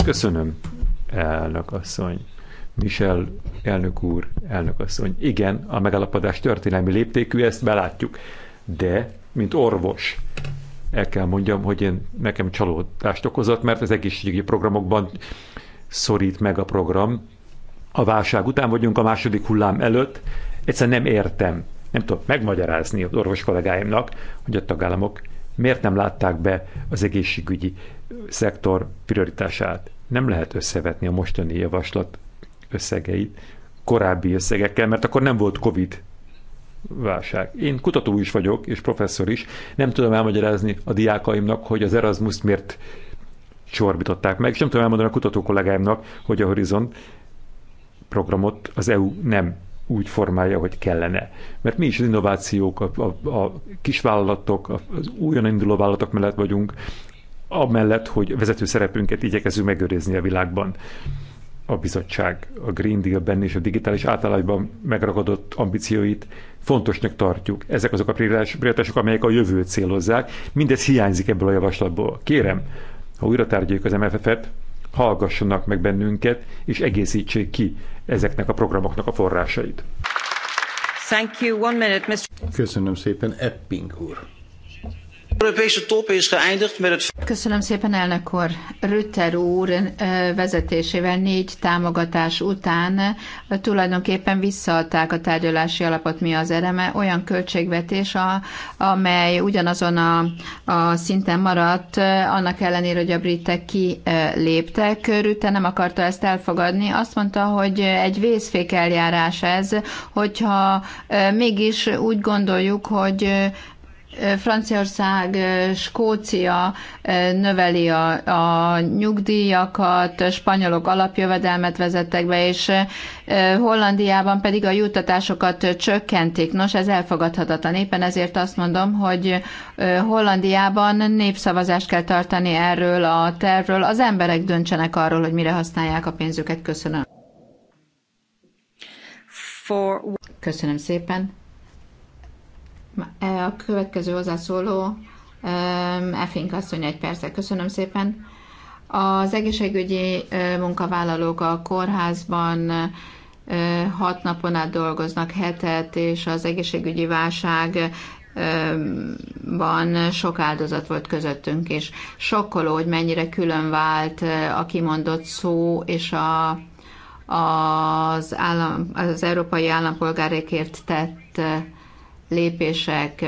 Köszönöm, elnök asszony. Michel elnök úr, elnök asszony. Igen, a megállapodás történelmi léptékű, ezt belátjuk de, mint orvos, el kell mondjam, hogy én, nekem csalódást okozott, mert az egészségügyi programokban szorít meg a program. A válság után vagyunk a második hullám előtt, egyszerűen nem értem, nem tudom megmagyarázni az orvos kollégáimnak, hogy a tagállamok miért nem látták be az egészségügyi szektor prioritását. Nem lehet összevetni a mostani javaslat összegeit korábbi összegekkel, mert akkor nem volt Covid válság. Én kutató is vagyok, és professzor is. Nem tudom elmagyarázni a diákaimnak, hogy az erasmus miért csorbították meg, és nem tudom elmondani a kutató kollégáimnak, hogy a Horizont programot az EU nem úgy formálja, hogy kellene. Mert mi is az innovációk, a, a, a kisvállalatok, az újonnan induló vállalatok mellett vagyunk, amellett, hogy vezető szerepünket igyekezünk megőrizni a világban. A bizottság a Green Deal-ben és a digitális átállásban megragadott ambícióit fontosnak tartjuk. Ezek azok a prioritások, amelyek a jövőt célozzák. Mindez hiányzik ebből a javaslatból. Kérem, ha újra tárgyaljuk az MFF-et, hallgassanak meg bennünket, és egészítsék ki ezeknek a programoknak a forrásait. Thank you. One minute, Mr. Köszönöm szépen, Epping úr. Köszönöm szépen, elnök úr. Rütter úr vezetésével négy támogatás után tulajdonképpen visszaadták a tárgyalási alapot mi az ereme. Olyan költségvetés, amely ugyanazon a, a szinten maradt, annak ellenére, hogy a britek kiléptek. Rütter nem akarta ezt elfogadni. Azt mondta, hogy egy vészfék eljárás ez, hogyha mégis úgy gondoljuk, hogy Franciaország, Skócia eh, növeli a, a nyugdíjakat, spanyolok alapjövedelmet vezettek be, és eh, Hollandiában pedig a juttatásokat csökkentik. Nos, ez elfogadhatatlan. Éppen ezért azt mondom, hogy eh, Hollandiában népszavazást kell tartani erről a tervről. Az emberek döntsenek arról, hogy mire használják a pénzüket. Köszönöm. For... Köszönöm szépen. Eh, a következő hozzászóló Effink asszony egy percet Köszönöm szépen. Az egészségügyi eh, munkavállalók a kórházban eh, hat napon át dolgoznak hetet, és az egészségügyi válság van sok áldozat volt közöttünk, és sokkoló, hogy mennyire külön vált a kimondott szó és a, az, állam, az európai állampolgárékért tett lépések,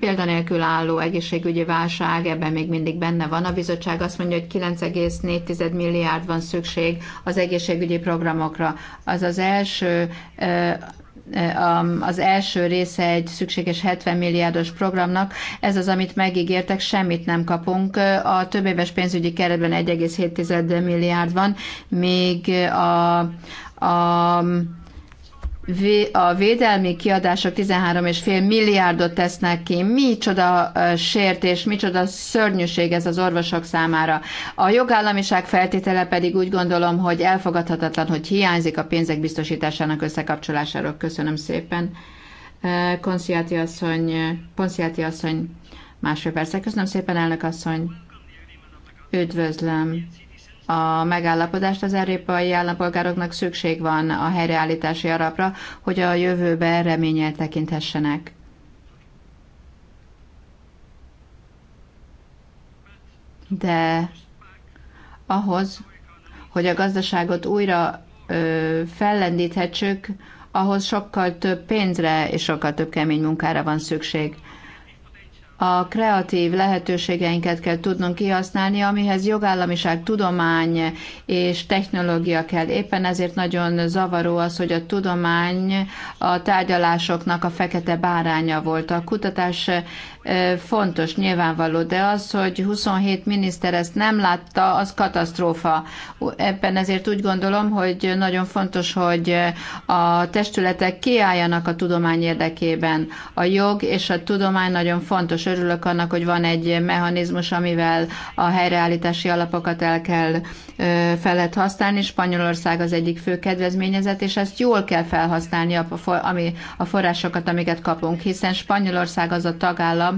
példanélkül álló egészségügyi válság, ebben még mindig benne van. A bizottság azt mondja, hogy 9,4 milliárd van szükség az egészségügyi programokra. Az az első az első része egy szükséges 70 milliárdos programnak. Ez az, amit megígértek, semmit nem kapunk. A több éves pénzügyi keretben 1,7 milliárd van, még a, a a védelmi kiadások 13,5 milliárdot tesznek ki. Micsoda sértés, micsoda szörnyűség ez az orvosok számára. A jogállamiság feltétele pedig úgy gondolom, hogy elfogadhatatlan, hogy hiányzik a pénzek biztosításának összekapcsolásáról. Köszönöm szépen. Konsziáti asszony, Konsziáti asszony, másfél percre. Köszönöm szépen, elnök asszony. Üdvözlöm a megállapodást az európai állampolgároknak szükség van a helyreállítási arapra, hogy a jövőbe reményel tekinthessenek. De ahhoz, hogy a gazdaságot újra ö, fellendíthetsük, ahhoz sokkal több pénzre és sokkal több kemény munkára van szükség a kreatív lehetőségeinket kell tudnunk kihasználni, amihez jogállamiság, tudomány és technológia kell. Éppen ezért nagyon zavaró az, hogy a tudomány a tárgyalásoknak a fekete báránya volt. A kutatás fontos, nyilvánvaló, de az, hogy 27 miniszter ezt nem látta, az katasztrófa. Ebben ezért úgy gondolom, hogy nagyon fontos, hogy a testületek kiálljanak a tudomány érdekében. A jog és a tudomány nagyon fontos. Örülök annak, hogy van egy mechanizmus, amivel a helyreállítási alapokat el kell fel lehet használni. Spanyolország az egyik fő kedvezményezet, és ezt jól kell felhasználni a, ami, a forrásokat, amiket kapunk, hiszen Spanyolország az a tagállam,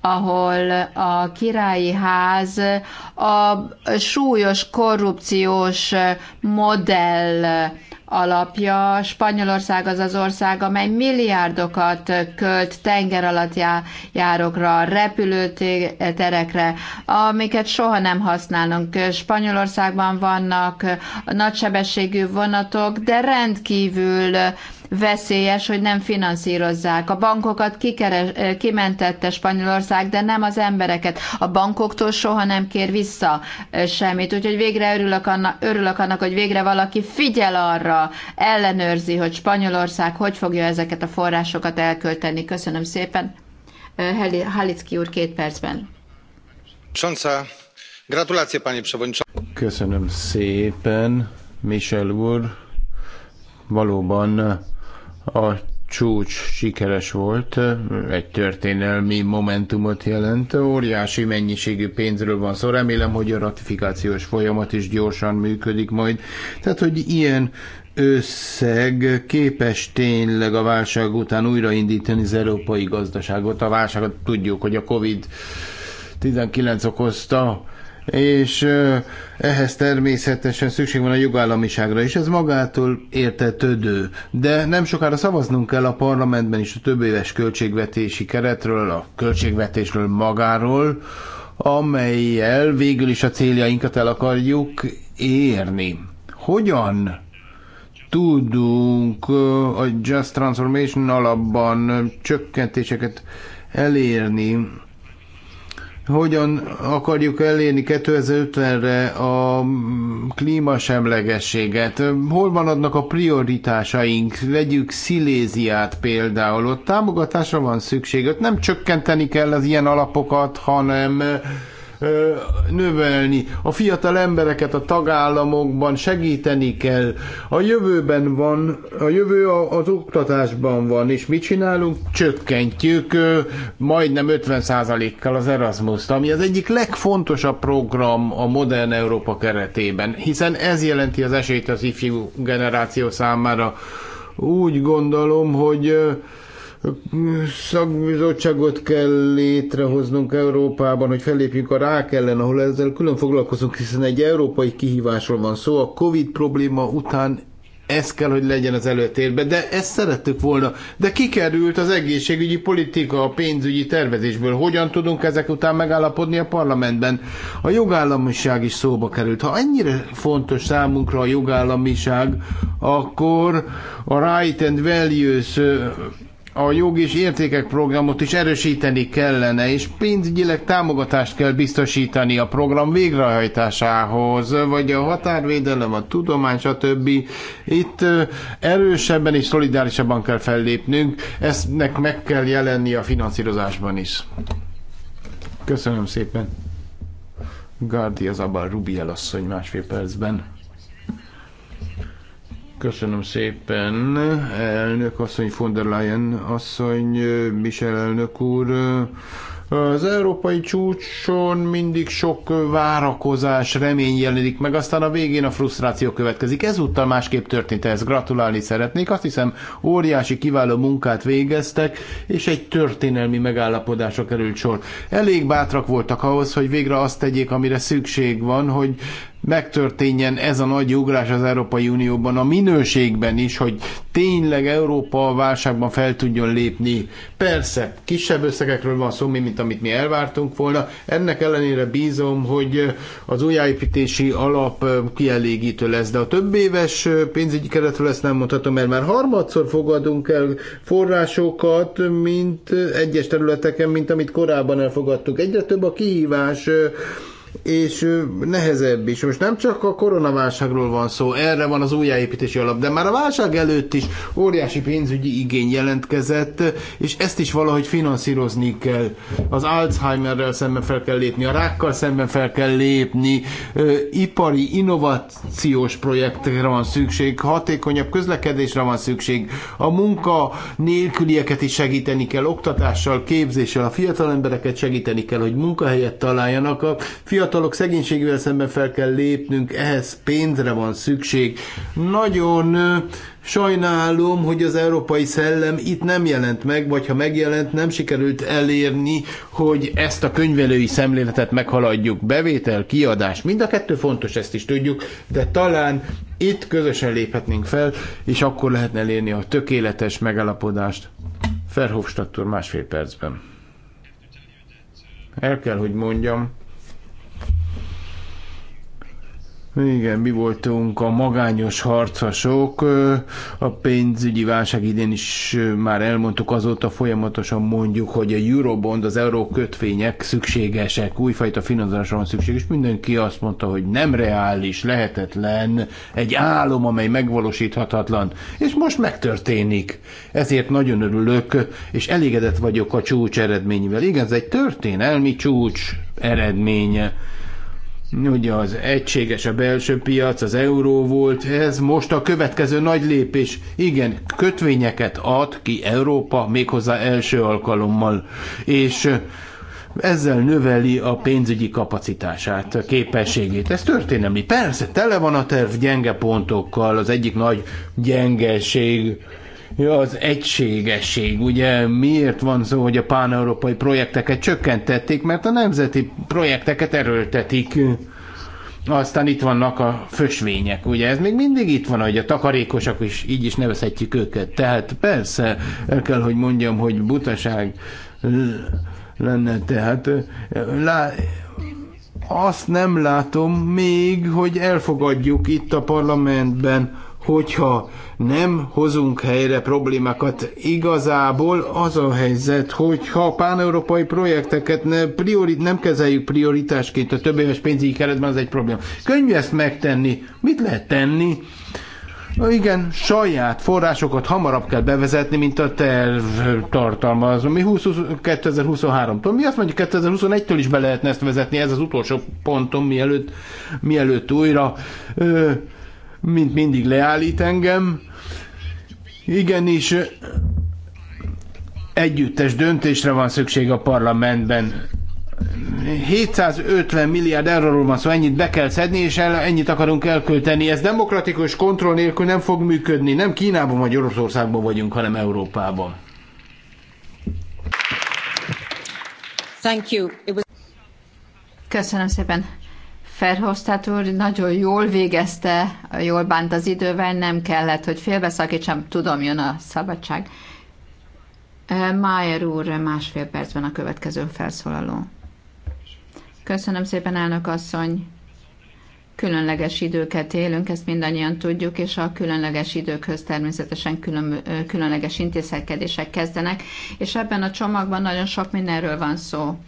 ahol a királyi ház a súlyos korrupciós modell alapja. Spanyolország az az ország, amely milliárdokat költ tenger alatt járokra, repülőterekre, amiket soha nem használunk. Spanyolországban vannak nagysebességű vonatok, de rendkívül veszélyes, hogy nem finanszírozzák. A bankokat kikeres, eh, kimentette Spanyolország, de nem az embereket. A bankoktól soha nem kér vissza eh, semmit. Úgyhogy végre örülök annak, örülök annak hogy végre valaki figyel arra, ellenőrzi, hogy Spanyolország hogy fogja ezeket a forrásokat elkölteni. Köszönöm szépen. Eh, Halicki úr két percben. Csonca, gratuláció, pani Köszönöm szépen, Michel úr. Valóban a csúcs sikeres volt, egy történelmi momentumot jelent, óriási mennyiségű pénzről van szó, remélem, hogy a ratifikációs folyamat is gyorsan működik majd. Tehát, hogy ilyen összeg képes tényleg a válság után újraindítani az európai gazdaságot. A válságot tudjuk, hogy a Covid 19 okozta, és ehhez természetesen szükség van a jogállamiságra, és ez magától értetődő. De nem sokára szavaznunk kell a parlamentben is a több éves költségvetési keretről, a költségvetésről magáról, amelyel végül is a céljainkat el akarjuk érni. Hogyan tudunk a Just Transformation alapban csökkentéseket elérni hogyan akarjuk elérni 2050-re a klímasemlegességet? Hol van adnak a prioritásaink? Vegyük Sziléziát például, ott támogatásra van szükség, ott nem csökkenteni kell az ilyen alapokat, hanem növelni. A fiatal embereket a tagállamokban segíteni kell. A jövőben van, a jövő az oktatásban van, és mit csinálunk? Csökkentjük majdnem 50%-kal az Erasmus-t, ami az egyik legfontosabb program a modern Európa keretében, hiszen ez jelenti az esélyt az ifjú generáció számára. Úgy gondolom, hogy szakbizottságot kell létrehoznunk Európában, hogy fellépjünk a rák ellen, ahol ezzel külön foglalkozunk, hiszen egy európai kihívásról van szó. A Covid probléma után ez kell, hogy legyen az előtérben, de ezt szerettük volna. De kikerült az egészségügyi politika a pénzügyi tervezésből. Hogyan tudunk ezek után megállapodni a parlamentben? A jogállamiság is szóba került. Ha ennyire fontos számunkra a jogállamiság, akkor a right and values a jog és értékek programot is erősíteni kellene, és pénzügyileg támogatást kell biztosítani a program végrehajtásához, vagy a határvédelem, a tudomány, stb. Itt erősebben és szolidárisabban kell fellépnünk, Eznek meg kell jelenni a finanszírozásban is. Köszönöm szépen. Gárdi az abban Rubiel asszony másfél percben. Köszönöm szépen, elnök asszony, von der Leyen asszony, Michel elnök úr. Az európai csúcson mindig sok várakozás, remény jelenik meg, aztán a végén a frusztráció következik. Ezúttal másképp történt ez. Gratulálni szeretnék. Azt hiszem, óriási kiváló munkát végeztek, és egy történelmi megállapodásra került sor. Elég bátrak voltak ahhoz, hogy végre azt tegyék, amire szükség van, hogy megtörténjen ez a nagy ugrás az Európai Unióban, a minőségben is, hogy tényleg Európa a válságban fel tudjon lépni. Persze, kisebb összegekről van szó, mint amit mi elvártunk volna. Ennek ellenére bízom, hogy az újjáépítési alap kielégítő lesz, de a több éves pénzügyi keretről ezt nem mondhatom, mert már harmadszor fogadunk el forrásokat, mint egyes területeken, mint amit korábban elfogadtuk. Egyre több a kihívás, és nehezebb is. Most nem csak a koronaválságról van szó, erre van az újjáépítési alap, de már a válság előtt is óriási pénzügyi igény jelentkezett, és ezt is valahogy finanszírozni kell. Az Alzheimerrel szemben fel kell lépni, a rákkal szemben fel kell lépni, ipari, innovációs projektekre van szükség, hatékonyabb közlekedésre van szükség, a munka nélkülieket is segíteni kell, oktatással, képzéssel, a fiatal embereket segíteni kell, hogy munkahelyet találjanak, a fiatal fiatalok szegénységével szemben fel kell lépnünk, ehhez pénzre van szükség. Nagyon sajnálom, hogy az európai szellem itt nem jelent meg, vagy ha megjelent, nem sikerült elérni, hogy ezt a könyvelői szemléletet meghaladjuk. Bevétel, kiadás, mind a kettő fontos, ezt is tudjuk, de talán itt közösen léphetnénk fel, és akkor lehetne elérni a tökéletes megállapodást. Ferhofstadtúr másfél percben. El kell, hogy mondjam, Igen, mi voltunk a magányos harcosok. A pénzügyi válság idén is már elmondtuk, azóta folyamatosan mondjuk, hogy a Eurobond, az euró kötvények szükségesek, újfajta finanszírozásra van szükség, és mindenki azt mondta, hogy nem reális, lehetetlen, egy álom, amely megvalósíthatatlan, és most megtörténik. Ezért nagyon örülök, és elégedett vagyok a csúcs eredményével. Igen, ez egy történelmi csúcs eredménye Ugye az egységes a belső piac, az euró volt, ez most a következő nagy lépés. Igen, kötvényeket ad ki Európa méghozzá első alkalommal, és ezzel növeli a pénzügyi kapacitását, a képességét. Ez történelmi. Persze, tele van a terv gyenge pontokkal, az egyik nagy gyengeség, Ja, az egységesség. Ugye miért van szó, hogy a páneurópai projekteket csökkentették, mert a nemzeti projekteket erőltetik. Aztán itt vannak a fösvények, ugye ez még mindig itt van, hogy a takarékosak is, így is nevezhetjük őket. Tehát persze, el kell, hogy mondjam, hogy butaság lenne, tehát lá, azt nem látom még, hogy elfogadjuk itt a parlamentben hogyha nem hozunk helyre problémákat. Igazából az a helyzet, hogyha a páneurópai projekteket ne priori, nem kezeljük prioritásként a több éves pénzügyi keretben, az egy probléma. Könnyű ezt megtenni. Mit lehet tenni? Igen, saját forrásokat hamarabb kell bevezetni, mint a terv tartalmaz. Mi 2023-tól, mi azt mondjuk 2021-től is be lehetne ezt vezetni, ez az utolsó pontom, mielőtt, mielőtt újra ö, mint mindig leállít engem. Igenis, együttes döntésre van szükség a parlamentben. 750 milliárd euróról van szó, szóval ennyit be kell szedni, és el, ennyit akarunk elkölteni. Ez demokratikus kontroll nélkül nem fog működni. Nem Kínában vagy Oroszországban vagyunk, hanem Európában. Thank you. It was... Köszönöm szépen. Ferhoztát úr nagyon jól végezte, jól bánt az idővel, nem kellett, hogy félbeszakítsam, tudom, jön a szabadság. Májer úr másfél percben a következő felszólaló. Köszönöm szépen, elnök asszony. Különleges időket élünk, ezt mindannyian tudjuk, és a különleges időkhöz természetesen külön, különleges intézkedések kezdenek, és ebben a csomagban nagyon sok mindenről van szó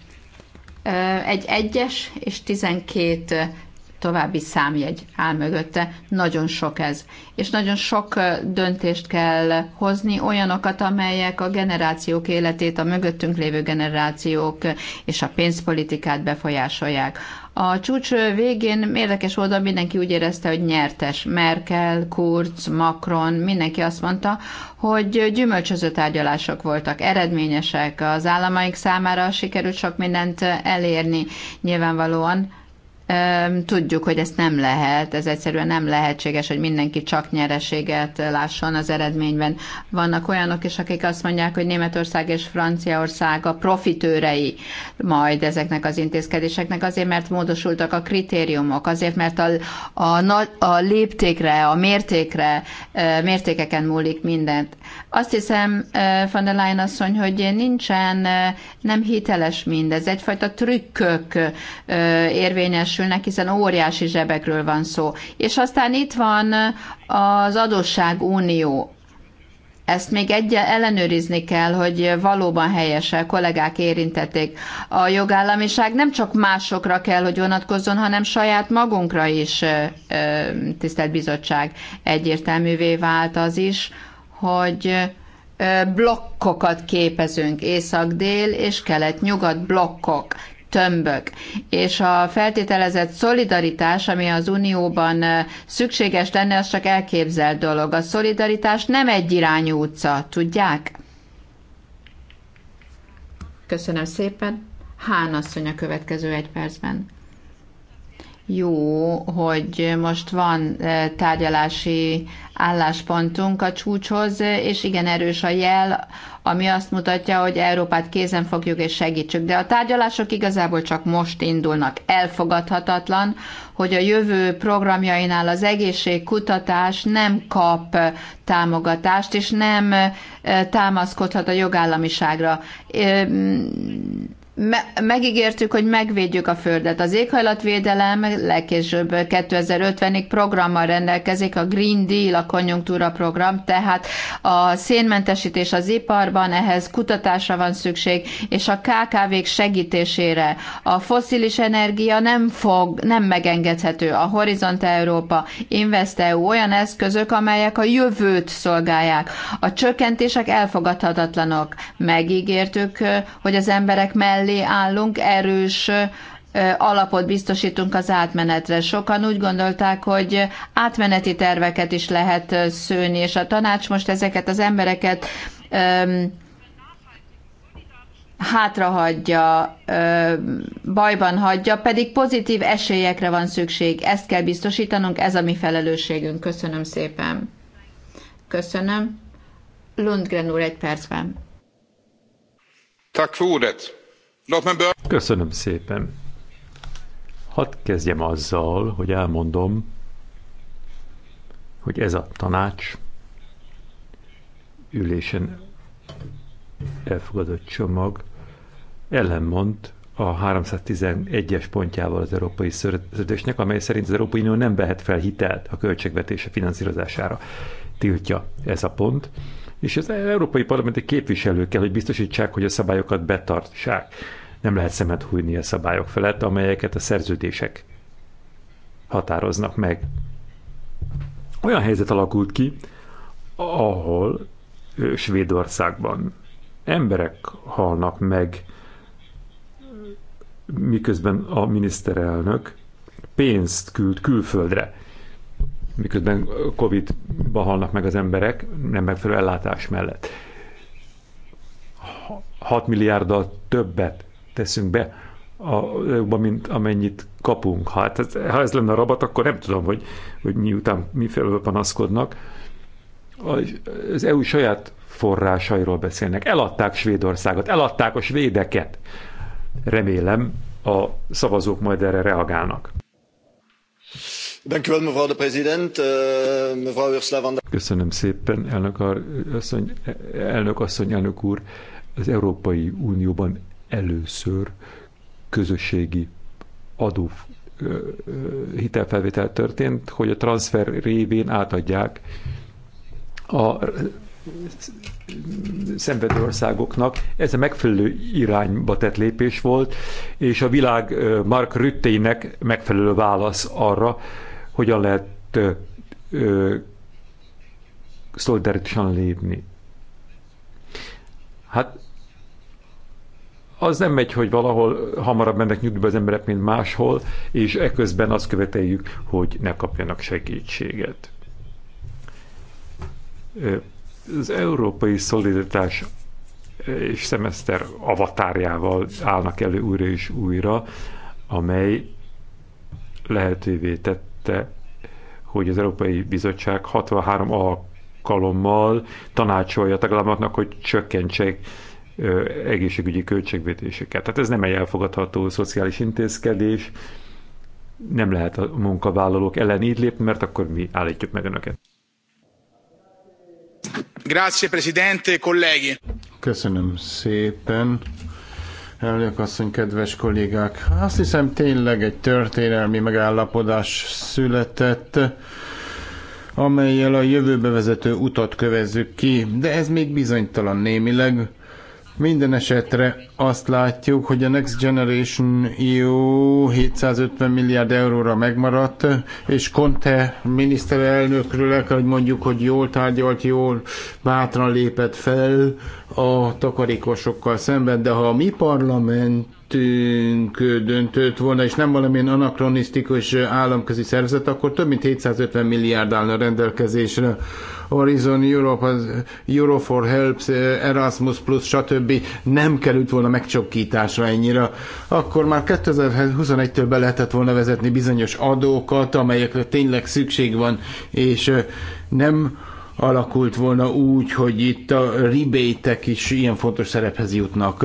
egy egyes és 12 további számjegy áll mögötte. Nagyon sok ez. És nagyon sok döntést kell hozni, olyanokat, amelyek a generációk életét, a mögöttünk lévő generációk és a pénzpolitikát befolyásolják. A csúcs végén érdekes volt, mindenki úgy érezte, hogy nyertes. Merkel, Kurz, Macron, mindenki azt mondta, hogy gyümölcsöző tárgyalások voltak, eredményesek, az államaik számára sikerült sok mindent elérni nyilvánvalóan Tudjuk, hogy ezt nem lehet, ez egyszerűen nem lehetséges, hogy mindenki csak nyereséget lásson az eredményben. Vannak olyanok is, akik azt mondják, hogy Németország és Franciaország a profitőrei majd ezeknek az intézkedéseknek, azért mert módosultak a kritériumok, azért mert a, a, a léptékre, a mértékre, e, mértékeken múlik mindent. Azt hiszem, e, van der Leyen asszony, hogy nincsen, e, nem hiteles mindez, egyfajta trükkök érvényes érvényesülnek, hiszen óriási zsebekről van szó. És aztán itt van az adósságunió. Ezt még egy ellenőrizni kell, hogy valóban helyesen kollégák érintették. A jogállamiság nem csak másokra kell, hogy vonatkozzon, hanem saját magunkra is, tisztelt bizottság, egyértelművé vált az is, hogy blokkokat képezünk, észak-dél és kelet-nyugat blokkok tömbök. És a feltételezett szolidaritás, ami az Unióban szükséges lenne, az csak elképzelt dolog. A szolidaritás nem egy irányú utca, tudják? Köszönöm szépen. Hán asszony a következő egy percben. Jó, hogy most van tárgyalási álláspontunk a csúcshoz, és igen erős a jel ami azt mutatja, hogy Európát kézen fogjuk és segítsük. De a tárgyalások igazából csak most indulnak. Elfogadhatatlan, hogy a jövő programjainál az egészségkutatás nem kap támogatást, és nem eh, támaszkodhat a jogállamiságra me- megígértük, hogy megvédjük a Földet. Az éghajlatvédelem legkésőbb 2050-ig programmal rendelkezik, a Green Deal, a konjunktúra program, tehát a szénmentesítés az iparban, ehhez kutatásra van szükség, és a KKV-k segítésére. A foszilis energia nem fog, nem megengedhető. A Horizont Európa, EU olyan eszközök, amelyek a jövőt szolgálják. A csökkentések elfogadhatatlanok. Megígértük, hogy az emberek mellett mellé állunk, erős alapot biztosítunk az átmenetre. Sokan úgy gondolták, hogy átmeneti terveket is lehet szőni, és a tanács most ezeket az embereket um, hátrahagyja, um, bajban hagyja, pedig pozitív esélyekre van szükség. Ezt kell biztosítanunk, ez a mi felelősségünk. Köszönöm szépen. Köszönöm. Lundgren úr, egy percben. Tak, för Köszönöm szépen. Hadd kezdjem azzal, hogy elmondom, hogy ez a tanács ülésen elfogadott csomag ellenmond a 311-es pontjával az európai szerződésnek, amely szerint az Európai Unió nem vehet fel hitelt a költségvetése finanszírozására. Tiltja ez a pont és az európai parlamenti képviselők kell, hogy biztosítsák, hogy a szabályokat betartsák. Nem lehet szemet hújni a szabályok felett, amelyeket a szerződések határoznak meg. Olyan helyzet alakult ki, ahol Svédországban emberek halnak meg, miközben a miniszterelnök pénzt küld külföldre miközben Covid-ba halnak meg az emberek, nem megfelelő ellátás mellett. 6 milliárddal többet teszünk be a, mint amennyit kapunk. Hát ez, ha ez lenne a rabat, akkor nem tudom, hogy, hogy miután mifelől panaszkodnak. Az EU saját forrásairól beszélnek. Eladták Svédországot, eladták a svédeket. Remélem a szavazók majd erre reagálnak. Eh, Köszönöm szépen, elnök, asszony, elnök asszony, elnök úr. Az Európai Unióban először közösségi adó hitelfelvétel történt, hogy a transfer révén átadják a szenvedő országoknak. Ez a megfelelő irányba tett lépés volt, és a világ Mark Rüttének megfelelő válasz arra, hogyan lehet szolidaritásan lépni. Hát az nem megy, hogy valahol hamarabb mennek nyugdíjba az emberek, mint máshol, és eközben azt követeljük, hogy ne kapjanak segítséget. Az európai szolidaritás és szemeszter avatárjával állnak elő újra és újra, amely lehetővé tett említette, hogy az Európai Bizottság 63 alkalommal tanácsolja a tagállamoknak, hogy csökkentsék egészségügyi költségvetéseket. Tehát ez nem egy elfogadható szociális intézkedés, nem lehet a munkavállalók ellen így lépni, mert akkor mi állítjuk meg önöket. Grazie, Presidente, colleghi. Köszönöm szépen. Elnök asszony, kedves kollégák! Azt hiszem tényleg egy történelmi megállapodás született, amelyel a jövőbe vezető utat kövezzük ki, de ez még bizonytalan némileg. Minden esetre azt látjuk, hogy a Next Generation EU 750 milliárd euróra megmaradt, és Conte miniszterelnökről el kell, hogy mondjuk, hogy jól tárgyalt, jól bátran lépett fel a takarékosokkal szemben, de ha a mi parlament mellettünk döntött volna, és nem valamilyen anakronisztikus államközi szervezet, akkor több mint 750 milliárd állna rendelkezésre. Horizon Europe, az Euro for Helps, Erasmus Plus, stb. nem került volna megcsokkításra ennyire. Akkor már 2021-től be lehetett volna vezetni bizonyos adókat, amelyekre tényleg szükség van, és nem alakult volna úgy, hogy itt a ribétek is ilyen fontos szerephez jutnak.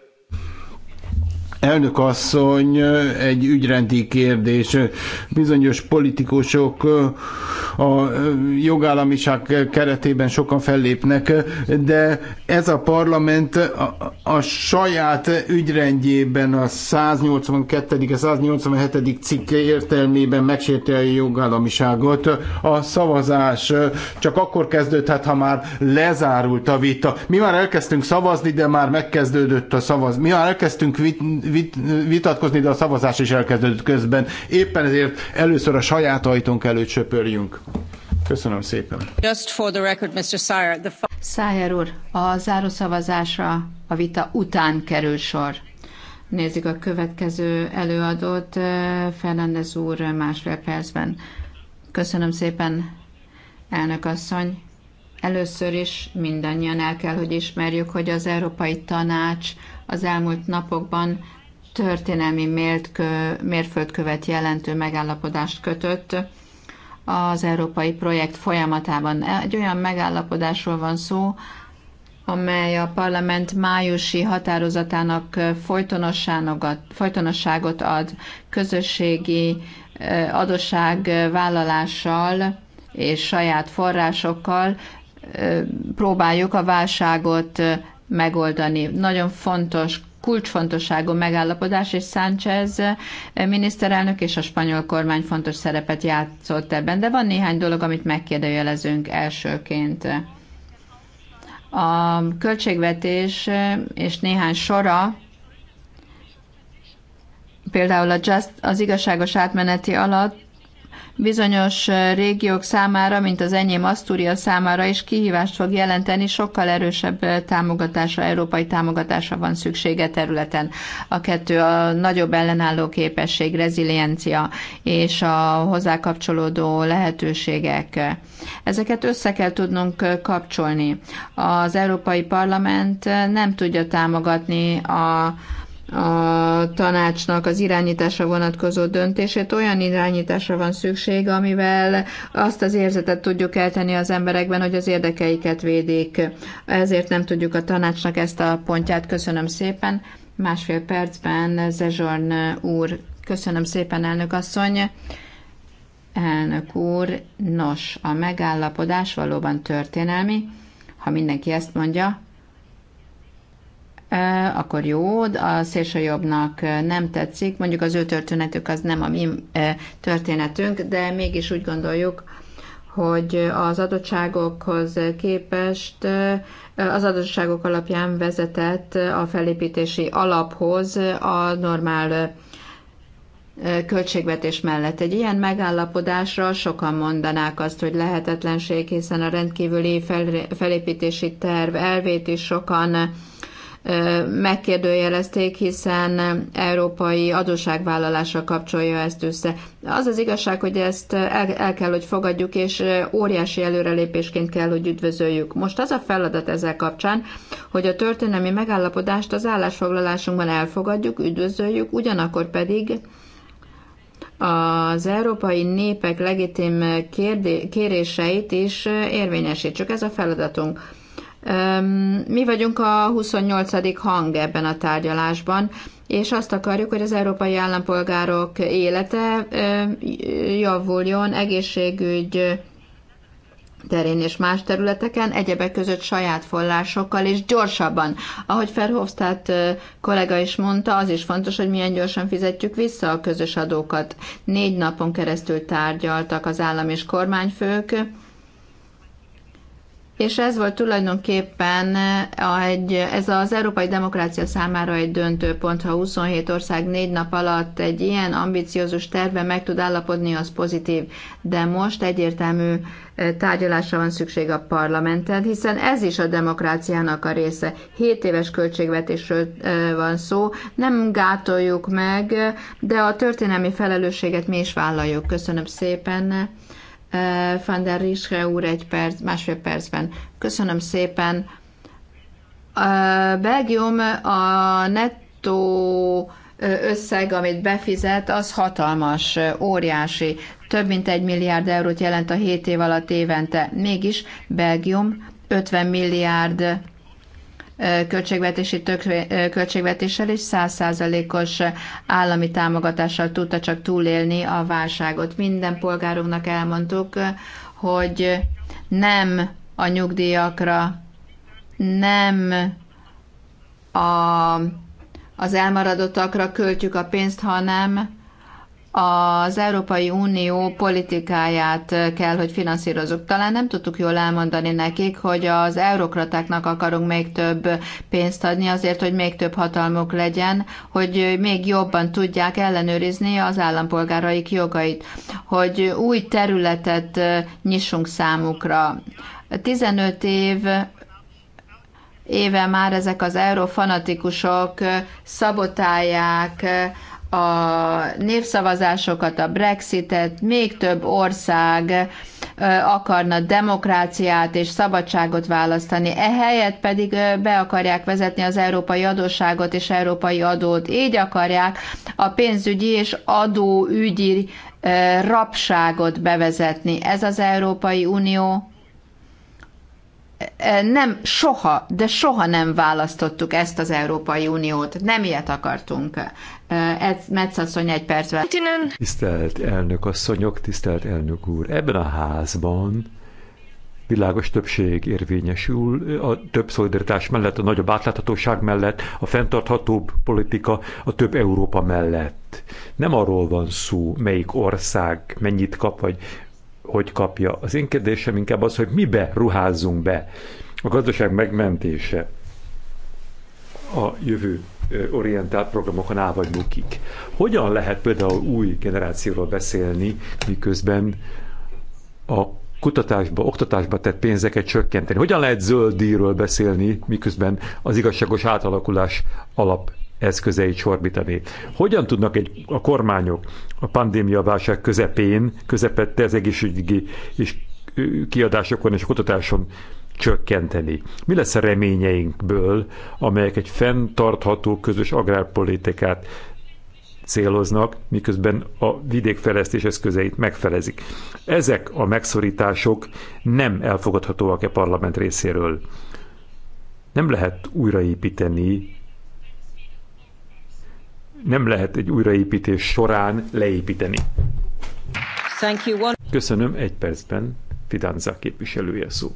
Elnök asszony, egy ügyrendi kérdés. Bizonyos politikusok a jogállamiság keretében sokan fellépnek, de ez a parlament a, a saját ügyrendjében a 182. 187. cikk értelmében megsérti a jogállamiságot. A szavazás csak akkor kezdődhet, hát, ha már lezárult a vita. Mi már elkezdtünk szavazni, de már megkezdődött a szavaz. Mi már elkezdtünk vit, vitatkozni, de a szavazás is elkezdődött közben. Éppen ezért először a saját ajtónk előtt söpörjünk. Köszönöm szépen. Just for the record, Mr. Sire, the... Sire úr, a zárószavazásra a vita után kerül sor. Nézzük a következő előadót, eh, Fernández úr másfél percben. Köszönöm szépen, elnök asszony. Először is mindannyian el kell, hogy ismerjük, hogy az Európai Tanács az elmúlt napokban történelmi mértkő, mérföldkövet jelentő megállapodást kötött az európai projekt folyamatában. Egy olyan megállapodásról van szó, amely a parlament májusi határozatának folytonosságot ad közösségi vállalással és saját forrásokkal próbáljuk a válságot megoldani. Nagyon fontos kulcsfontosságú megállapodás, és Sánchez eh, miniszterelnök és a spanyol kormány fontos szerepet játszott ebben. De van néhány dolog, amit megkérdőjelezünk elsőként. A költségvetés eh, és néhány sora például a just, az igazságos átmeneti alatt bizonyos eh, régiók számára, mint az enyém Asztúria számára is kihívást fog jelenteni, sokkal erősebb eh, támogatásra, európai támogatásra van szüksége területen. A kettő a nagyobb ellenálló képesség, reziliencia és a hozzá kapcsolódó lehetőségek. Ezeket össze kell tudnunk eh, kapcsolni. Az Európai Parlament nem tudja támogatni a a tanácsnak az irányításra vonatkozó döntését, olyan irányításra van szükség, amivel azt az érzetet tudjuk eltenni az emberekben, hogy az érdekeiket védik. Ezért nem tudjuk a tanácsnak ezt a pontját. Köszönöm szépen. Másfél percben Zsezsorn úr. Köszönöm szépen, elnök asszony. Elnök úr, nos, a megállapodás valóban történelmi, ha mindenki ezt mondja, E, akkor jó, a szélsőjobbnak e, nem tetszik, mondjuk az ő történetük az nem a mi e, történetünk, de mégis úgy gondoljuk, hogy az adottságokhoz képest az adottságok alapján vezetett a felépítési alaphoz a normál költségvetés mellett. Egy ilyen megállapodásra sokan mondanák azt, hogy lehetetlenség, hiszen a rendkívüli felépítési terv elvét is sokan megkérdőjelezték, hiszen európai adósságvállalásra kapcsolja ezt össze. Az az igazság, hogy ezt el, el kell, hogy fogadjuk, és óriási előrelépésként kell, hogy üdvözöljük. Most az a feladat ezzel kapcsán, hogy a történelmi megállapodást az állásfoglalásunkban elfogadjuk, üdvözöljük, ugyanakkor pedig az európai népek legitim kérdé- kéréseit is érvényesítsük. Ez a feladatunk. Mi vagyunk a 28. hang ebben a tárgyalásban, és azt akarjuk, hogy az európai állampolgárok élete javuljon, egészségügy terén és más területeken, egyebek között saját forrásokkal és gyorsabban. Ahogy Ferhofstadt kollega is mondta, az is fontos, hogy milyen gyorsan fizetjük vissza a közös adókat. Négy napon keresztül tárgyaltak az állam és kormányfők, és ez volt tulajdonképpen eh, egy, ez az európai demokrácia számára egy döntő pont, ha 27 ország négy nap alatt egy ilyen ambiciózus terve meg tud állapodni, az pozitív, de most egyértelmű eh, tárgyalásra van szükség a parlamenten, hiszen ez is a demokráciának a része. 7 éves költségvetésről eh, van szó, nem gátoljuk meg, de a történelmi felelősséget mi is vállaljuk. Köszönöm szépen. Eh, Van der Riesche úr egy perc, másfél percben. Köszönöm szépen. A Belgium a nettó eh, összeg, amit befizet, az hatalmas, eh, óriási. Több mint egy milliárd eurót jelent a 7 év alatt évente. Mégis Belgium 50 milliárd költségvetési tök, költségvetéssel és 100%-os állami támogatással tudta csak túlélni a válságot. Minden polgárunknak elmondtuk, hogy nem a nyugdíjakra, nem a, az elmaradottakra költjük a pénzt, hanem az Európai Unió politikáját kell, hogy finanszírozunk. Talán nem tudtuk jól elmondani nekik, hogy az eurokratáknak akarunk még több pénzt adni azért, hogy még több hatalmuk legyen, hogy még jobban tudják ellenőrizni az állampolgáraik jogait, hogy új területet nyissunk számukra. 15 év éve már ezek az eurofanatikusok szabotálják a népszavazásokat, a Brexitet, még több ország akarna demokráciát és szabadságot választani. Ehelyett pedig be akarják vezetni az európai adósságot és európai adót. Így akarják a pénzügyi és adóügyi rabságot bevezetni. Ez az Európai Unió E, nem soha, de soha nem választottuk ezt az Európai Uniót. Nem ilyet akartunk. E, ez Metszasszony egy percben. Tisztelt elnök asszonyok, tisztelt elnök úr, ebben a házban világos többség érvényesül, a több szolidaritás mellett, a nagyobb átláthatóság mellett, a fenntarthatóbb politika, a több Európa mellett. Nem arról van szó, melyik ország mennyit kap, vagy hogy kapja. Az én kérdésem inkább az, hogy mibe ruházzunk be. A gazdaság megmentése a jövő orientált programokon áll vagy bukik. Hogyan lehet például új generációról beszélni, miközben a kutatásba, oktatásba tett pénzeket csökkenteni? Hogyan lehet zöld díjról beszélni, miközben az igazságos átalakulás alap eszközeit csorbítani. Hogyan tudnak egy, a kormányok a pandémia válság közepén, közepette az egészségügyi és kiadásokon és kutatáson csökkenteni. Mi lesz a reményeinkből, amelyek egy fenntartható közös agrárpolitikát céloznak, miközben a vidékfejlesztés eszközeit megfelezik. Ezek a megszorítások nem elfogadhatóak e parlament részéről. Nem lehet újraépíteni nem lehet egy újraépítés során leépíteni. Köszönöm egy percben Fidanza képviselője szó.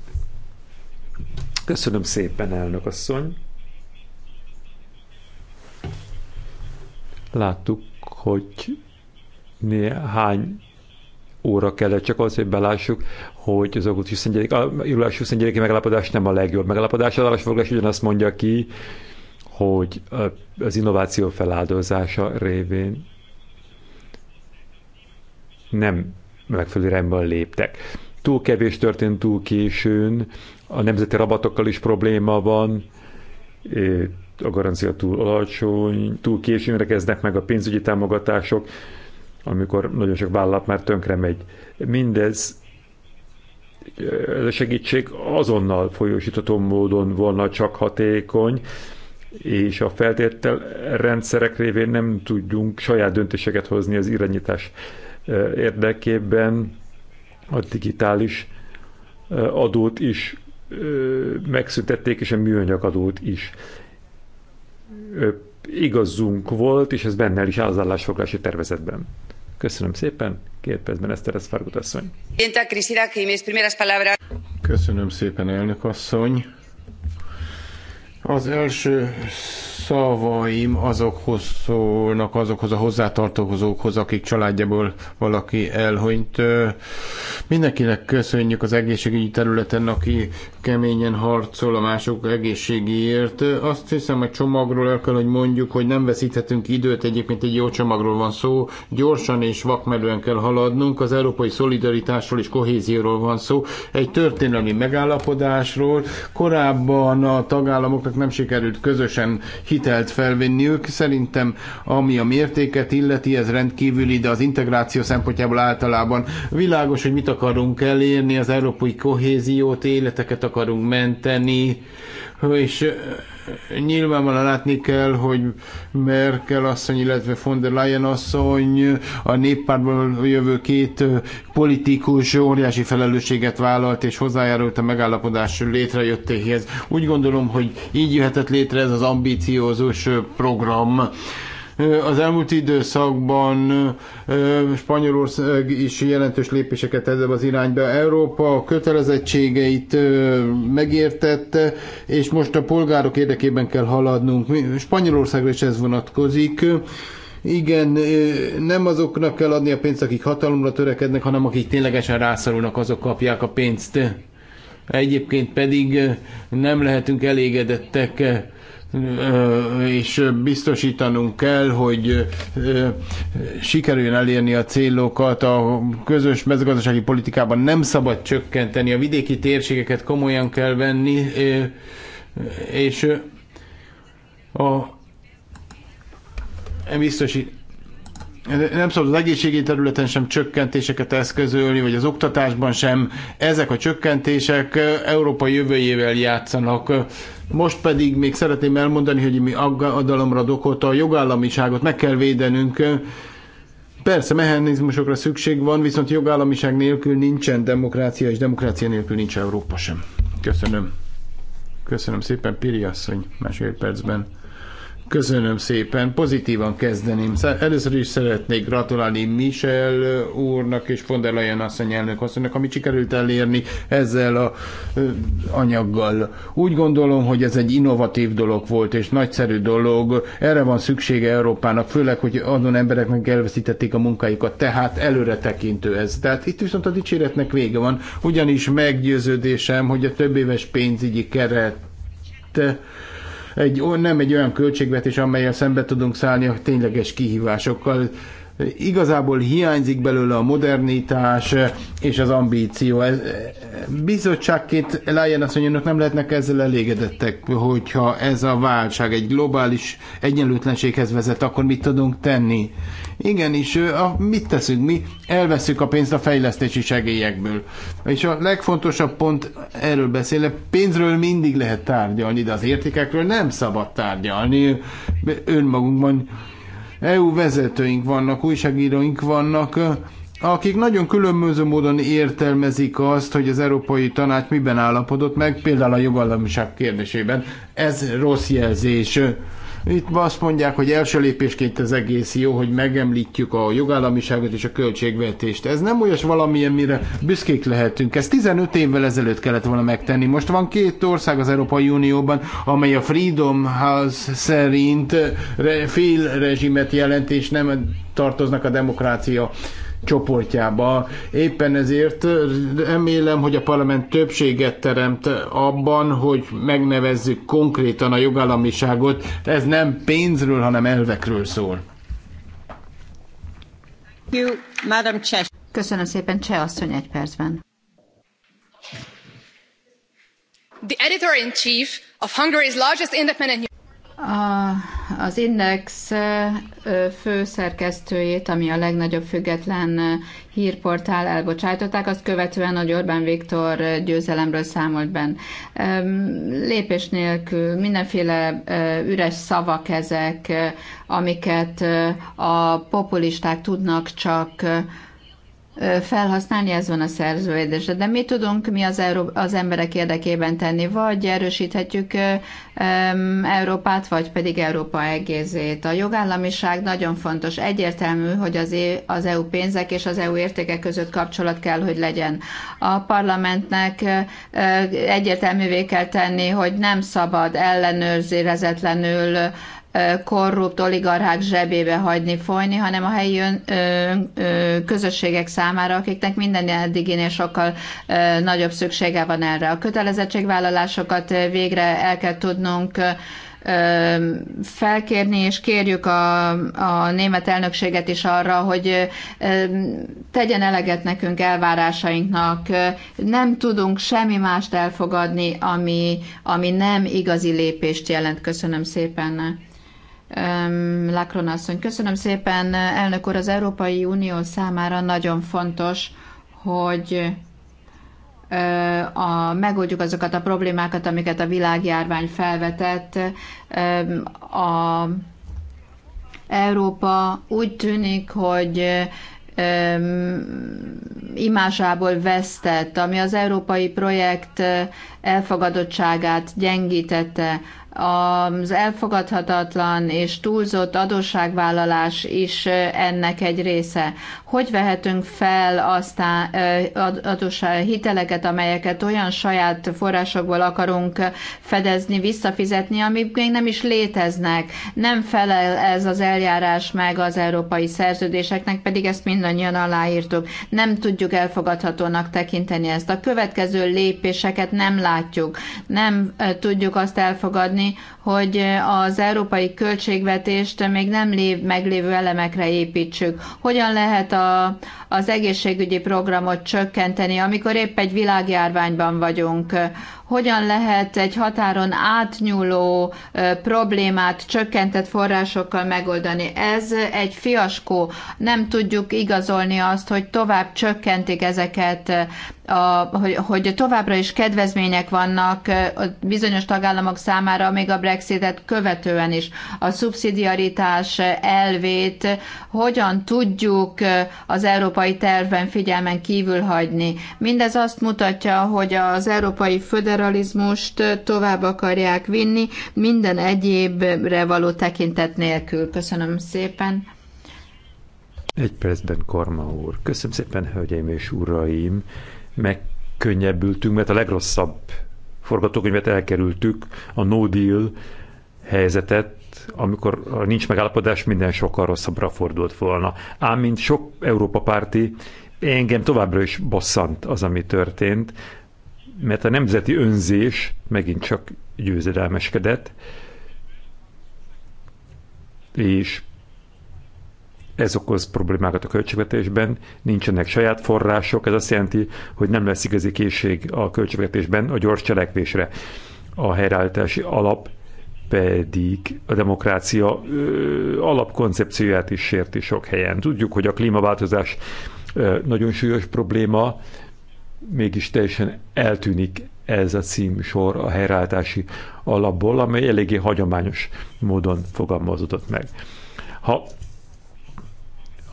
Köszönöm szépen, elnök asszony. Láttuk, hogy néhány óra kellett csak az, hogy belássuk, hogy az augusztus 21 a július 21 megállapodás nem a legjobb megállapodás. Az állásfoglalás ugyanazt mondja ki, hogy az innováció feláldozása révén nem megfelelő irányban léptek. Túl kevés történt túl későn, a nemzeti rabatokkal is probléma van, a garancia túl alacsony, túl későn kezdnek meg a pénzügyi támogatások, amikor nagyon sok vállalat már tönkre megy. Mindez ez a segítség azonnal folyósítható módon volna csak hatékony, és a feltétel rendszerek révén nem tudjunk saját döntéseket hozni az irányítás érdekében. A digitális adót is megszüntették, és a műanyag adót is. Igazunk volt, és ez benne is az állásfoglalási tervezetben. Köszönöm szépen, két percben Eszter Eszfárgut asszony. Köszönöm szépen, elnök asszony. Az első szavaim azokhoz szólnak, azokhoz a hozzátartozókhoz, akik családjából valaki elhunyt. Mindenkinek köszönjük az egészségügyi területen, aki keményen harcol a mások egészségéért. Azt hiszem, hogy csomagról el kell, hogy mondjuk, hogy nem veszíthetünk időt, egyébként egy jó csomagról van szó, gyorsan és vakmerően kell haladnunk, az európai szolidaritásról és kohézióról van szó, egy történelmi megállapodásról. Korábban a tagállamoknak nem sikerült közösen hitelt felvenniük. Szerintem, ami a mértéket illeti, ez rendkívüli, de az integráció szempontjából általában világos, hogy mit akarunk elérni, az európai kohéziót, életeket akarunk menteni, és nyilvánvalóan látni kell, hogy Merkel asszony, illetve von der Leyen asszony a néppártból jövő két politikus óriási felelősséget vállalt és hozzájárult a megállapodás létrejöttéhez. Úgy gondolom, hogy így jöhetett létre ez az ambíciózus program az elmúlt időszakban Spanyolország is jelentős lépéseket ezzel az irányba. Európa kötelezettségeit megértette, és most a polgárok érdekében kell haladnunk. Spanyolországra is ez vonatkozik igen, nem azoknak kell adni a pénzt, akik hatalomra törekednek, hanem akik ténylegesen rászorulnak, azok kapják a pénzt. Egyébként pedig nem lehetünk elégedettek és biztosítanunk kell, hogy sikerüljön elérni a célokat. A közös mezőgazdasági politikában nem szabad csökkenteni, a vidéki térségeket komolyan kell venni, és a biztosít nem szabad az egészségügyi területen sem csökkentéseket eszközölni, vagy az oktatásban sem. Ezek a csökkentések Európa jövőjével játszanak. Most pedig még szeretném elmondani, hogy mi aggadalomra dokot a jogállamiságot meg kell védenünk. Persze mechanizmusokra szükség van, viszont jogállamiság nélkül nincsen demokrácia, és demokrácia nélkül nincs Európa sem. Köszönöm. Köszönöm szépen, Piri asszony, másfél percben. Köszönöm szépen. Pozitívan kezdeném. Először is szeretnék gratulálni Michel úrnak és von der Leyen asszony elnök asszonynak, amit sikerült elérni ezzel a anyaggal. Úgy gondolom, hogy ez egy innovatív dolog volt, és nagyszerű dolog. Erre van szüksége Európának, főleg, hogy azon embereknek elveszítették a munkáikat, tehát előre tekintő ez. Tehát itt viszont a dicséretnek vége van, ugyanis meggyőződésem, hogy a több éves pénzügyi keret egy, nem egy olyan költségvetés, amelyel szembe tudunk szállni a tényleges kihívásokkal. Igazából hiányzik belőle a modernitás és az ambíció. bizottságként Lájen azt mondja, hogy nem lehetnek ezzel elégedettek, hogyha ez a válság egy globális egyenlőtlenséghez vezet, akkor mit tudunk tenni? Igen, a, mit teszünk mi? Elveszük a pénzt a fejlesztési segélyekből. És a legfontosabb pont, erről beszélek, pénzről mindig lehet tárgyalni, de az értékekről nem szabad tárgyalni önmagunkban EU vezetőink vannak, újságíróink vannak, akik nagyon különböző módon értelmezik azt, hogy az Európai Tanács miben állapodott meg, például a jogállamiság kérdésében. Ez rossz jelzés. Itt azt mondják, hogy első lépésként az egész jó, hogy megemlítjük a jogállamiságot és a költségvetést. Ez nem olyas valamilyen, mire büszkék lehetünk. Ez 15 évvel ezelőtt kellett volna megtenni. Most van két ország az Európai Unióban, amely a Freedom House szerint fél rezsimet jelent, és nem tartoznak a demokrácia csoportjába. Éppen ezért remélem, hogy a parlament többséget teremt abban, hogy megnevezzük konkrétan a jogállamiságot. Ez nem pénzről, hanem elvekről szól. Köszönöm szépen, Cseh asszony egy percben. The editor-in-chief of Hungary's largest independent a, az Index főszerkesztőjét, ami a legnagyobb független hírportál elbocsájtották, azt követően, a Orbán Viktor győzelemről számolt ben. Lépés nélkül mindenféle üres szavak ezek, amiket a populisták tudnak csak felhasználni, ez van a szerződésre. De mi tudunk mi az, Euró- az emberek érdekében tenni? Vagy erősíthetjük Európát, vagy pedig Európa egészét. A jogállamiság nagyon fontos. Egyértelmű, hogy az, az EU pénzek és az EU értékek között kapcsolat kell, hogy legyen. A parlamentnek egyértelművé kell tenni, hogy nem szabad ellenőrzérezetlenül korrupt oligarchák zsebébe hagyni folyni, hanem a helyi ön, ö, ö, közösségek számára, akiknek minden eddiginél sokkal ö, nagyobb szüksége van erre. A kötelezettségvállalásokat végre el kell tudnunk felkérni, és kérjük a, a német elnökséget is arra, hogy tegyen eleget nekünk elvárásainknak. Nem tudunk semmi mást elfogadni, ami, ami nem igazi lépést jelent. Köszönöm szépen. Lakron asszony. Köszönöm szépen, elnök úr, az Európai Unió számára nagyon fontos, hogy a, megoldjuk azokat a problémákat, amiket a világjárvány felvetett. A, Európa úgy tűnik, hogy imásából vesztett, ami az európai projekt elfogadottságát gyengítette, az elfogadhatatlan és túlzott adósságvállalás is ennek egy része. Hogy vehetünk fel aztán adósság hiteleket, amelyeket olyan saját forrásokból akarunk fedezni, visszafizetni, amik még nem is léteznek. Nem felel ez az eljárás meg az európai szerződéseknek, pedig ezt mindannyian aláírtuk. Nem tudjuk elfogadhatónak tekinteni ezt. A következő lépéseket nem látjuk. Nem tudjuk azt elfogadni, tartani hogy eh, az európai költségvetést még nem lév, meglévő elemekre építsük. Hogyan lehet a, az egészségügyi programot csökkenteni, amikor épp egy világjárványban vagyunk? Hogyan lehet egy határon átnyúló eh, problémát csökkentett forrásokkal megoldani? Ez egy fiaskó. Nem tudjuk igazolni azt, hogy tovább csökkentik ezeket eh, a, hogy, hogy továbbra is kedvezmények vannak a bizonyos tagállamok számára, még a Brexit Brexitet követően is a szubszidiaritás elvét hogyan tudjuk az európai tervben figyelmen kívül hagyni. Mindez azt mutatja, hogy az európai föderalizmust tovább akarják vinni minden egyébre való tekintet nélkül. Köszönöm szépen. Egy percben Karma úr. Köszönöm szépen, hölgyeim és uraim. Megkönnyebbültünk, mert a legrosszabb forgatókönyvet elkerültük, a no deal helyzetet, amikor nincs megállapodás, minden sokkal rosszabbra fordult volna. Ám mint sok Európa párti, engem továbbra is bosszant az, ami történt, mert a nemzeti önzés megint csak győzedelmeskedett, és ez okoz problémákat a költségvetésben, nincsenek saját források, ez azt jelenti, hogy nem lesz igazi készség a költségvetésben a gyors cselekvésre. A helyreállítási alap pedig a demokrácia ö, alapkoncepcióját is sérti sok helyen. Tudjuk, hogy a klímaváltozás ö, nagyon súlyos probléma, mégis teljesen eltűnik ez a címsor a helyreállítási alapból, amely eléggé hagyományos módon fogalmazódott meg. Ha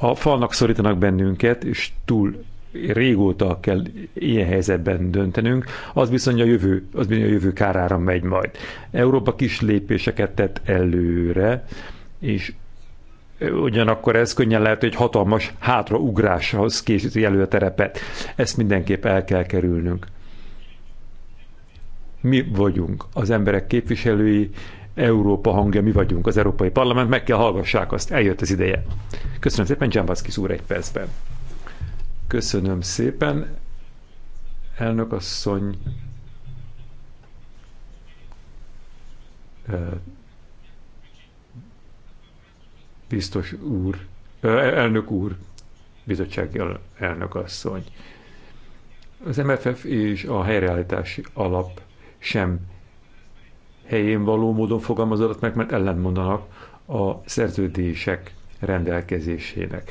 a falnak szorítanak bennünket, és túl régóta kell ilyen helyzetben döntenünk, az bizony a jövő, az bizony a jövő kárára megy majd. Európa kis lépéseket tett előre, és ugyanakkor ez könnyen lehet, hogy hatalmas hátraugráshoz készíti elő a terepet. Ezt mindenképp el kell kerülnünk. Mi vagyunk az emberek képviselői, Európa hangja, mi vagyunk, az Európai Parlament, meg kell hallgassák azt, eljött az ideje. Köszönöm szépen, Dzsambaszkis úr egy percben. Köszönöm szépen, elnök asszony. Biztos úr, elnök úr, bizottsági elnök asszony. Az MFF és a helyreállítási alap sem helyén való módon fogalmazódott meg, mert ellentmondanak a szerződések rendelkezésének.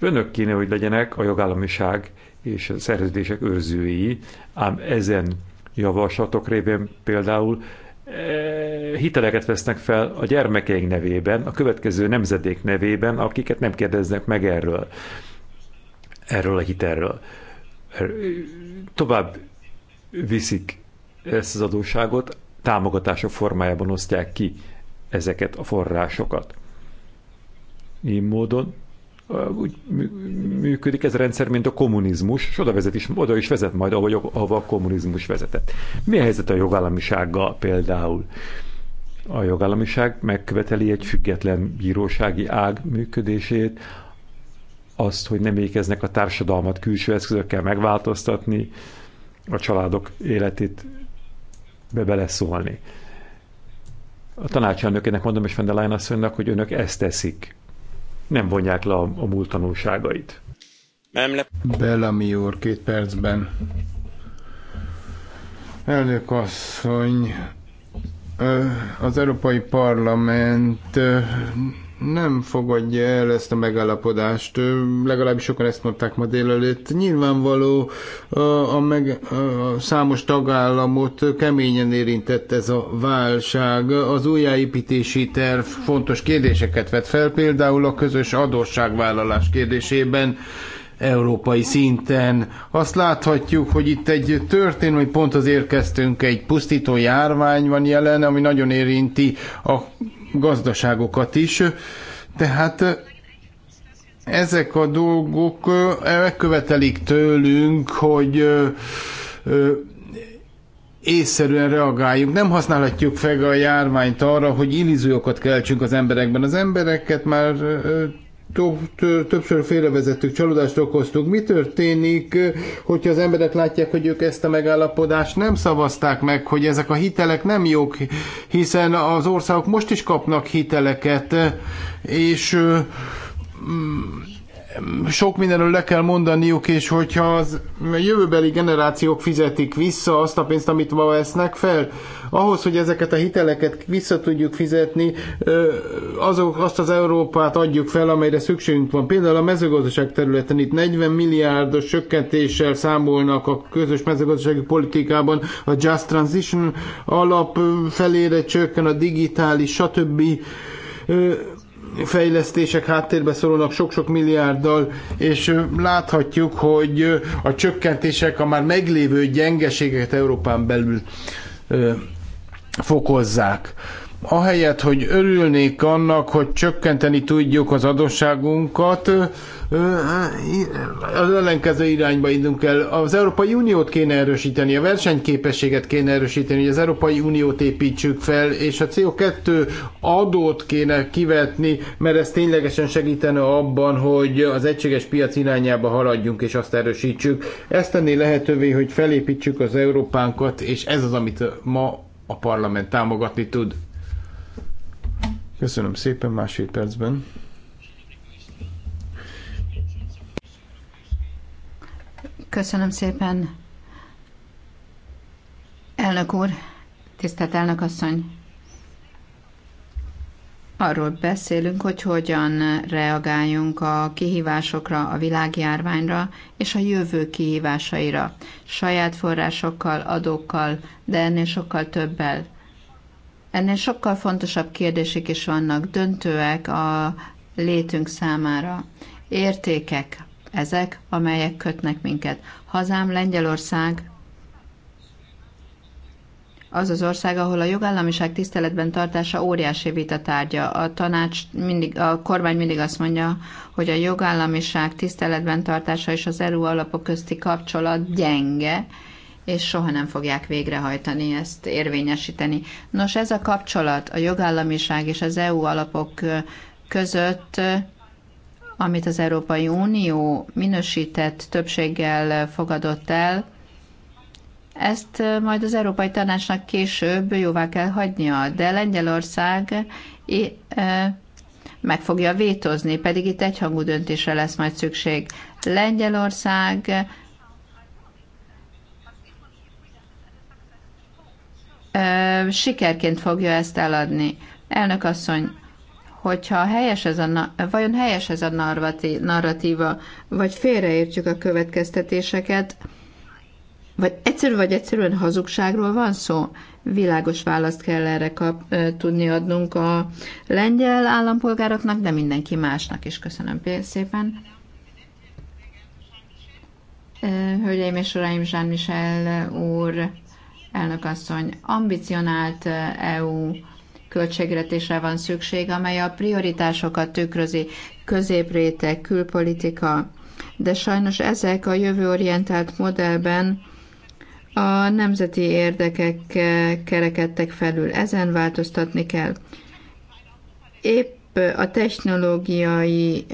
Önök kéne, hogy legyenek a jogállamiság és a szerződések őrzői, ám ezen javaslatok révén például eh, hiteleket vesznek fel a gyermekeink nevében, a következő nemzedék nevében, akiket nem kérdeznek meg erről, erről a hitelről. Er, tovább viszik ezt az adósságot, támogatások formájában osztják ki ezeket a forrásokat. Így módon úgy működik ez a rendszer, mint a kommunizmus, és oda, vezet is, oda is vezet majd, ahogy, ahova a kommunizmus vezetett. Mi a helyzet a jogállamisággal például? A jogállamiság megköveteli egy független bírósági ág működését, azt, hogy nem ékeznek a társadalmat külső eszközökkel megváltoztatni, a családok életét be beleszólni. A tanácselnökének mondom, és Fendelájn asszonynak, hogy önök ezt teszik. Nem vonják le a, a múlt tanulságait. Nem le... Bellami úr, két percben. Elnök asszony, az Európai Parlament nem fogadja el ezt a megállapodást. Legalábbis sokan ezt mondták ma délelőtt. Nyilvánvaló a, meg, a számos tagállamot keményen érintett ez a válság. Az újjáépítési terv fontos kérdéseket vet fel, például a közös adósságvállalás kérdésében európai szinten. Azt láthatjuk, hogy itt egy hogy pont az érkeztünk, egy pusztító járvány van jelen, ami nagyon érinti a gazdaságokat is. Tehát ezek a dolgok megkövetelik tőlünk, hogy észszerűen reagáljunk. Nem használhatjuk fel a járványt arra, hogy illíziókat keltsünk az emberekben. Az embereket már többször félrevezettük, csalódást okoztuk. Mi történik, hogyha az emberek látják, hogy ők ezt a megállapodást nem szavazták meg, hogy ezek a hitelek nem jók, hiszen az országok most is kapnak hiteleket, és sok mindenről le kell mondaniuk, és hogyha az jövőbeli generációk fizetik vissza azt a pénzt, amit ma vesznek fel, ahhoz, hogy ezeket a hiteleket vissza tudjuk fizetni, azok, azt az Európát adjuk fel, amelyre szükségünk van. Például a mezőgazdaság területen itt 40 milliárdos csökkentéssel számolnak a közös mezőgazdasági politikában, a Just Transition alap felére csökken, a digitális, stb fejlesztések háttérbe szorulnak sok-sok milliárddal, és láthatjuk, hogy a csökkentések a már meglévő gyengeségeket Európán belül fokozzák ahelyett, hogy örülnék annak, hogy csökkenteni tudjuk az adósságunkat, az ellenkező irányba indunk el. Az Európai Uniót kéne erősíteni, a versenyképességet kéne erősíteni, hogy az Európai Uniót építsük fel, és a CO2 adót kéne kivetni, mert ez ténylegesen segítene abban, hogy az egységes piac irányába haladjunk, és azt erősítsük. Ezt tenné lehetővé, hogy felépítsük az Európánkat, és ez az, amit ma a parlament támogatni tud. Köszönöm szépen, másfél percben. Köszönöm szépen, elnök úr, tisztelt elnök asszony. Arról beszélünk, hogy hogyan reagáljunk a kihívásokra, a világjárványra és a jövő kihívásaira. Saját forrásokkal, adókkal, de ennél sokkal többel – Ennél sokkal fontosabb kérdések is vannak, döntőek a létünk számára. Értékek ezek, amelyek kötnek minket. Hazám Lengyelország az az ország, ahol a jogállamiság tiszteletben tartása óriási vita tárgya. A tanács mindig, a kormány mindig azt mondja, hogy a jogállamiság tiszteletben tartása és az EU alapok közti kapcsolat gyenge, és soha nem fogják végrehajtani, ezt érvényesíteni. Nos, ez a kapcsolat a jogállamiság és az EU alapok között, amit az Európai Unió minősített többséggel fogadott el, ezt majd az Európai Tanácsnak később jóvá kell hagynia, de Lengyelország meg fogja vétozni, pedig itt egyhangú döntésre lesz majd szükség. Lengyelország sikerként fogja ezt eladni. Elnök asszony, hogyha helyes ez a, vajon helyes ez a narratíva, vagy félreértjük a következtetéseket, vagy egyszerű vagy egyszerűen hazugságról van szó? Világos választ kell erre kap, tudni adnunk a lengyel állampolgároknak, de mindenki másnak is. Köszönöm szépen. Hölgyeim és Uraim, Jean-Michel úr, elnök asszony, ambicionált eh, EU költségvetésre van szükség, amely a prioritásokat tükrözi, középréteg, külpolitika, de sajnos ezek a jövőorientált modellben a nemzeti érdekek eh, kerekedtek felül. Ezen változtatni kell. Épp a technológiai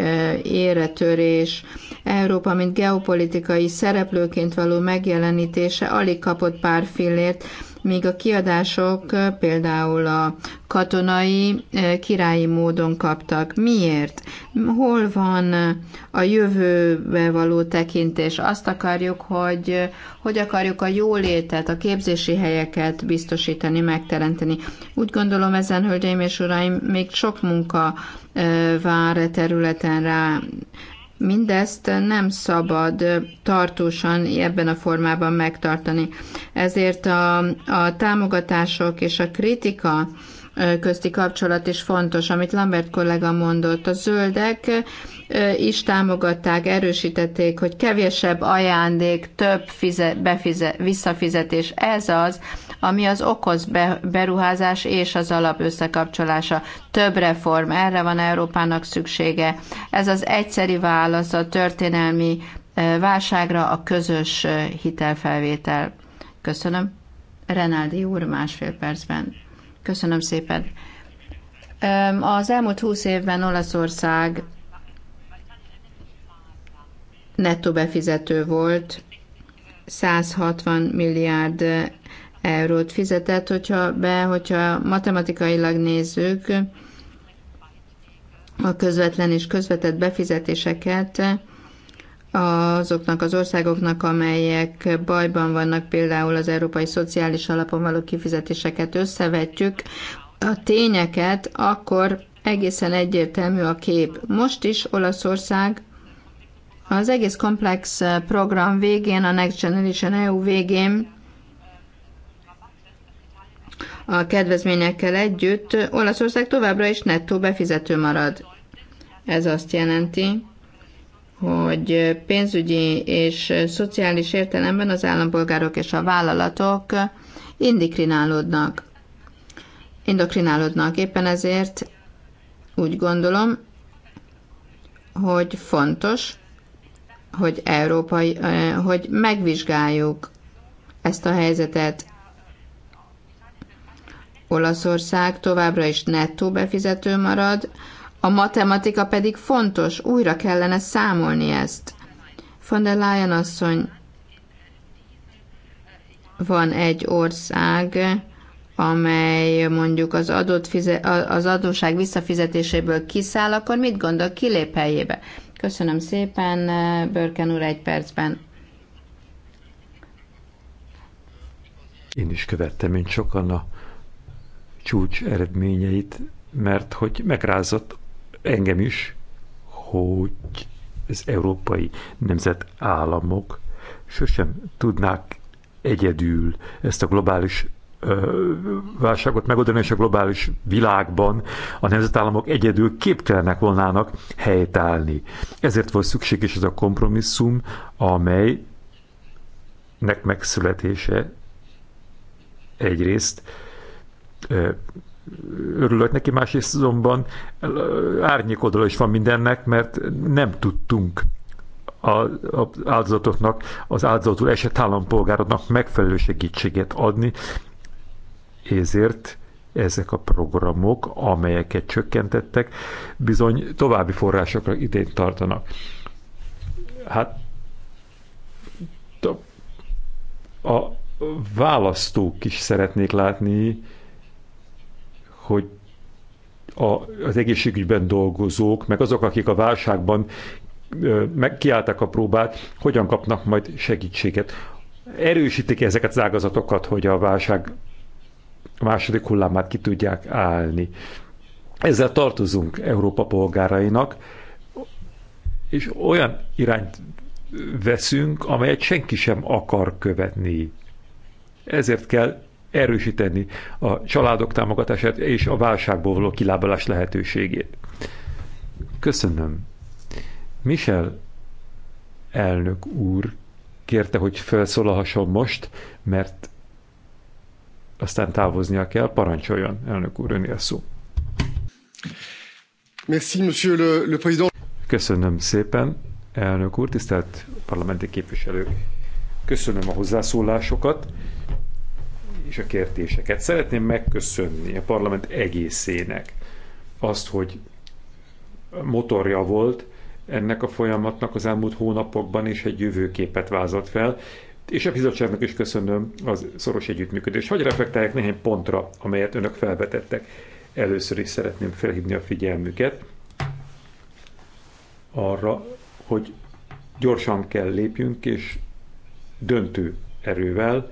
éretörés, Európa, mint geopolitikai szereplőként való megjelenítése alig kapott pár fillért, míg a kiadások például a katonai királyi módon kaptak. Miért? Hol van a jövőbe való tekintés? Azt akarjuk, hogy hogy akarjuk a jólétet, a képzési helyeket biztosítani, megteremteni. Úgy gondolom ezen, hölgyeim és uraim, még sok munka vár területen rá Mindezt nem szabad tartósan ebben a formában megtartani. Ezért a, a támogatások és a kritika, közti kapcsolat is fontos, amit Lambert kollega mondott. A zöldek is támogatták, erősítették, hogy kevésebb ajándék, több fize, befizet, visszafizetés. Ez az, ami az okoz beruházás és az alap összekapcsolása. Több reform, erre van Európának szüksége. Ez az egyszeri válasz a történelmi válságra a közös hitelfelvétel. Köszönöm. Renádi úr másfél percben. Köszönöm szépen. Az elmúlt húsz évben Olaszország nettó befizető volt, 160 milliárd eurót fizetett, hogyha be, hogyha matematikailag nézzük a közvetlen és közvetett befizetéseket, azoknak az országoknak, amelyek bajban vannak, például az Európai Szociális Alapon való kifizetéseket összevetjük, a tényeket, akkor egészen egyértelmű a kép. Most is Olaszország az egész komplex program végén, a Next Generation EU végén a kedvezményekkel együtt Olaszország továbbra is nettó befizető marad. Ez azt jelenti, hogy pénzügyi és szociális értelemben az állampolgárok és a vállalatok indikrinálódnak. Indokrinálódnak. Éppen ezért úgy gondolom, hogy fontos, hogy európai, hogy megvizsgáljuk ezt a helyzetet. Olaszország továbbra is nettó befizető marad, a matematika pedig fontos, újra kellene számolni ezt. Von der Leyen asszony, van egy ország, amely mondjuk az, adott fize, az adóság visszafizetéséből kiszáll, akkor mit gondol, kilép helyébe? Köszönöm szépen, Börken úr, egy percben. Én is követtem, mint sokan a csúcs eredményeit, mert hogy megrázott engem is, hogy az európai nemzetállamok sosem tudnák egyedül ezt a globális ö, válságot megoldani, és a globális világban a nemzetállamok egyedül képtelenek volnának helytállni. Ezért volt is ez a kompromisszum, amelynek megszületése egyrészt ö, örülök neki, másrészt azonban árnyék oldala is van mindennek, mert nem tudtunk az áldozatoknak, az áldozatul esett állampolgároknak megfelelő segítséget adni, ezért ezek a programok, amelyeket csökkentettek, bizony további forrásokra idén tartanak. Hát a választók is szeretnék látni hogy a, az egészségügyben dolgozók, meg azok, akik a válságban megkiálltak a próbát, hogyan kapnak majd segítséget. Erősítik ezeket az ágazatokat, hogy a válság második hullámát ki tudják állni. Ezzel tartozunk Európa polgárainak, és olyan irányt veszünk, amelyet senki sem akar követni. Ezért kell erősíteni a családok támogatását és a válságból való kilábalás lehetőségét. Köszönöm. Michel elnök úr kérte, hogy felszólalhasson most, mert aztán távoznia kell. Parancsoljon, elnök úr, önél szó. Merci, monsieur le, le président. Köszönöm szépen, elnök úr, tisztelt parlamenti képviselők. Köszönöm a hozzászólásokat és a kértéseket. Szeretném megköszönni a parlament egészének azt, hogy motorja volt ennek a folyamatnak az elmúlt hónapokban, és egy jövőképet vázolt fel, és a bizottságnak is köszönöm az szoros együttműködést. Hogy reflektálják néhány pontra, amelyet önök felvetettek. Először is szeretném felhívni a figyelmüket arra, hogy gyorsan kell lépjünk, és döntő erővel,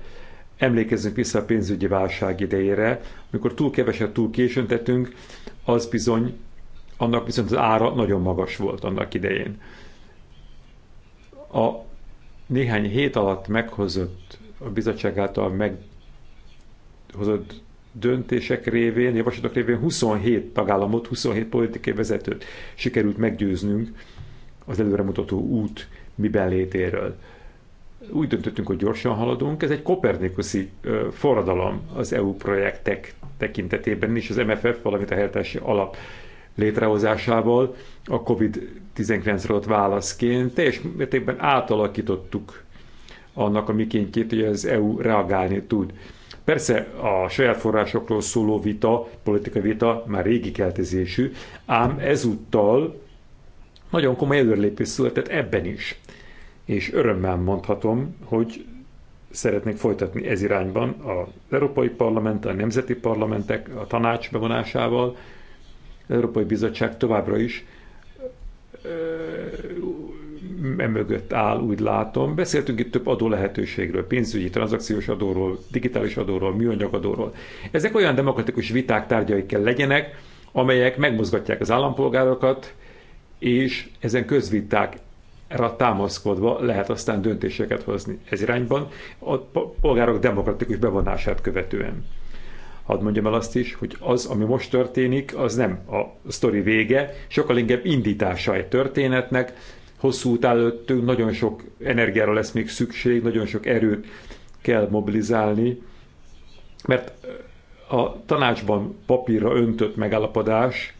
Emlékezzünk vissza a pénzügyi válság idejére, amikor túl keveset, túl későn tettünk, az bizony, annak viszont az ára nagyon magas volt annak idején. A néhány hét alatt meghozott, a bizottság által meghozott döntések révén, javaslatok révén 27 tagállamot, 27 politikai vezetőt sikerült meggyőznünk az előremutató út mi létéről úgy döntöttünk, hogy gyorsan haladunk. Ez egy kopernikuszi forradalom az EU projektek tekintetében is, az MFF, valamint a helytársi alap létrehozásával a COVID-19-re ott válaszként teljes mértékben átalakítottuk annak a mikéntjét, hogy az EU reagálni tud. Persze a saját forrásokról szóló vita, politikai vita már régi keltezésű, ám ezúttal nagyon komoly előrelépés született ebben is és örömmel mondhatom, hogy szeretnék folytatni ez irányban az Európai Parlament, a nemzeti parlamentek, a tanács bevonásával, az Európai Bizottság továbbra is emögött áll, úgy látom. Beszéltünk itt több adó lehetőségről, pénzügyi, tranzakciós adóról, digitális adóról, műanyag adóról. Ezek olyan demokratikus viták tárgyai kell legyenek, amelyek megmozgatják az állampolgárokat, és ezen közviták ra támaszkodva lehet aztán döntéseket hozni ez irányban, a polgárok demokratikus bevonását követően. Hadd mondjam el azt is, hogy az, ami most történik, az nem a sztori vége, sokkal inkább indítása egy történetnek, hosszú út előttünk, nagyon sok energiára lesz még szükség, nagyon sok erőt kell mobilizálni, mert a tanácsban papírra öntött megállapodás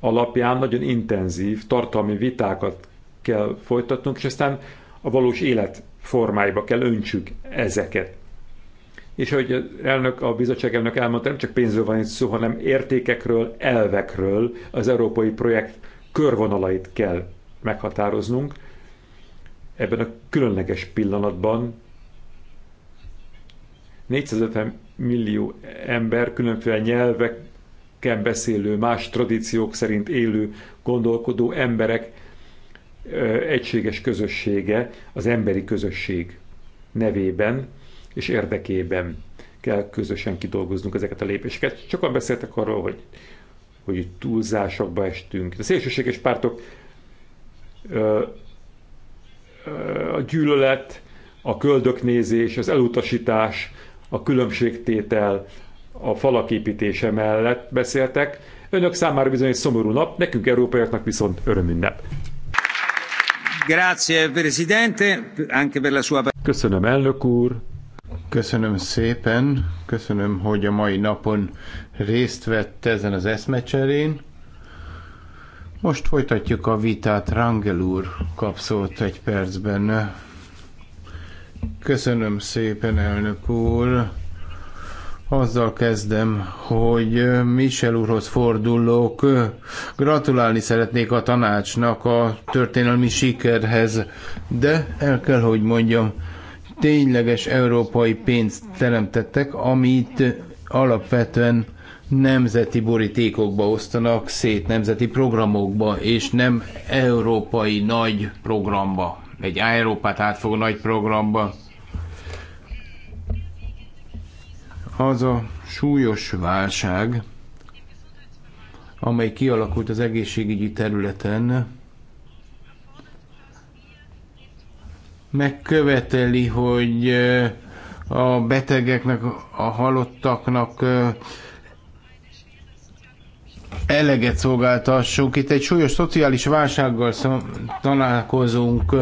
alapján nagyon intenzív tartalmi vitákat kell folytatnunk, és aztán a valós élet formáiba kell öntsük ezeket. És ahogy az elnök, a bizottság elnök elmondta, nem csak pénzről van itt szó, hanem értékekről, elvekről az európai projekt körvonalait kell meghatároznunk ebben a különleges pillanatban. 450 millió ember különféle nyelveken beszélő, más tradíciók szerint élő, gondolkodó emberek egységes közössége az emberi közösség nevében és érdekében kell közösen kidolgoznunk ezeket a lépéseket. Sokan beszéltek arról, hogy, hogy túlzásokba estünk. A szélsőséges pártok ö, ö, a gyűlölet, a köldöknézés, az elutasítás, a különbségtétel, a falaképítése mellett beszéltek. Önök számára bizony egy szomorú nap, nekünk európaiaknak viszont örömünnep. Köszönöm, elnök úr. Köszönöm szépen, köszönöm, hogy a mai napon részt vett ezen az eszmecserén. Most folytatjuk a vitát, Rangel úr kap szót egy percben. Köszönöm szépen, elnök úr. Azzal kezdem, hogy Michel úrhoz fordulok. Gratulálni szeretnék a tanácsnak a történelmi sikerhez, de el kell, hogy mondjam, tényleges európai pénzt teremtettek, amit alapvetően nemzeti borítékokba osztanak szét, nemzeti programokba, és nem európai nagy programba, egy Európát átfogó nagy programba az a súlyos válság, amely kialakult az egészségügyi területen, megköveteli, hogy eh, a betegeknek, a halottaknak eh, eleget szolgáltassunk. Itt egy súlyos szociális válsággal találkozunk.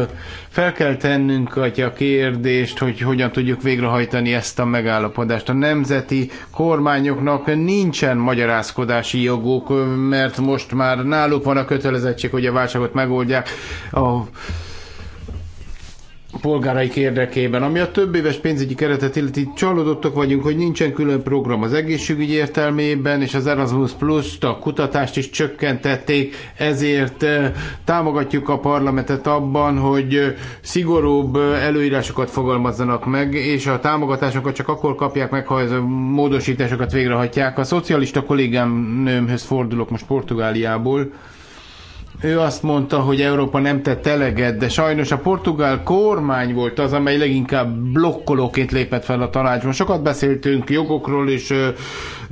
Fel kell tennünk a kérdést, hogy hogyan tudjuk végrehajtani ezt a megállapodást. A nemzeti kormányoknak nincsen magyarázkodási joguk, mert most már náluk van a kötelezettség, hogy a válságot megoldják. A polgáraik érdekében. Ami a több éves pénzügyi keretet illeti, csalódottak vagyunk, hogy nincsen külön program az egészségügyi értelmében, és az Erasmus plus a kutatást is csökkentették, ezért eh, támogatjuk a parlamentet abban, hogy eh, szigorúbb eh, előírásokat fogalmazzanak meg, és a támogatásokat csak akkor kapják meg, ha ez a módosításokat végrehajtják. A szocialista kollégám nőmhöz fordulok most Portugáliából, ő azt mondta, hogy Európa nem tett eleget, de sajnos a portugál kormány volt az, amely leginkább blokkolóként lépett fel a tanácsban. Sokat beszéltünk jogokról és ö,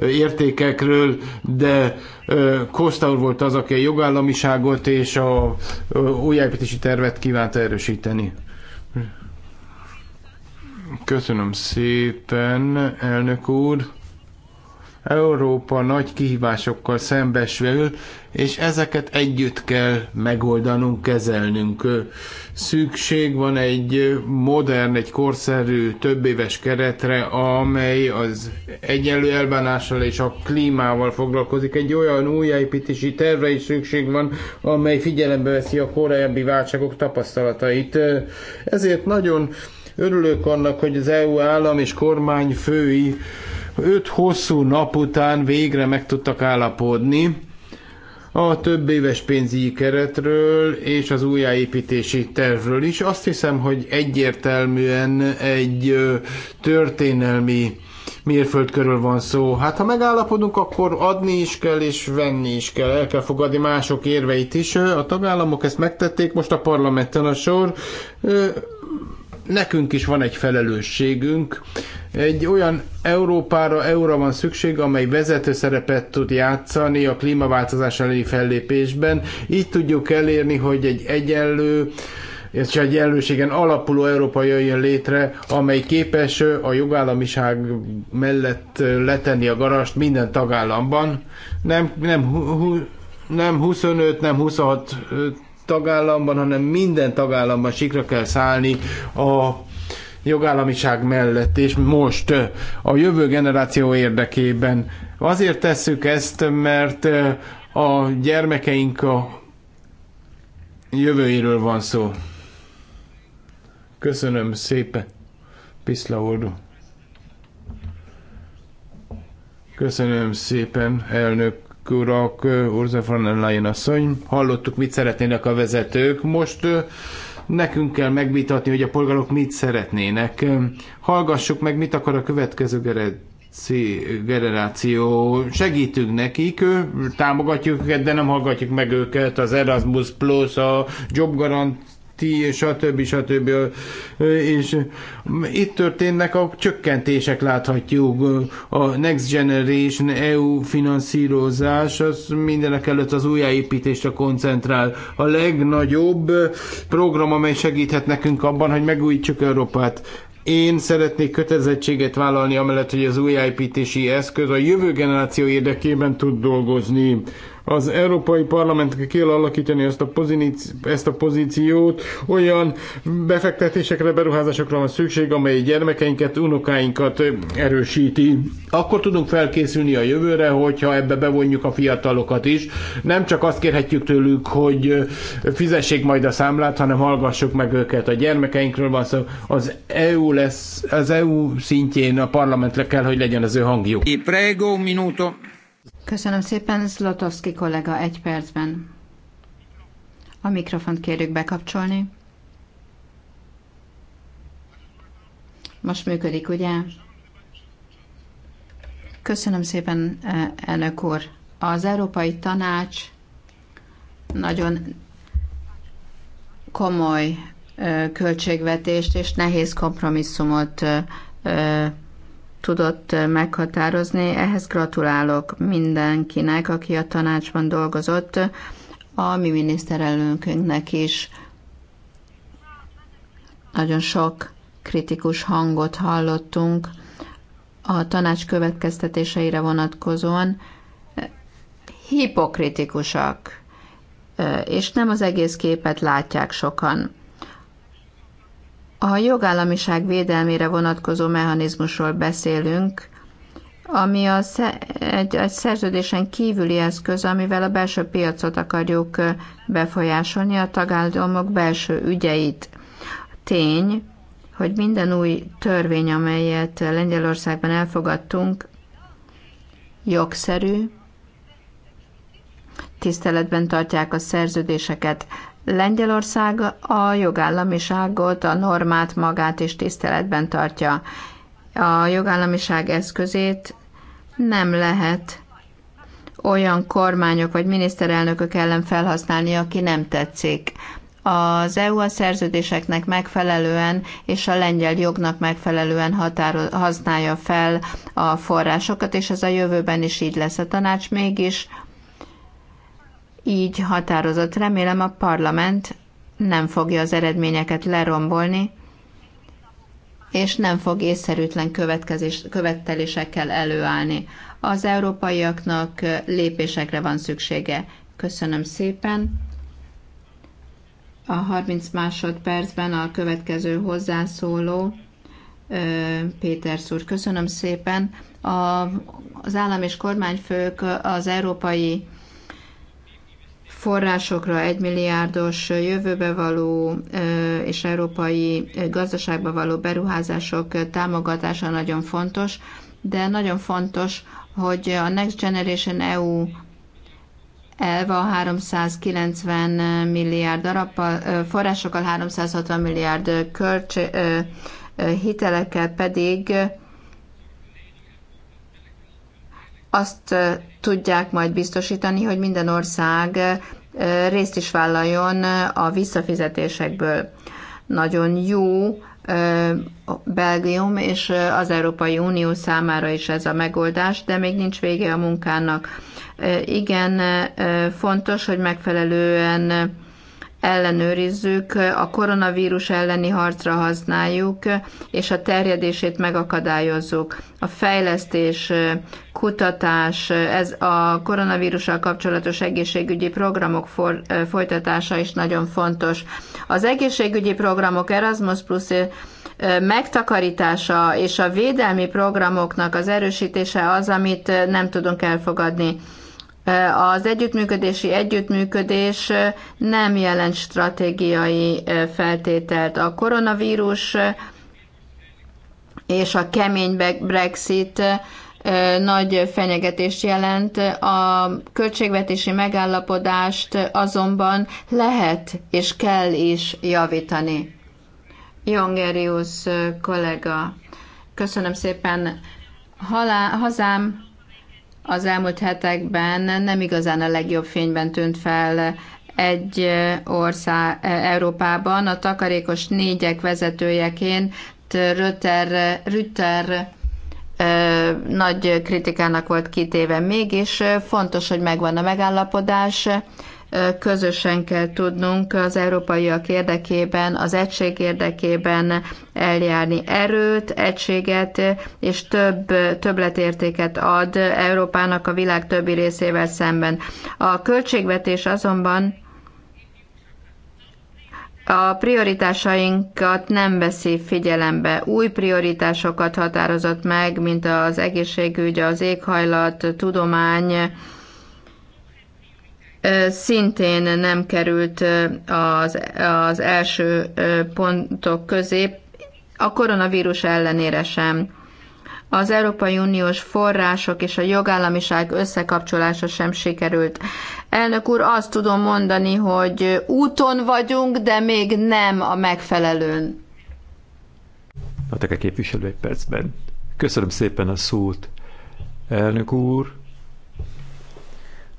értékekről, de ö, Costa úr volt az, aki a jogállamiságot és a ö, újjáépítési tervet kívánt erősíteni. Köszönöm szépen, elnök úr. Európa nagy kihívásokkal szembesül, és ezeket együtt kell megoldanunk, kezelnünk. Szükség van egy modern, egy korszerű, több éves keretre, amely az egyenlő elbánással és a klímával foglalkozik. Egy olyan újjáépítési tervre is szükség van, amely figyelembe veszi a korábbi válságok tapasztalatait. Ezért nagyon örülök annak, hogy az EU állam és kormány fői Öt hosszú nap után végre meg tudtak állapodni a több éves pénzügyi keretről és az újjáépítési tervről is. Azt hiszem, hogy egyértelműen egy történelmi mérföld körül van szó. Hát ha megállapodunk, akkor adni is kell, és venni is kell. El kell fogadni mások érveit is. A tagállamok ezt megtették, most a parlamenten a sor nekünk is van egy felelősségünk. Egy olyan Európára, euróra van szükség, amely vezető szerepet tud játszani a klímaváltozás elleni fellépésben. Így tudjuk elérni, hogy egy egyenlő, és egy egyenlőségen alapuló Európa jöjjön létre, amely képes a jogállamiság mellett letenni a garast minden tagállamban. Nem, nem, hu, nem 25, nem 26 tagállamban, hanem minden tagállamban sikra kell szállni a jogállamiság mellett, és most eh, a jövő generáció érdekében. Azért tesszük ezt, mert eh, a gyermekeink a jövőjéről van szó. Köszönöm szépen, Piszla Ordu. Köszönöm szépen, elnök urak, Urza von Leyen asszony, hallottuk, mit szeretnének a vezetők. Most nekünk kell megvitatni, hogy a polgárok mit szeretnének. Hallgassuk meg, mit akar a következő generáció. Segítünk nekik, támogatjuk őket, de nem hallgatjuk meg őket. Az Erasmus Plus, a jobgarant ti, stb. stb. És itt történnek a csökkentések, láthatjuk. A Next Generation EU finanszírozás az mindenek előtt az újjáépítésre koncentrál. A legnagyobb program, amely segíthet nekünk abban, hogy megújítsuk Európát. Én szeretnék kötelezettséget vállalni amellett, hogy az újjáépítési eszköz a jövő generáció érdekében tud dolgozni az Európai Parlament kell alakítani ezt a, ezt a pozíciót, olyan befektetésekre, beruházásokra van szükség, amely gyermekeinket, unokáinkat erősíti. Akkor tudunk felkészülni a jövőre, hogyha ebbe bevonjuk a fiatalokat is. Nem csak azt kérhetjük tőlük, hogy fizessék majd a számlát, hanem hallgassuk meg őket. A gyermekeinkről van szó. Az EU lesz, az EU szintjén a parlamentre kell, hogy legyen az ő hangjuk. Prego, un minuto. Köszönöm szépen, Zlotowski kollega, egy percben. A mikrofont kérjük bekapcsolni. Most működik, ugye? Köszönöm szépen, e, elnök úr. Az Európai Tanács nagyon komoly e, költségvetést és nehéz kompromisszumot e, tudott eh, meghatározni. Ehhez gratulálok mindenkinek, aki a tanácsban dolgozott, a mi miniszterelnökünknek is. Nagyon sok kritikus hangot hallottunk a tanács következtetéseire vonatkozóan. Hipokritikusak, eh, és nem az egész képet látják sokan. A jogállamiság védelmére vonatkozó mechanizmusról beszélünk, ami a, egy, egy szerződésen kívüli eszköz, amivel a belső piacot akarjuk befolyásolni, a tagállamok belső ügyeit. Tény, hogy minden új törvény, amelyet Lengyelországban elfogadtunk, jogszerű, tiszteletben tartják a szerződéseket, Lengyelország a jogállamiságot, a normát magát is tiszteletben tartja. A jogállamiság eszközét nem lehet olyan kormányok vagy miniszterelnökök ellen felhasználni, aki nem tetszik. Az EU a szerződéseknek megfelelően és a lengyel jognak megfelelően határo- használja fel a forrásokat, és ez a jövőben is így lesz. A tanács mégis így határozott. Remélem a parlament nem fogja az eredményeket lerombolni, és nem fog észszerűtlen követtelésekkel előállni. Az európaiaknak lépésekre van szüksége. Köszönöm szépen. A 30 másodpercben a következő hozzászóló Péter úr. Köszönöm szépen. A, az állam és kormányfők az európai forrásokra, egymilliárdos jövőbe való és európai gazdaságba való beruházások támogatása nagyon fontos, de nagyon fontos, hogy a Next Generation EU elve a 390 milliárd darabbal, forrásokkal 360 milliárd kölcs, hitelekkel pedig azt tudják majd biztosítani, hogy minden ország részt is vállaljon a visszafizetésekből. Nagyon jó Belgium és az Európai Unió számára is ez a megoldás, de még nincs vége a munkának. Igen, fontos, hogy megfelelően ellenőrizzük, a koronavírus elleni harcra használjuk, és a terjedését megakadályozzuk. A fejlesztés, kutatás, ez a koronavírussal kapcsolatos egészségügyi programok for, folytatása is nagyon fontos. Az egészségügyi programok Erasmus Plus megtakarítása és a védelmi programoknak az erősítése az, amit nem tudunk elfogadni. Az együttműködési együttműködés nem jelent stratégiai feltételt. A koronavírus és a kemény Brexit nagy fenyegetést jelent. A költségvetési megállapodást azonban lehet és kell is javítani. Jongerius kollega, köszönöm szépen. Halá, hazám az elmúlt hetekben nem igazán a legjobb fényben tűnt fel egy ország e, Európában. A takarékos négyek vezetőjeként Röter, Rüter e, nagy kritikának volt kitéve. Mégis fontos, hogy megvan a megállapodás, közösen kell tudnunk az európaiak érdekében, az egység érdekében eljárni. Erőt, egységet és több többletértéket ad Európának a világ többi részével szemben. A költségvetés azonban a prioritásainkat nem veszi figyelembe. Új prioritásokat határozott meg, mint az egészségügy, az éghajlat, tudomány, szintén nem került az, az első pontok közé, a koronavírus ellenére sem. Az Európai Uniós források és a jogállamiság összekapcsolása sem sikerült. Elnök úr, azt tudom mondani, hogy úton vagyunk, de még nem a megfelelőn. Na, te képviselő egy percben. Köszönöm szépen a szót, elnök úr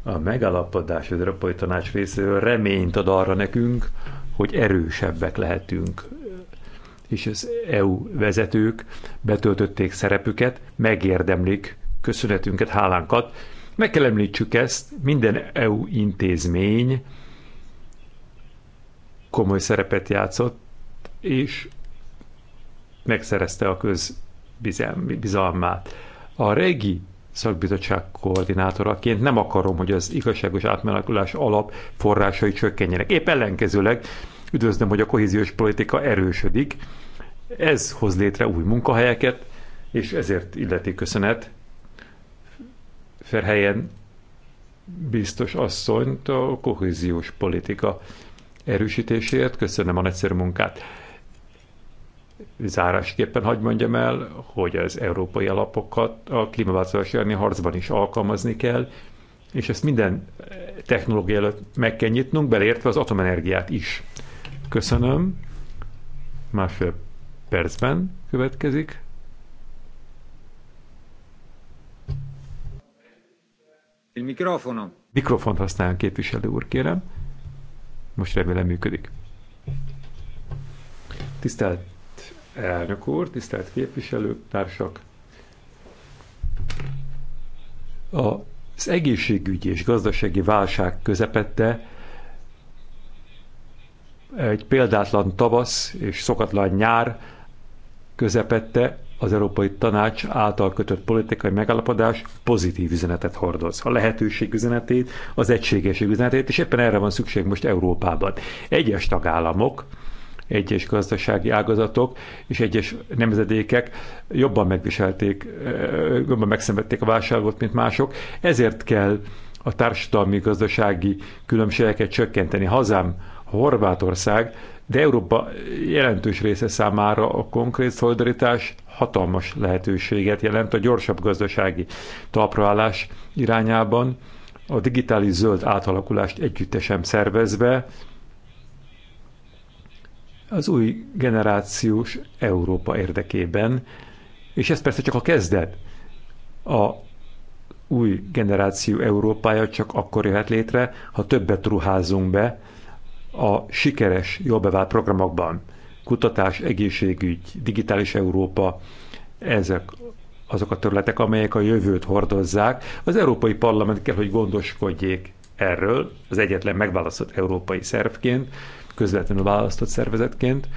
a megállapodás az Európai Tanács részéről reményt ad arra nekünk, hogy erősebbek lehetünk. És az EU vezetők betöltötték szerepüket, megérdemlik köszönetünket, hálánkat. Meg kell említsük ezt, minden EU intézmény komoly szerepet játszott, és megszerezte a közbizalmát. A regi szakbizottság koordinátoraként nem akarom, hogy az igazságos átmenekülés alap forrásai csökkenjenek. Épp ellenkezőleg üdvözlöm, hogy a kohéziós politika erősödik, ez hoz létre új munkahelyeket, és ezért illeti köszönet Ferhelyen biztos asszonyt a kohéziós politika erősítéséért. Köszönöm a nagyszerű munkát. Zárásképpen hagy mondjam el, hogy az európai alapokat a klímaváltozás elleni harcban is alkalmazni kell, és ezt minden technológia előtt meg kell nyitnunk, beleértve az atomenergiát is. Köszönöm. Másfél percben következik. Mikrofonom. Mikrofont használjon képviselő úr, kérem. Most remélem működik. Tisztelt Elnök úr, tisztelt képviselőtársak. társak! Az egészségügyi és gazdasági válság közepette egy példátlan tavasz és szokatlan nyár közepette az Európai Tanács által kötött politikai megállapodás pozitív üzenetet hordoz. A lehetőség üzenetét, az egységes üzenetét, és éppen erre van szükség most Európában. Egyes tagállamok egyes gazdasági ágazatok és egyes nemzedékek jobban megviselték, jobban megszenvedték a válságot, mint mások. Ezért kell a társadalmi-gazdasági különbségeket csökkenteni. Hazám, Horvátország, de Európa jelentős része számára a konkrét szolidaritás hatalmas lehetőséget jelent a gyorsabb gazdasági talpraállás irányában, a digitális zöld átalakulást együttesen szervezve, az új generációs Európa érdekében, és ez persze csak a kezdet. A új generáció Európája csak akkor jöhet létre, ha többet ruházunk be a sikeres, jól bevált programokban. Kutatás, egészségügy, digitális Európa, ezek azok a területek, amelyek a jövőt hordozzák. Az Európai Parlament kell, hogy gondoskodjék erről, az egyetlen megválasztott európai szervként, közvetlenül választott szervezetként,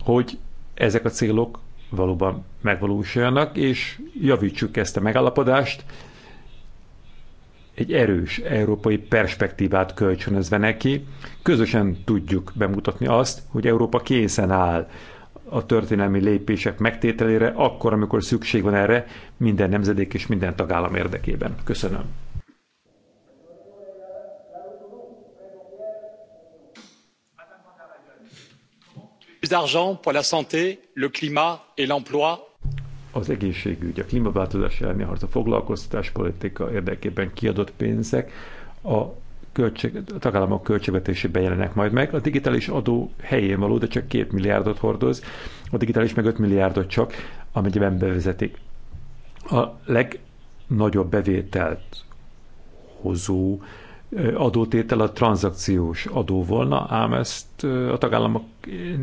hogy ezek a célok valóban megvalósuljanak, és javítsuk ezt a megállapodást, egy erős európai perspektívát kölcsönözve neki, közösen tudjuk bemutatni azt, hogy Európa készen áll a történelmi lépések megtételére, akkor, amikor szükség van erre minden nemzedék és minden tagállam érdekében. Köszönöm. Plus d'argent pour la santé, le climat et l'emploi. Az egészségügy, a klímaváltozás elleni harc, a politika érdekében kiadott pénzek a, költség, a tagállamok költségvetésében jelenek majd meg. A digitális adó helyén való, de csak két milliárdot hordoz, a digitális meg 5 milliárdot csak, amennyiben bevezetik. A legnagyobb bevételt hozó adótétel a tranzakciós adó volna, ám ezt a tagállamok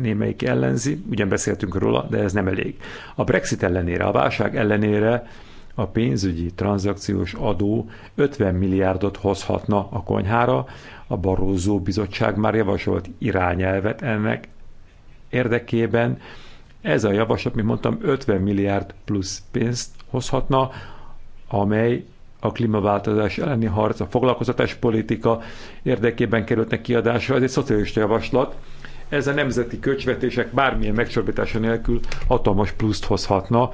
némelyik ellenzi, ugyan beszéltünk róla, de ez nem elég. A Brexit ellenére, a válság ellenére a pénzügyi tranzakciós adó 50 milliárdot hozhatna a konyhára, a Barózó Bizottság már javasolt irányelvet ennek érdekében. Ez a javaslat, mint mondtam, 50 milliárd plusz pénzt hozhatna, amely a klímaváltozás elleni harc, a foglalkoztatás politika érdekében kerültnek kiadásra. Ez egy szocialista javaslat. Ez a nemzeti költségvetések bármilyen megcsorbítása nélkül hatalmas pluszt hozhatna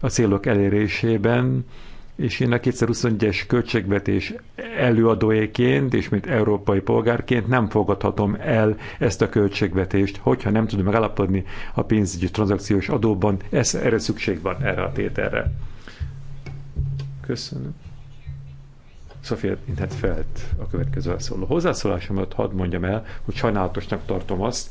a célok elérésében, és én a 2021-es költségvetés előadóéként, és mint európai polgárként nem fogadhatom el ezt a költségvetést, hogyha nem tudom megállapodni a pénzügyi tranzakciós adóban, ez, erre szükség van erre a tételre. Köszönöm. Sofia Inthet felt a következő szóló. Hozzászólásomat hadd mondjam el, hogy sajnálatosnak tartom azt,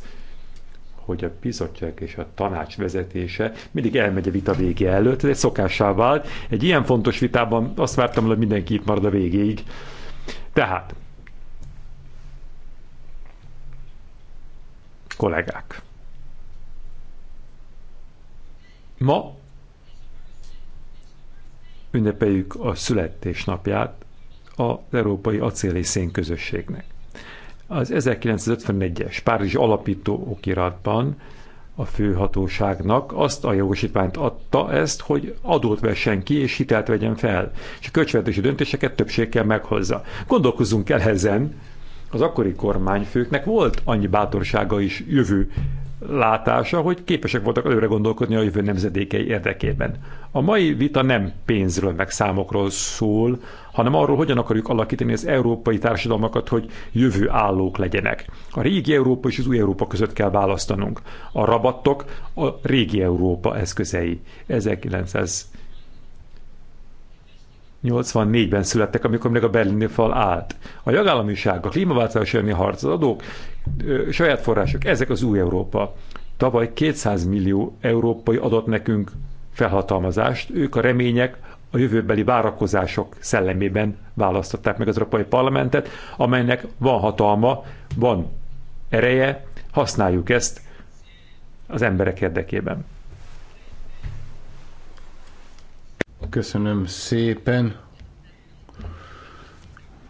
hogy a bizottság és a tanács vezetése mindig elmegy a vita vége előtt, ez egy szokássá vált. Egy ilyen fontos vitában azt vártam, hogy mindenki itt marad a végéig. Tehát, kollégák, ma ünnepeljük a születésnapját az Európai Acél és Közösségnek. Az 1951-es Párizs alapító okiratban a főhatóságnak azt a jogosítványt adta ezt, hogy adót vessen ki és hitelt vegyen fel, és a költségvetési döntéseket többségkel meghozza. Gondolkozzunk el ezen, az akkori kormányfőknek volt annyi bátorsága is jövő látása, hogy képesek voltak előre gondolkodni a jövő nemzedékei érdekében. A mai vita nem pénzről meg számokról szól, hanem arról, hogyan akarjuk alakítani az európai társadalmakat, hogy jövő állók legyenek. A régi Európa és az új Európa között kell választanunk. A rabattok a régi Európa eszközei. 1900 84-ben születtek, amikor még a berlini fal állt. A jogállamiság, a klímaváltozás elleni harc, az adók, ö, saját források, ezek az új Európa. Tavaly 200 millió európai adott nekünk felhatalmazást, ők a remények, a jövőbeli várakozások szellemében választották meg az Európai Parlamentet, amelynek van hatalma, van ereje, használjuk ezt az emberek érdekében. Köszönöm szépen.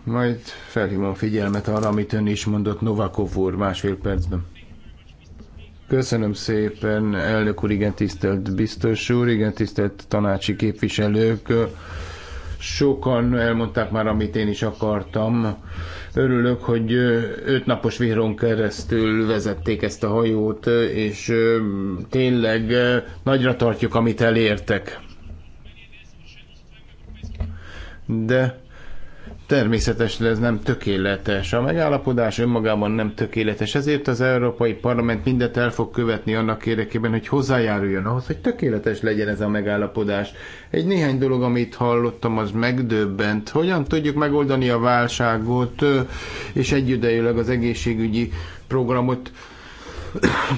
Majd felhívom a figyelmet arra, amit ön is mondott Novakov úr másfél percben. Köszönöm szépen, elnök úr, igen tisztelt biztos úr, igen tisztelt tanácsi képviselők. Sokan elmondták már, amit én is akartam. Örülök, hogy öt napos vihron keresztül vezették ezt a hajót, és tényleg nagyra tartjuk, amit elértek de Természetesen ez nem tökéletes. A megállapodás önmagában nem tökéletes, ezért az Európai Parlament mindent el fog követni annak érdekében, hogy hozzájáruljon ahhoz, hogy tökéletes legyen ez a megállapodás. Egy néhány dolog, amit hallottam, az megdöbbent. Hogyan tudjuk megoldani a válságot, és együdejileg az egészségügyi programot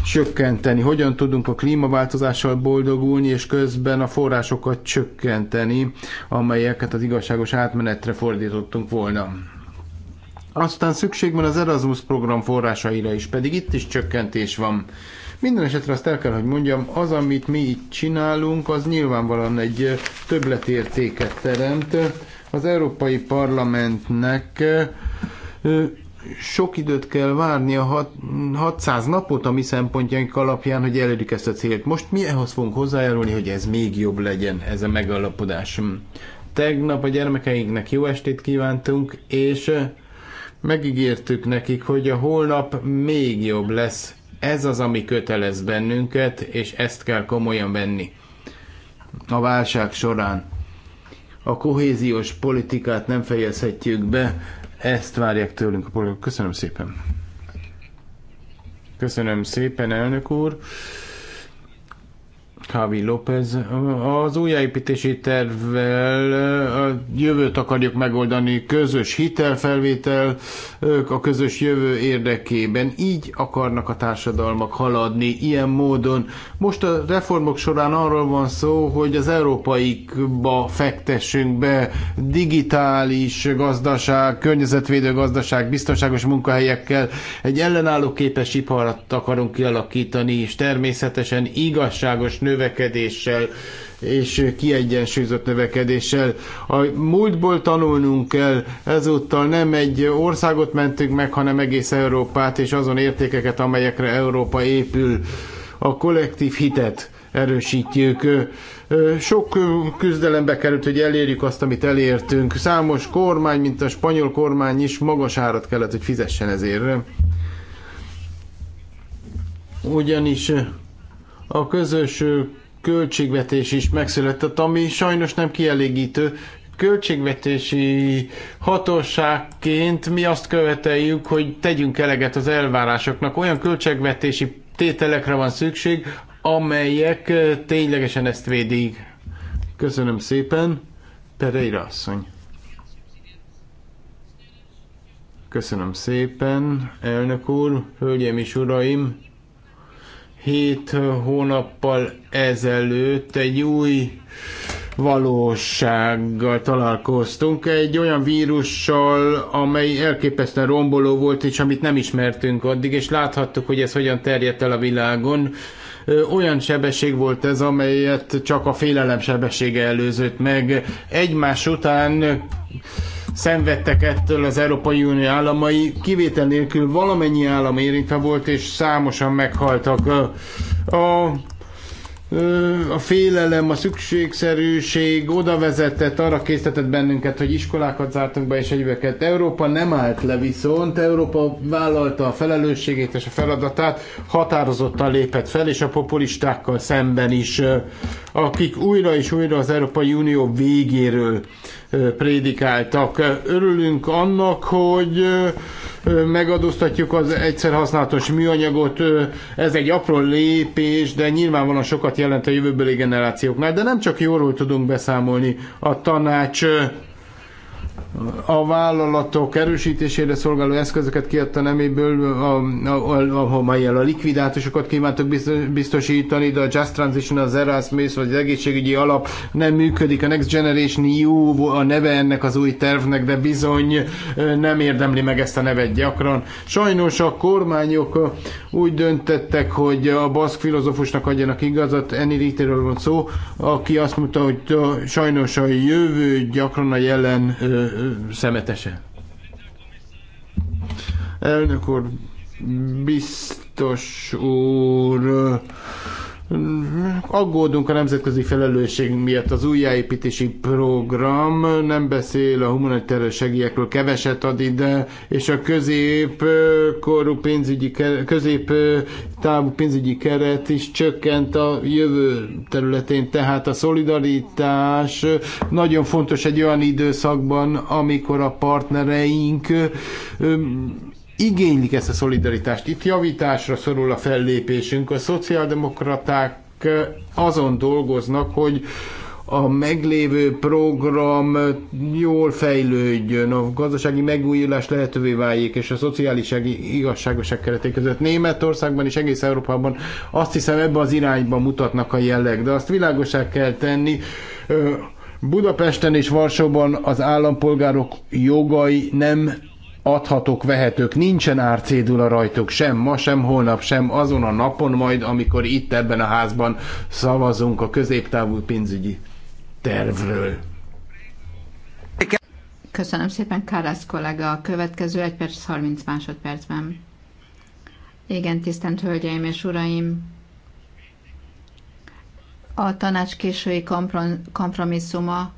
csökkenteni? Hogyan tudunk a klímaváltozással boldogulni, és közben a forrásokat csökkenteni, amelyeket az igazságos átmenetre fordítottunk volna? Aztán szükség van az Erasmus program forrásaira is, pedig itt is csökkentés van. Minden esetre azt el kell, hogy mondjam, az, amit mi itt csinálunk, az nyilvánvalóan egy többletértéket teremt. Az Európai Parlamentnek sok időt kell várni a 600 napot a mi szempontjaink alapján, hogy elérjük ezt a célt. Most mi ehhoz fogunk hozzájárulni, hogy ez még jobb legyen, ez a megállapodás. Tegnap a gyermekeinknek jó estét kívántunk, és megígértük nekik, hogy a holnap még jobb lesz. Ez az, ami kötelez bennünket, és ezt kell komolyan venni a válság során. A kohéziós politikát nem fejezhetjük be, ezt várják tőlünk a polgárok. Köszönöm szépen. Köszönöm szépen, elnök úr. Kávi López. Az újjáépítési tervvel a jövőt akarjuk megoldani, közös hitelfelvétel, a közös jövő érdekében. Így akarnak a társadalmak haladni, ilyen módon. Most a reformok során arról van szó, hogy az európaikba fektessünk be digitális gazdaság, környezetvédő gazdaság, biztonságos munkahelyekkel. Egy ellenálló képes iparat akarunk kialakítani, és természetesen igazságos növekedés növekedéssel és kiegyensúlyozott növekedéssel. A múltból tanulnunk kell, ezúttal nem egy országot mentünk meg, hanem egész Európát és azon értékeket, amelyekre Európa épül. A kollektív hitet erősítjük. Sok küzdelembe került, hogy elérjük azt, amit elértünk. Számos kormány, mint a spanyol kormány is magas árat kellett, hogy fizessen ezért. Ugyanis a közös költségvetés is megszületett, ami sajnos nem kielégítő. Költségvetési hatóságként mi azt követeljük, hogy tegyünk eleget az elvárásoknak. Olyan költségvetési tételekre van szükség, amelyek ténylegesen ezt védik. Köszönöm szépen. Pereira asszony. Köszönöm szépen, elnök úr, hölgyeim és uraim hét hónappal ezelőtt egy új valósággal találkoztunk, egy olyan vírussal, amely elképesztően romboló volt, és amit nem ismertünk addig, és láthattuk, hogy ez hogyan terjedt el a világon. Olyan sebesség volt ez, amelyet csak a félelem sebessége előzött meg. Egymás után szenvedtek ettől az Európai Unió államai. Kivétel nélkül valamennyi állam érintve volt, és számosan meghaltak. A a félelem, a szükségszerűség oda vezetett, arra késztetett bennünket, hogy iskolákat zártunk be és egyébeket. Európa nem állt le viszont, Európa vállalta a felelősségét és a feladatát, határozottan lépett fel, és a populistákkal szemben is, akik újra és újra az Európai Unió végéről prédikáltak. Örülünk annak, hogy megadóztatjuk az egyszer használatos műanyagot. Ez egy apró lépés, de nyilvánvalóan sokat jelent a jövőbeli generációknál. De nem csak jóról tudunk beszámolni. A tanács a vállalatok erősítésére szolgáló eszközöket kiadta neméből, ahol a likvidátusokat kívántok biztosítani, de a Just Transition, az Erasmus vagy az egészségügyi alap nem működik. A Next Generation EU a neve ennek az új tervnek, de bizony nem érdemli meg ezt a nevet gyakran. Sajnos a kormányok úgy döntettek, hogy a baszk filozófusnak adjanak igazat, Eni Ritterről van szó, aki azt mondta, hogy sajnos a jövő gyakran a jelen szemetese. Elnök úr, biztos úr, Aggódunk a nemzetközi felelősség miatt. Az újjáépítési program nem beszél a humanitár segélyekről, keveset ad ide, és a középkorú pénzügyi, közép távú pénzügyi keret is csökkent a jövő területén. Tehát a szolidaritás nagyon fontos egy olyan időszakban, amikor a partnereink igénylik ezt a szolidaritást. Itt javításra szorul a fellépésünk. A szociáldemokraták azon dolgoznak, hogy a meglévő program jól fejlődjön, a gazdasági megújulás lehetővé váljék, és a szociális igazságoság kereté között Németországban és egész Európában azt hiszem ebbe az irányba mutatnak a jelleg, de azt világosság kell tenni, Budapesten és Varsóban az állampolgárok jogai nem Adhatok, vehetők, nincsen árcédula rajtuk sem ma, sem holnap, sem azon a napon majd, amikor itt ebben a házban szavazunk a középtávú pénzügyi tervről. Köszönöm szépen, Kárász kollega. A következő 1 perc 30 másodpercben. Igen, tisztelt Hölgyeim és Uraim! A tanács késői kompromisszuma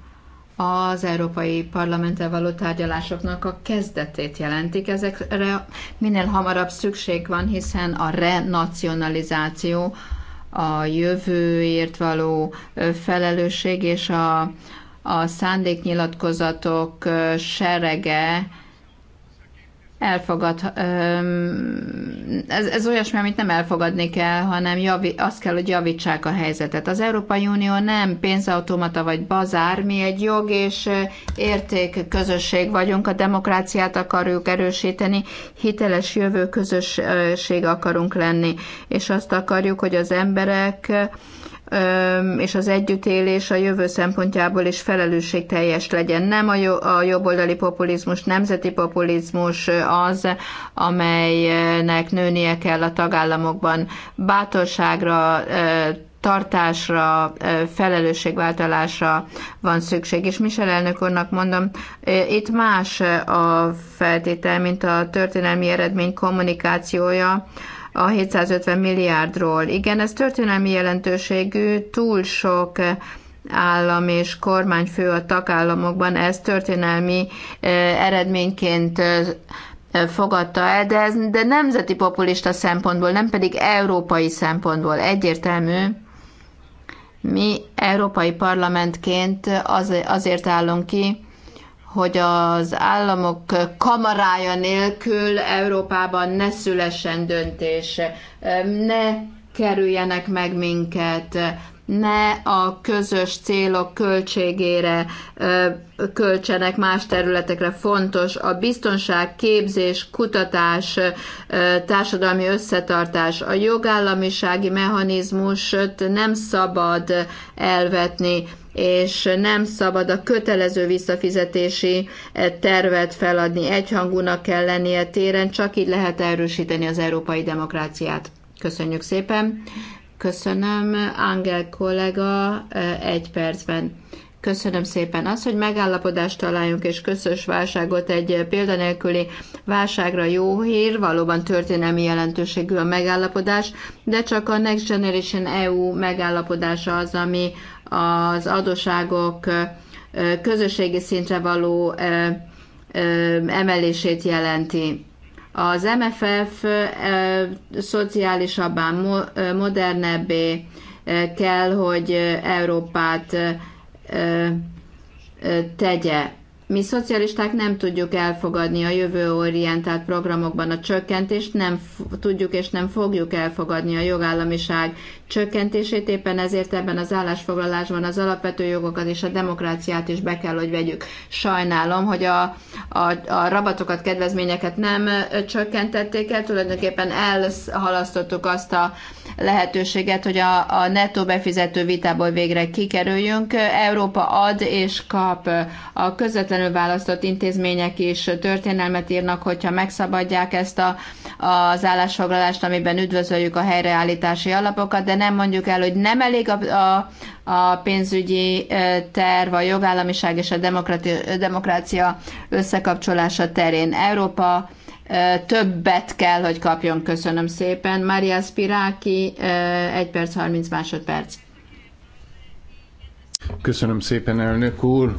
az Európai Parlamenttel való tárgyalásoknak a kezdetét jelentik. Ezekre minél hamarabb szükség van, hiszen a renacionalizáció, a jövőért való felelősség és a, a szándéknyilatkozatok serege elfogad, ez, ez olyasmi, amit nem elfogadni kell, hanem javi, azt kell, hogy javítsák a helyzetet. Az Európai Unió nem pénzautomata vagy bazár, mi egy jog és érték közösség vagyunk, a demokráciát akarjuk erősíteni, hiteles jövő közösség akarunk lenni, és azt akarjuk, hogy az emberek és az együttélés a jövő szempontjából is felelősségteljes legyen. Nem a jobboldali populizmus, nemzeti populizmus az, amelynek nőnie kell a tagállamokban. Bátorságra, tartásra, felelősségváltalásra van szükség. És Michel elnök úrnak mondom, itt más a feltétel, mint a történelmi eredmény kommunikációja, a 750 milliárdról. Igen, ez történelmi jelentőségű, túl sok állam és kormányfő a tagállamokban ezt történelmi eh, eredményként eh, fogadta el, de ez de nemzeti populista szempontból, nem pedig európai szempontból egyértelmű, mi európai parlamentként az, azért állunk ki, hogy az államok kamarája nélkül Európában ne szülessen döntés, ne kerüljenek meg minket, ne a közös célok költségére költsenek más területekre. Fontos a biztonság, képzés, kutatás, társadalmi összetartás, a jogállamisági mechanizmust nem szabad elvetni és nem szabad a kötelező visszafizetési tervet feladni. Egyhangúnak kell lennie téren, csak így lehet erősíteni az európai demokráciát. Köszönjük szépen. Köszönöm, Angel kollega, egy percben. Köszönöm szépen. Az, hogy megállapodást találjunk és közös válságot egy példanélküli válságra jó hír, valóban történelmi jelentőségű a megállapodás, de csak a Next Generation EU megállapodása az, ami az adóságok közösségi szintre való emelését jelenti. Az MFF szociálisabbá, modernebbé kell, hogy Európát tegye. Mi szocialisták nem tudjuk elfogadni a jövőorientált programokban a csökkentést, nem tudjuk és nem fogjuk elfogadni a jogállamiság csökkentését, éppen ezért ebben az állásfoglalásban az alapvető jogokat és a demokráciát is be kell, hogy vegyük. Sajnálom, hogy a, a, a rabatokat, kedvezményeket nem csökkentették el, tulajdonképpen elhalasztottuk azt a lehetőséget, hogy a, a nettó befizető vitából végre kikerüljünk. Európa ad és kap. A közvetlenül választott intézmények is történelmet írnak, hogyha megszabadják ezt a, az állásfoglalást, amiben üdvözöljük a helyreállítási alapokat, de nem mondjuk el, hogy nem elég a, a, a pénzügyi terv, a jogállamiság és a demokrácia összekapcsolása terén. Európa többet kell, hogy kapjon. Köszönöm szépen. Maria Spiráki, 1 perc 30 másodperc. Köszönöm szépen, elnök úr.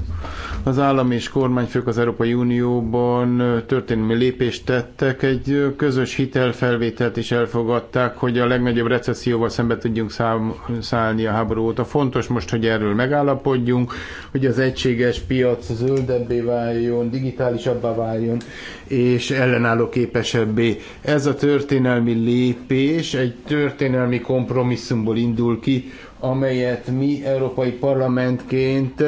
Az állam és kormányfők az Európai Unióban történelmi lépést tettek, egy közös hitelfelvételt is elfogadták, hogy a legnagyobb recesszióval szembe tudjunk szállni a háború óta. Fontos most, hogy erről megállapodjunk, hogy az egységes piac zöldebbé váljon, digitálisabbá váljon, és ellenálló képesebbé. Ez a történelmi lépés egy történelmi kompromisszumból indul ki, amelyet mi Európai Parlamentként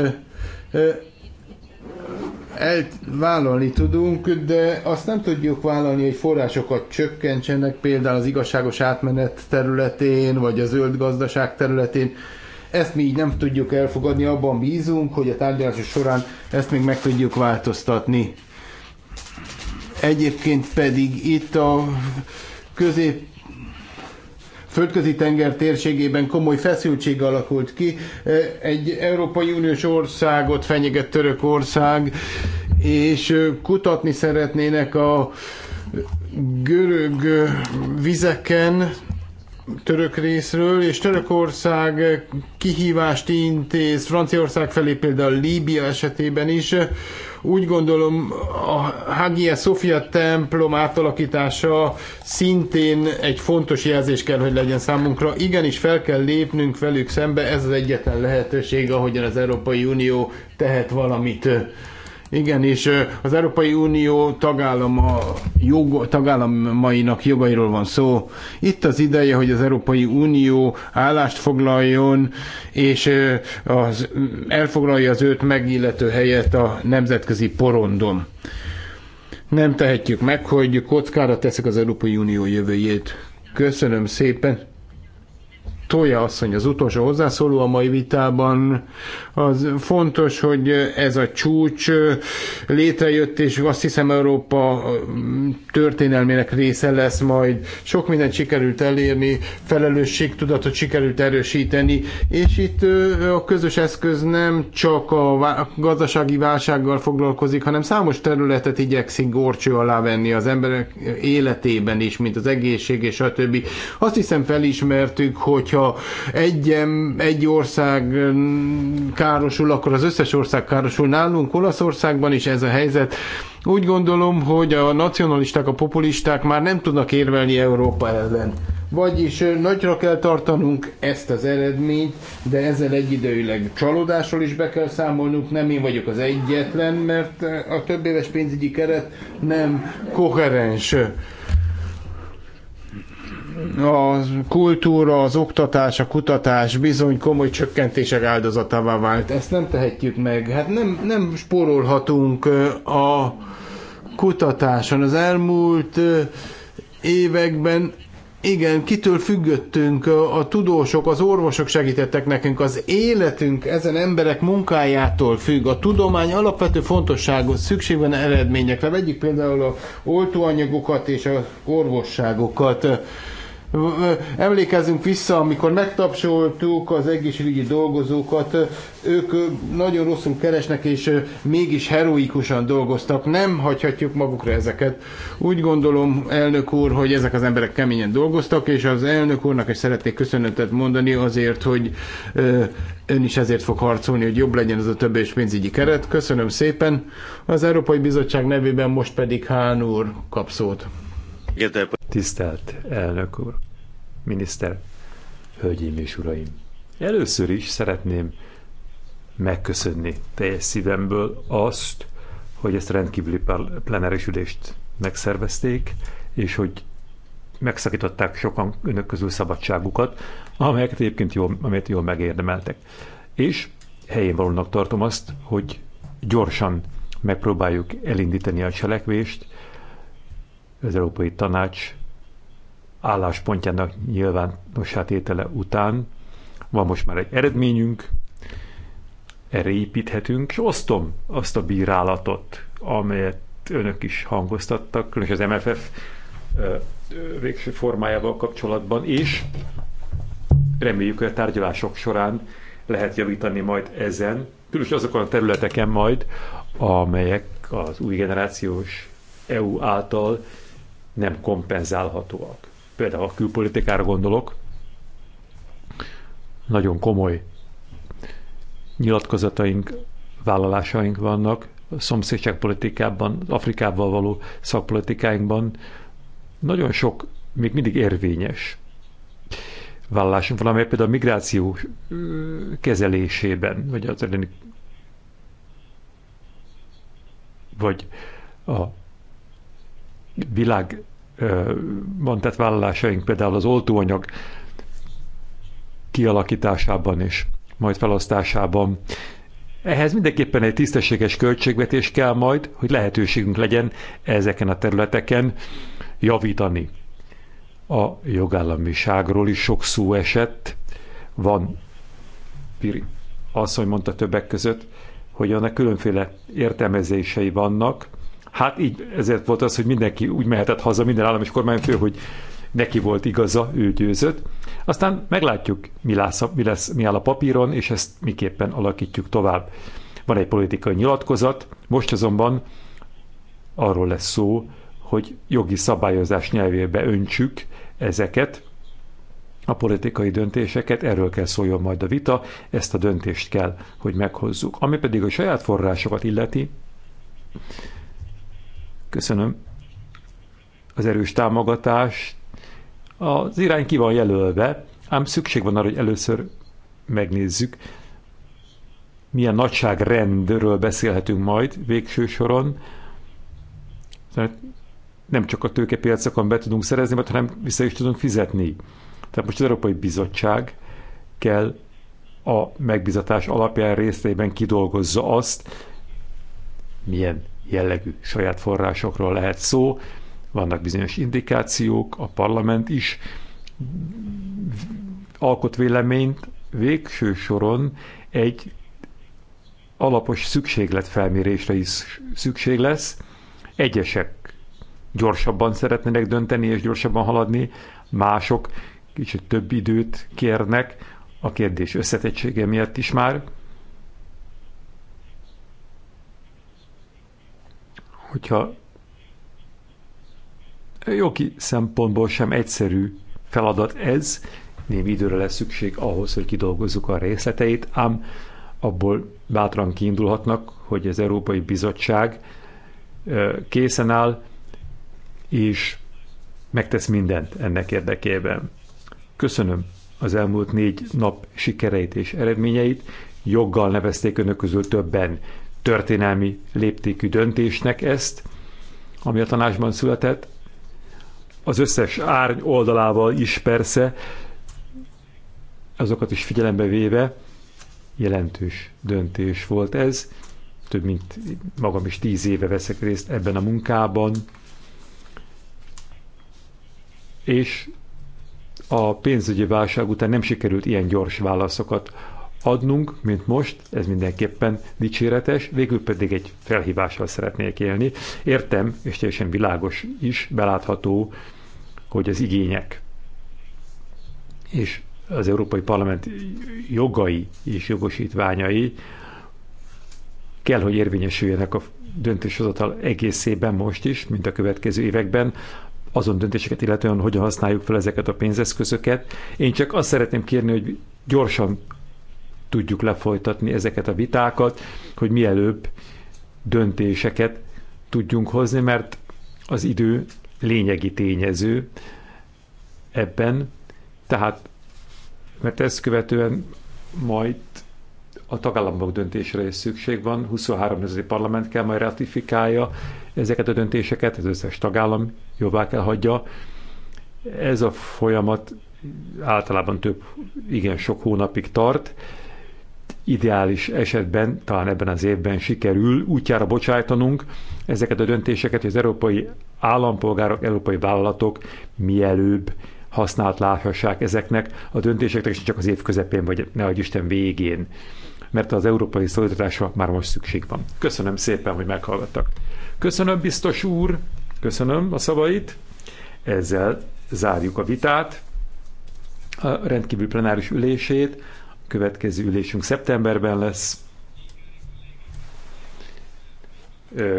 vállalni tudunk, de azt nem tudjuk vállalni, hogy forrásokat csökkentsenek, például az igazságos átmenet területén, vagy a zöld gazdaság területén. Ezt mi így nem tudjuk elfogadni, abban bízunk, hogy a tárgyalások során ezt még meg tudjuk változtatni. Egyébként pedig itt a közép földközi tenger térségében komoly feszültség alakult ki. Egy Európai Uniós országot fenyeget Törökország, és kutatni szeretnének a görög vizeken, török részről, és Törökország kihívást intéz Franciaország felé, például Líbia esetében is, úgy gondolom, a Hagia Sophia templom átalakítása szintén egy fontos jelzés kell, hogy legyen számunkra. Igenis fel kell lépnünk velük szembe, ez az egyetlen lehetőség, ahogyan az Európai Unió tehet valamit. Igen, és az Európai Unió tagállama, jog, tagállamainak jogairól van szó. Itt az ideje, hogy az Európai Unió állást foglaljon, és az, elfoglalja az őt megillető helyet a nemzetközi porondon. Nem tehetjük meg, hogy kockára teszek az Európai Unió jövőjét. Köszönöm szépen! Tója asszony az utolsó hozzászóló a mai vitában. Az fontos, hogy ez a csúcs létrejött, és azt hiszem Európa mm, történelmének része lesz majd. Sok mindent sikerült elérni, felelősségtudatot sikerült erősíteni, és itt a közös eszköz nem csak a gazdasági válsággal foglalkozik, hanem számos területet igyekszik gorcső alá venni az emberek életében is, mint az egészség és a többi. Azt hiszem felismertük, hogy hogyha egy, egy ország károsul, akkor az összes ország károsul nálunk, Olaszországban is ez a helyzet. Úgy gondolom, hogy a nacionalisták, a populisták már nem tudnak érvelni Európa ellen. Vagyis nagyra kell tartanunk ezt az eredményt, de ezzel egyidejűleg csalódásról is be kell számolnunk. Nem én vagyok az egyetlen, mert a többéves pénzügyi keret nem koherens a kultúra, az oktatás, a kutatás bizony komoly csökkentések áldozatává vált. Ezt nem tehetjük meg. Hát nem, nem spórolhatunk a kutatáson. Az elmúlt években igen, kitől függöttünk, a tudósok, az orvosok segítettek nekünk, az életünk ezen emberek munkájától függ. A tudomány alapvető fontosságú szükség van eredményekre. Vegyük például a oltóanyagokat és a orvosságokat Emlékezzünk vissza, amikor megtapsoltuk az egészségügyi dolgozókat, ők nagyon rosszul keresnek, és mégis heroikusan dolgoztak. Nem hagyhatjuk magukra ezeket. Úgy gondolom, elnök úr, hogy ezek az emberek keményen dolgoztak, és az elnök úrnak is szeretnék köszönetet mondani azért, hogy ön is ezért fog harcolni, hogy jobb legyen ez a több és pénzügyi keret. Köszönöm szépen. Az Európai Bizottság nevében most pedig Hán úr kap szót. Tisztelt elnök úr, miniszter, hölgyeim és uraim! Először is szeretném megköszönni teljes szívemből azt, hogy ezt rendkívüli plenáris ülést megszervezték, és hogy megszakították sokan önök közül szabadságukat, amelyeket egyébként jól, amelyet jól megérdemeltek. És helyén valónak tartom azt, hogy gyorsan megpróbáljuk elindítani a cselekvést, az Európai Tanács álláspontjának nyilvánosát étele után van most már egy eredményünk, erre építhetünk, és osztom azt a bírálatot, amelyet önök is hangoztattak, különösen az MFF végső formájával kapcsolatban, és reméljük, hogy a tárgyalások során lehet javítani majd ezen, különösen azokon a területeken majd, amelyek az új generációs EU által nem kompenzálhatóak. Például a külpolitikára gondolok, nagyon komoly nyilatkozataink, vállalásaink vannak, a szomszédságpolitikában, Afrikával való szakpolitikáinkban nagyon sok még mindig érvényes vállalásunk van, amely például a migráció kezelésében, vagy az vagy a világ tett vállalásaink, például az oltóanyag kialakításában és majd felosztásában. Ehhez mindenképpen egy tisztességes költségvetés kell majd, hogy lehetőségünk legyen ezeken a területeken javítani. A jogállamiságról is sok szó esett. Van, Piri asszony mondta többek között, hogy annak különféle értelmezései vannak, Hát így ezért volt az, hogy mindenki úgy mehetett haza, minden állam és kormányfő, hogy neki volt igaza, ő győzött. Aztán meglátjuk, mi lesz, mi, lesz, mi áll a papíron, és ezt miképpen alakítjuk tovább. Van egy politikai nyilatkozat, most azonban arról lesz szó, hogy jogi szabályozás nyelvébe öntsük ezeket, a politikai döntéseket, erről kell szóljon majd a vita, ezt a döntést kell, hogy meghozzuk. Ami pedig a saját forrásokat illeti, Köszönöm az erős támogatást. Az irány ki van jelölve, ám szükség van arra, hogy először megnézzük, milyen nagyságrendről beszélhetünk majd végső soron. Nem csak a tőkepiacokon be tudunk szerezni, hanem vissza is tudunk fizetni. Tehát most az Európai Bizottság kell a megbizatás alapján részleiben kidolgozza azt, milyen jellegű saját forrásokról lehet szó, vannak bizonyos indikációk, a parlament is alkot véleményt, végső soron egy alapos szükségletfelmérésre is szükség lesz. Egyesek gyorsabban szeretnének dönteni és gyorsabban haladni, mások kicsit több időt kérnek, a kérdés összetettsége miatt is már. hogyha jogi szempontból sem egyszerű feladat ez, némi időre lesz szükség ahhoz, hogy kidolgozzuk a részleteit, ám abból bátran kiindulhatnak, hogy az Európai Bizottság készen áll, és megtesz mindent ennek érdekében. Köszönöm az elmúlt négy nap sikereit és eredményeit. Joggal nevezték önök közül többen történelmi léptékű döntésnek ezt, ami a tanácsban született, az összes árny oldalával is persze, azokat is figyelembe véve, jelentős döntés volt ez. Több mint magam is tíz éve veszek részt ebben a munkában, és a pénzügyi válság után nem sikerült ilyen gyors válaszokat adnunk, mint most, ez mindenképpen dicséretes, végül pedig egy felhívással szeretnék élni. Értem, és teljesen világos is, belátható, hogy az igények és az Európai Parlament jogai és jogosítványai kell, hogy érvényesüljenek a döntéshozatal egészében most is, mint a következő években, azon döntéseket illetően, hogyan használjuk fel ezeket a pénzeszközöket. Én csak azt szeretném kérni, hogy gyorsan tudjuk lefolytatni ezeket a vitákat, hogy mielőbb döntéseket tudjunk hozni, mert az idő lényegi tényező ebben, tehát mert ezt követően majd a tagállamok döntésre is szükség van, 23 ezeri parlament kell majd ratifikálja ezeket a döntéseket, az összes tagállam jobbá kell hagyja. Ez a folyamat általában több, igen sok hónapig tart, ideális esetben, talán ebben az évben sikerül útjára bocsájtanunk ezeket a döntéseket, hogy az európai állampolgárok, európai vállalatok mielőbb használt láthassák ezeknek a döntéseknek, és csak az év közepén, vagy ne adj Isten végén. Mert az európai szolidaritásra már most szükség van. Köszönöm szépen, hogy meghallgattak. Köszönöm, biztos úr, köszönöm a szavait. Ezzel zárjuk a vitát, a rendkívül plenáris ülését. Következő ülésünk szeptemberben lesz.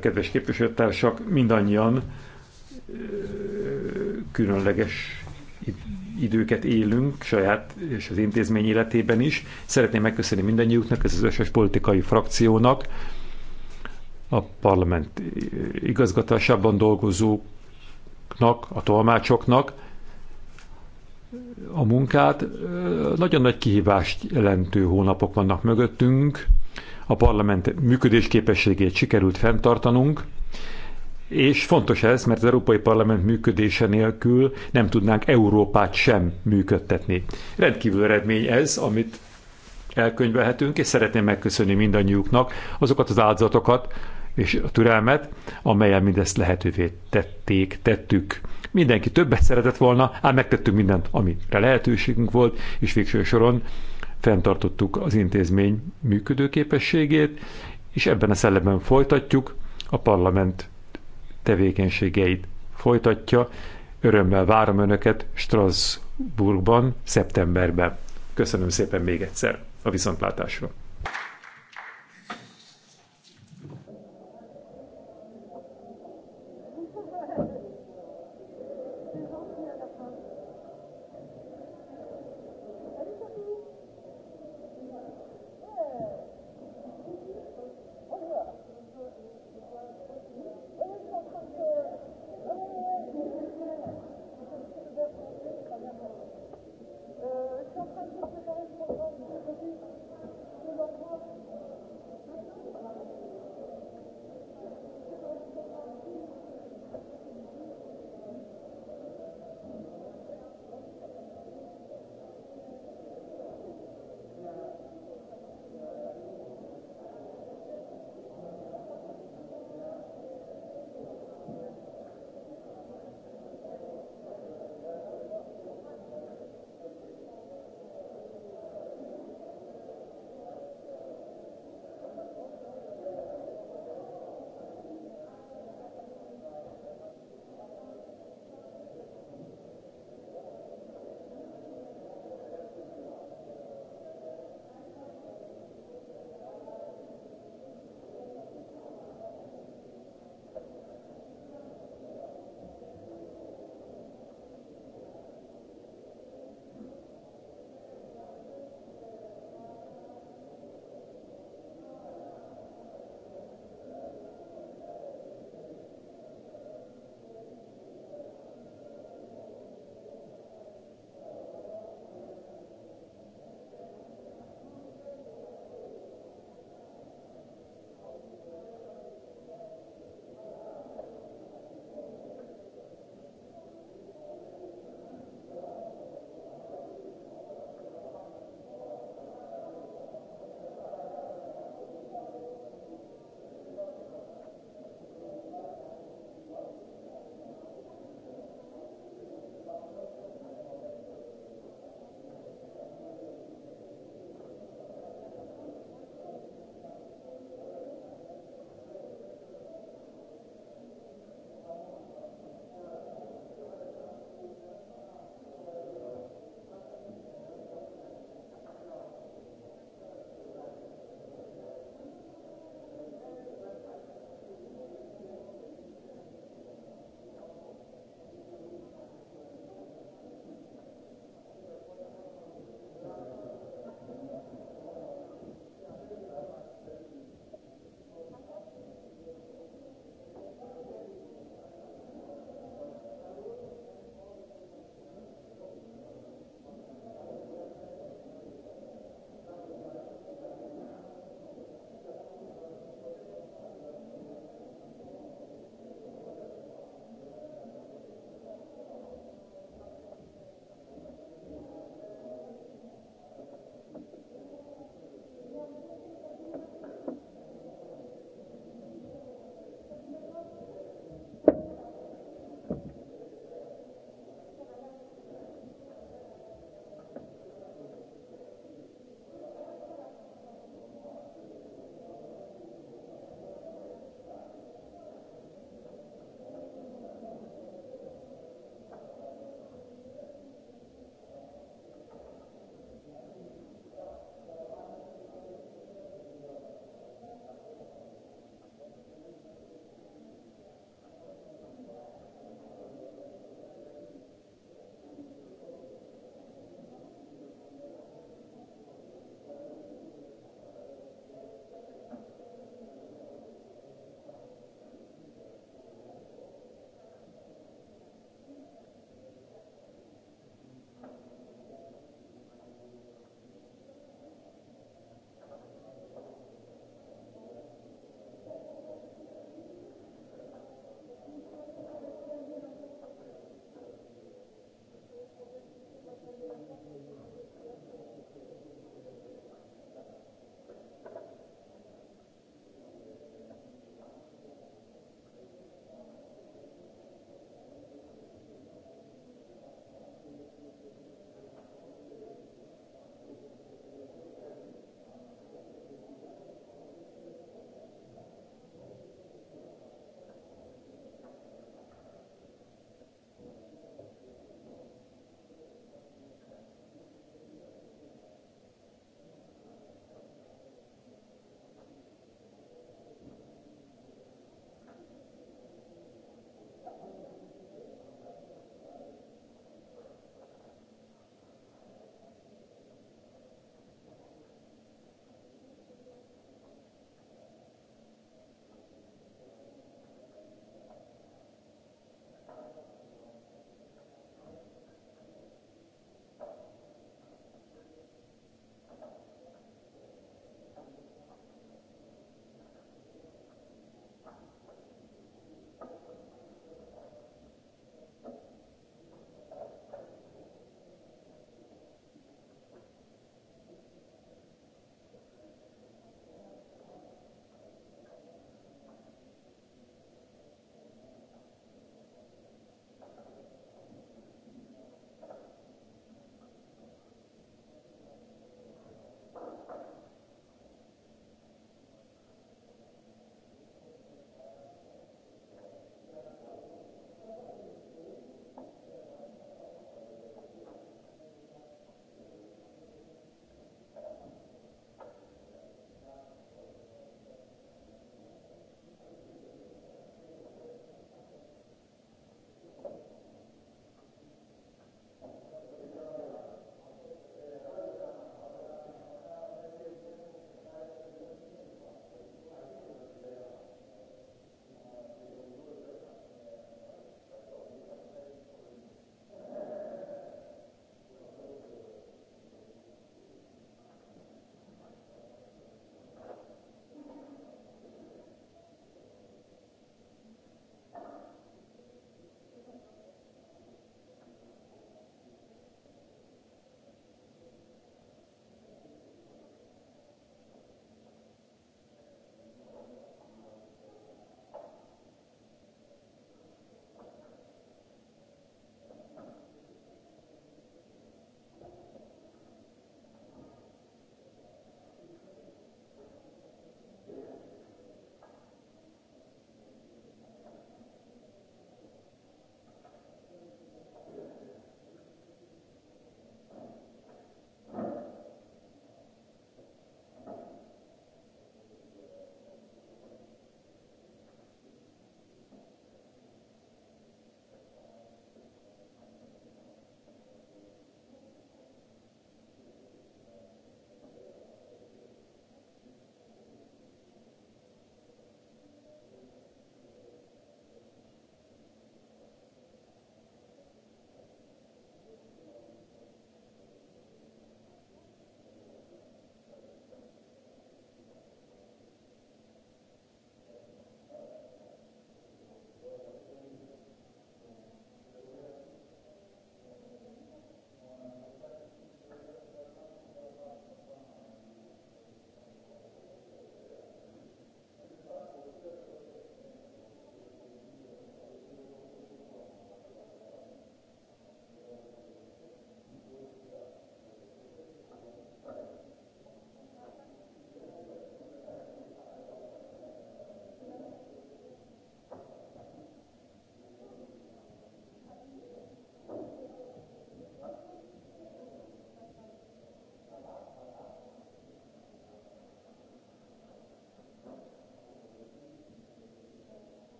Kedves képviselőtársak, mindannyian különleges időket élünk, saját és az intézmény életében is. Szeretném megköszönni mindannyiuknak, ez az összes politikai frakciónak, a parlament igazgatásában dolgozóknak, a tolmácsoknak, a munkát. Nagyon nagy kihívást jelentő hónapok vannak mögöttünk. A parlament működésképességét sikerült fenntartanunk, és fontos ez, mert az Európai Parlament működése nélkül nem tudnánk Európát sem működtetni. Rendkívül eredmény ez, amit elkönyvelhetünk, és szeretném megköszönni mindannyiuknak azokat az áldozatokat és a türelmet, amelyen mindezt lehetővé tették, tettük. Mindenki többet szeretett volna, ám megtettünk mindent, amire lehetőségünk volt, és végső soron fenntartottuk az intézmény működőképességét, és ebben a szellemben folytatjuk, a parlament tevékenységeit folytatja. Örömmel várom Önöket Strasbourgban, szeptemberben. Köszönöm szépen még egyszer a viszontlátásra.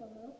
Aha.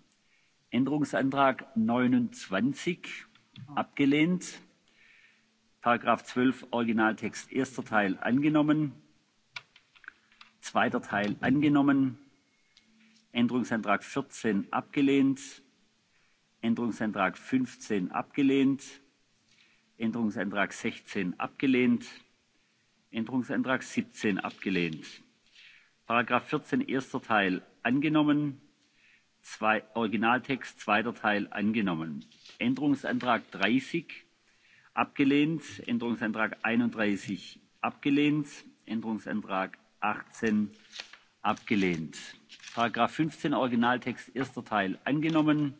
Änderungsantrag neunundzwanzig abgelehnt. ziffer zwölf Originaltext erster Teil angenommen. Zweiter Teil angenommen. Änderungsantrag vierzehn abgelehnt. Änderungsantrag fünfzehn abgelehnt. Änderungsantrag sechzehn abgelehnt. Änderungsantrag siebzehn abgelehnt. ziffer vierzehn erster Teil angenommen zwei, Originaltext zweiter Teil angenommen. Änderungsantrag 30 abgelehnt, Änderungsantrag 31 abgelehnt, Änderungsantrag 18 abgelehnt. Paragraph 15 Originaltext erster Teil angenommen,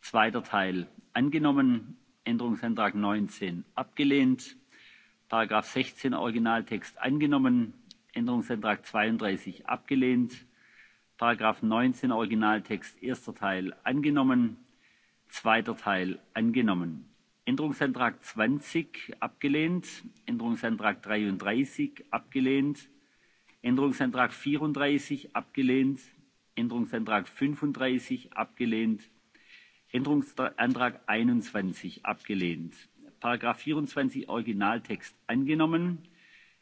zweiter Teil angenommen, Änderungsantrag 19 abgelehnt, Paragraph 16 Originaltext angenommen, Änderungsantrag 32 abgelehnt, 19 originaltext erster teil angenommen; zweiter teil angenommen; änderungsantrag 20 abgelehnt; änderungsantrag 33 abgelehnt; änderungsantrag 34 abgelehnt; änderungsantrag 35 abgelehnt; änderungsantrag 21 abgelehnt; 24 originaltext angenommen;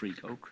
free coke.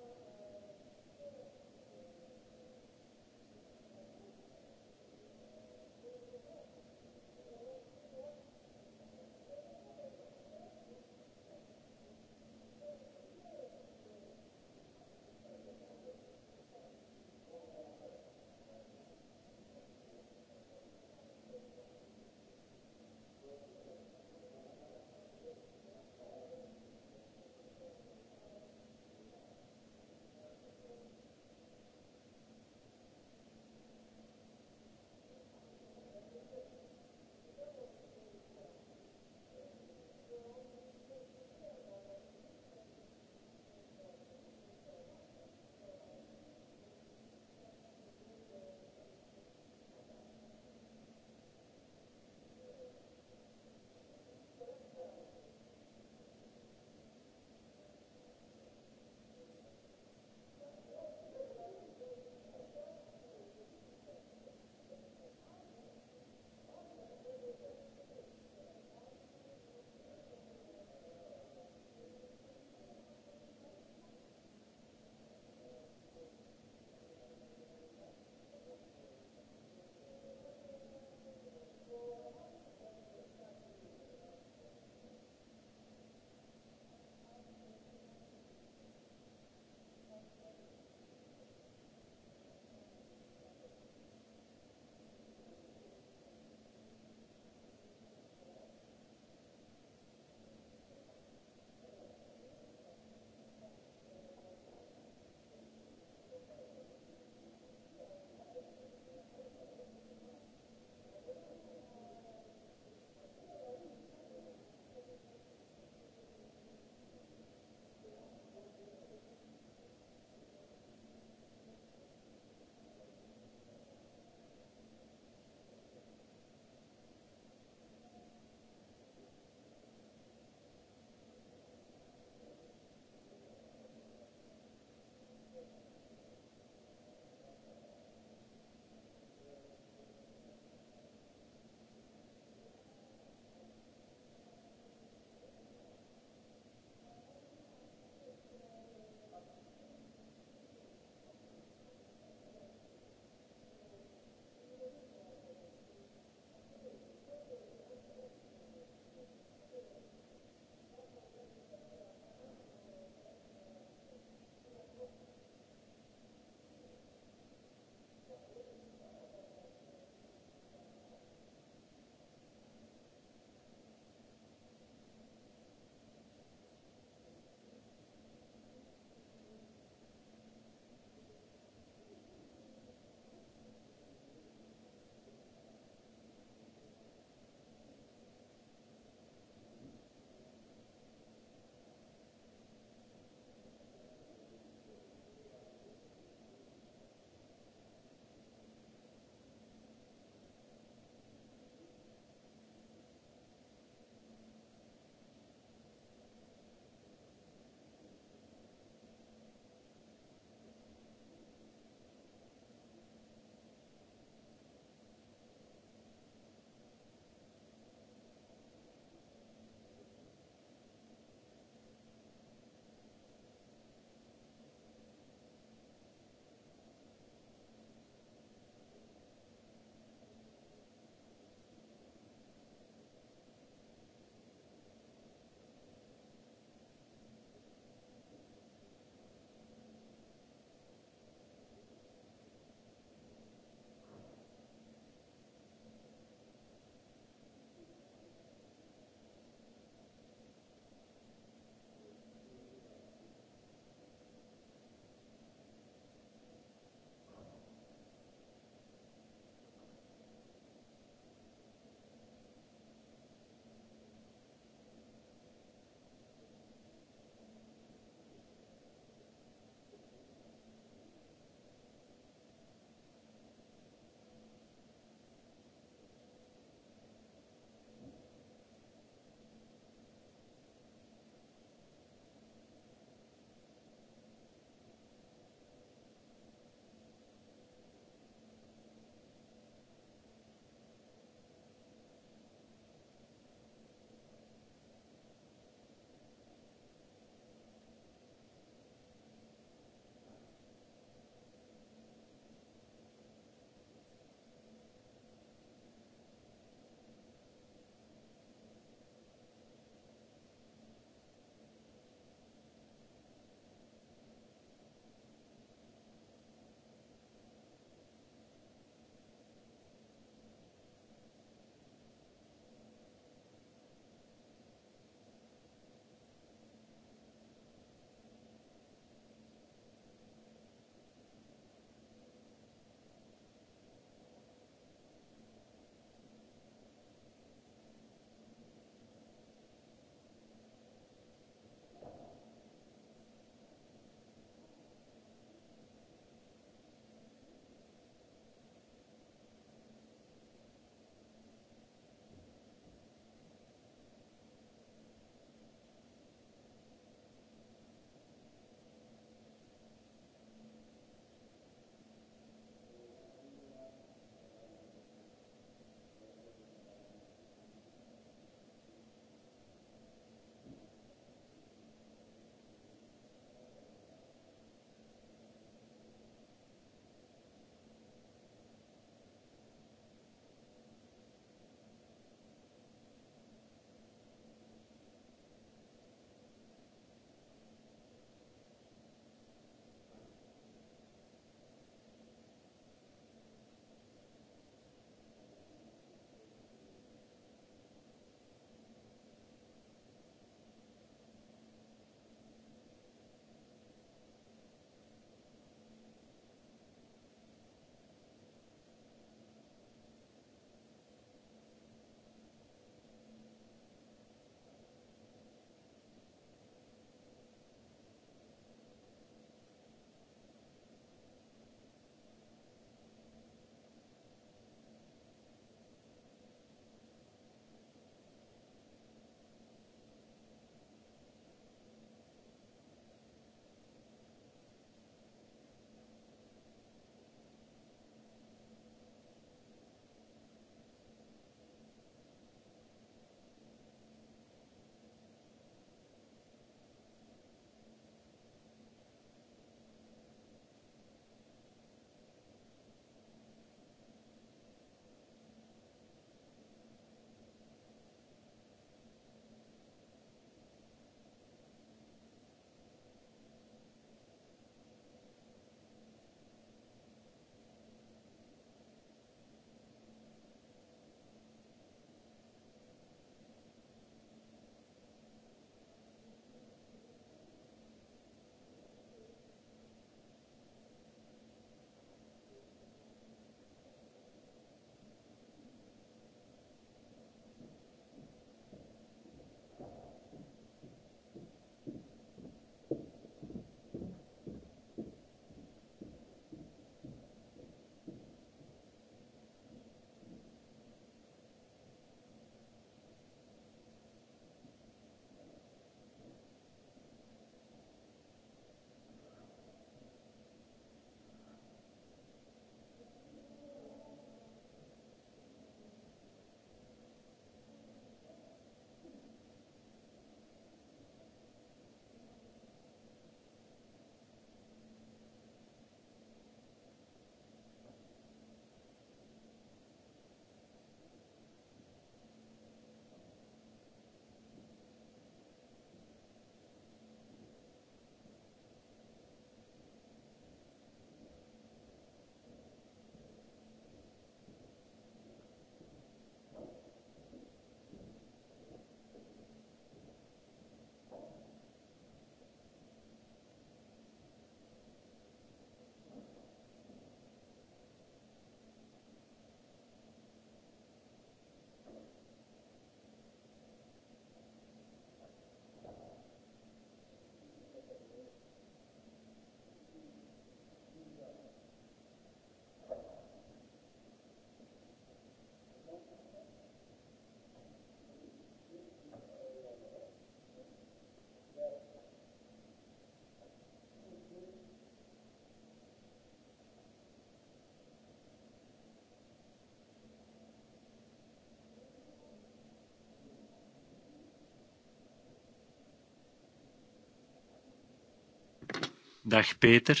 dag peter.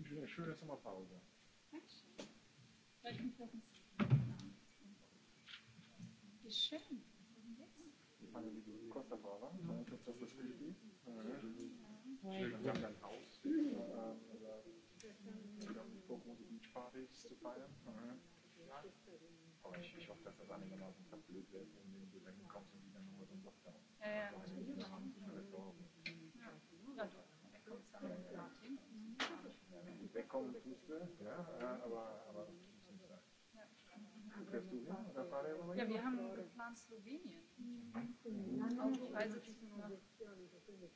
Una schöne Sommerpause. Wie schön. uma pausa. die Costa Ja, ja kommen Füße, ja, aber, aber das ist nicht sein. Fährst du hin oder fahr Ja, wir haben geplant Slowenien. Mhm. Auch die Reise zwischen nach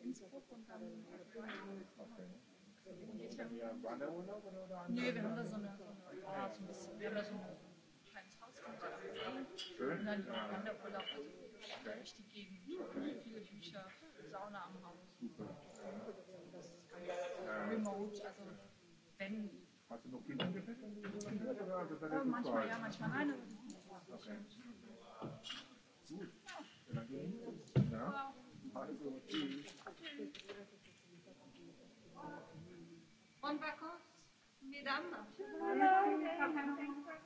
Innsbruck und dann okay. ja. Nee, wir haben da so eine, so eine Art, ein bisschen, wir haben da so ein kleines Haus Und dann ja. Wanderurlaub, also okay. durch Viele Bücher, Sauna am Haus. Super. Ja. Remote, also kennen die. Hast du noch Kinder gefüttert? Oh, manchmal ja, manchmal nein. Okay. Gut. Ja. Also, tschüss. Bon vacances, mesdames. Hello. Hello.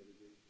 intelligence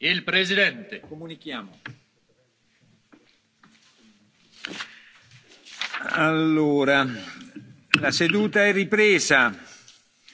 Il Presidente. Comunichiamo. Allora, la seduta è ripresa.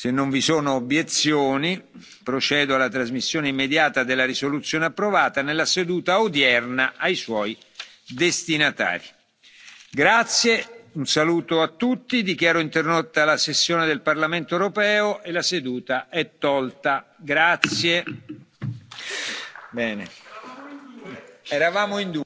se non vi sono obiezioni procedo alla trasmissione immediata della risoluzione approvata nella seduta odierna ai suoi destinatari. grazie un saluto a tutti dichiaro interrotta la sessione del parlamento europeo e la seduta è tolta. grazie. Bene. eravamo in due.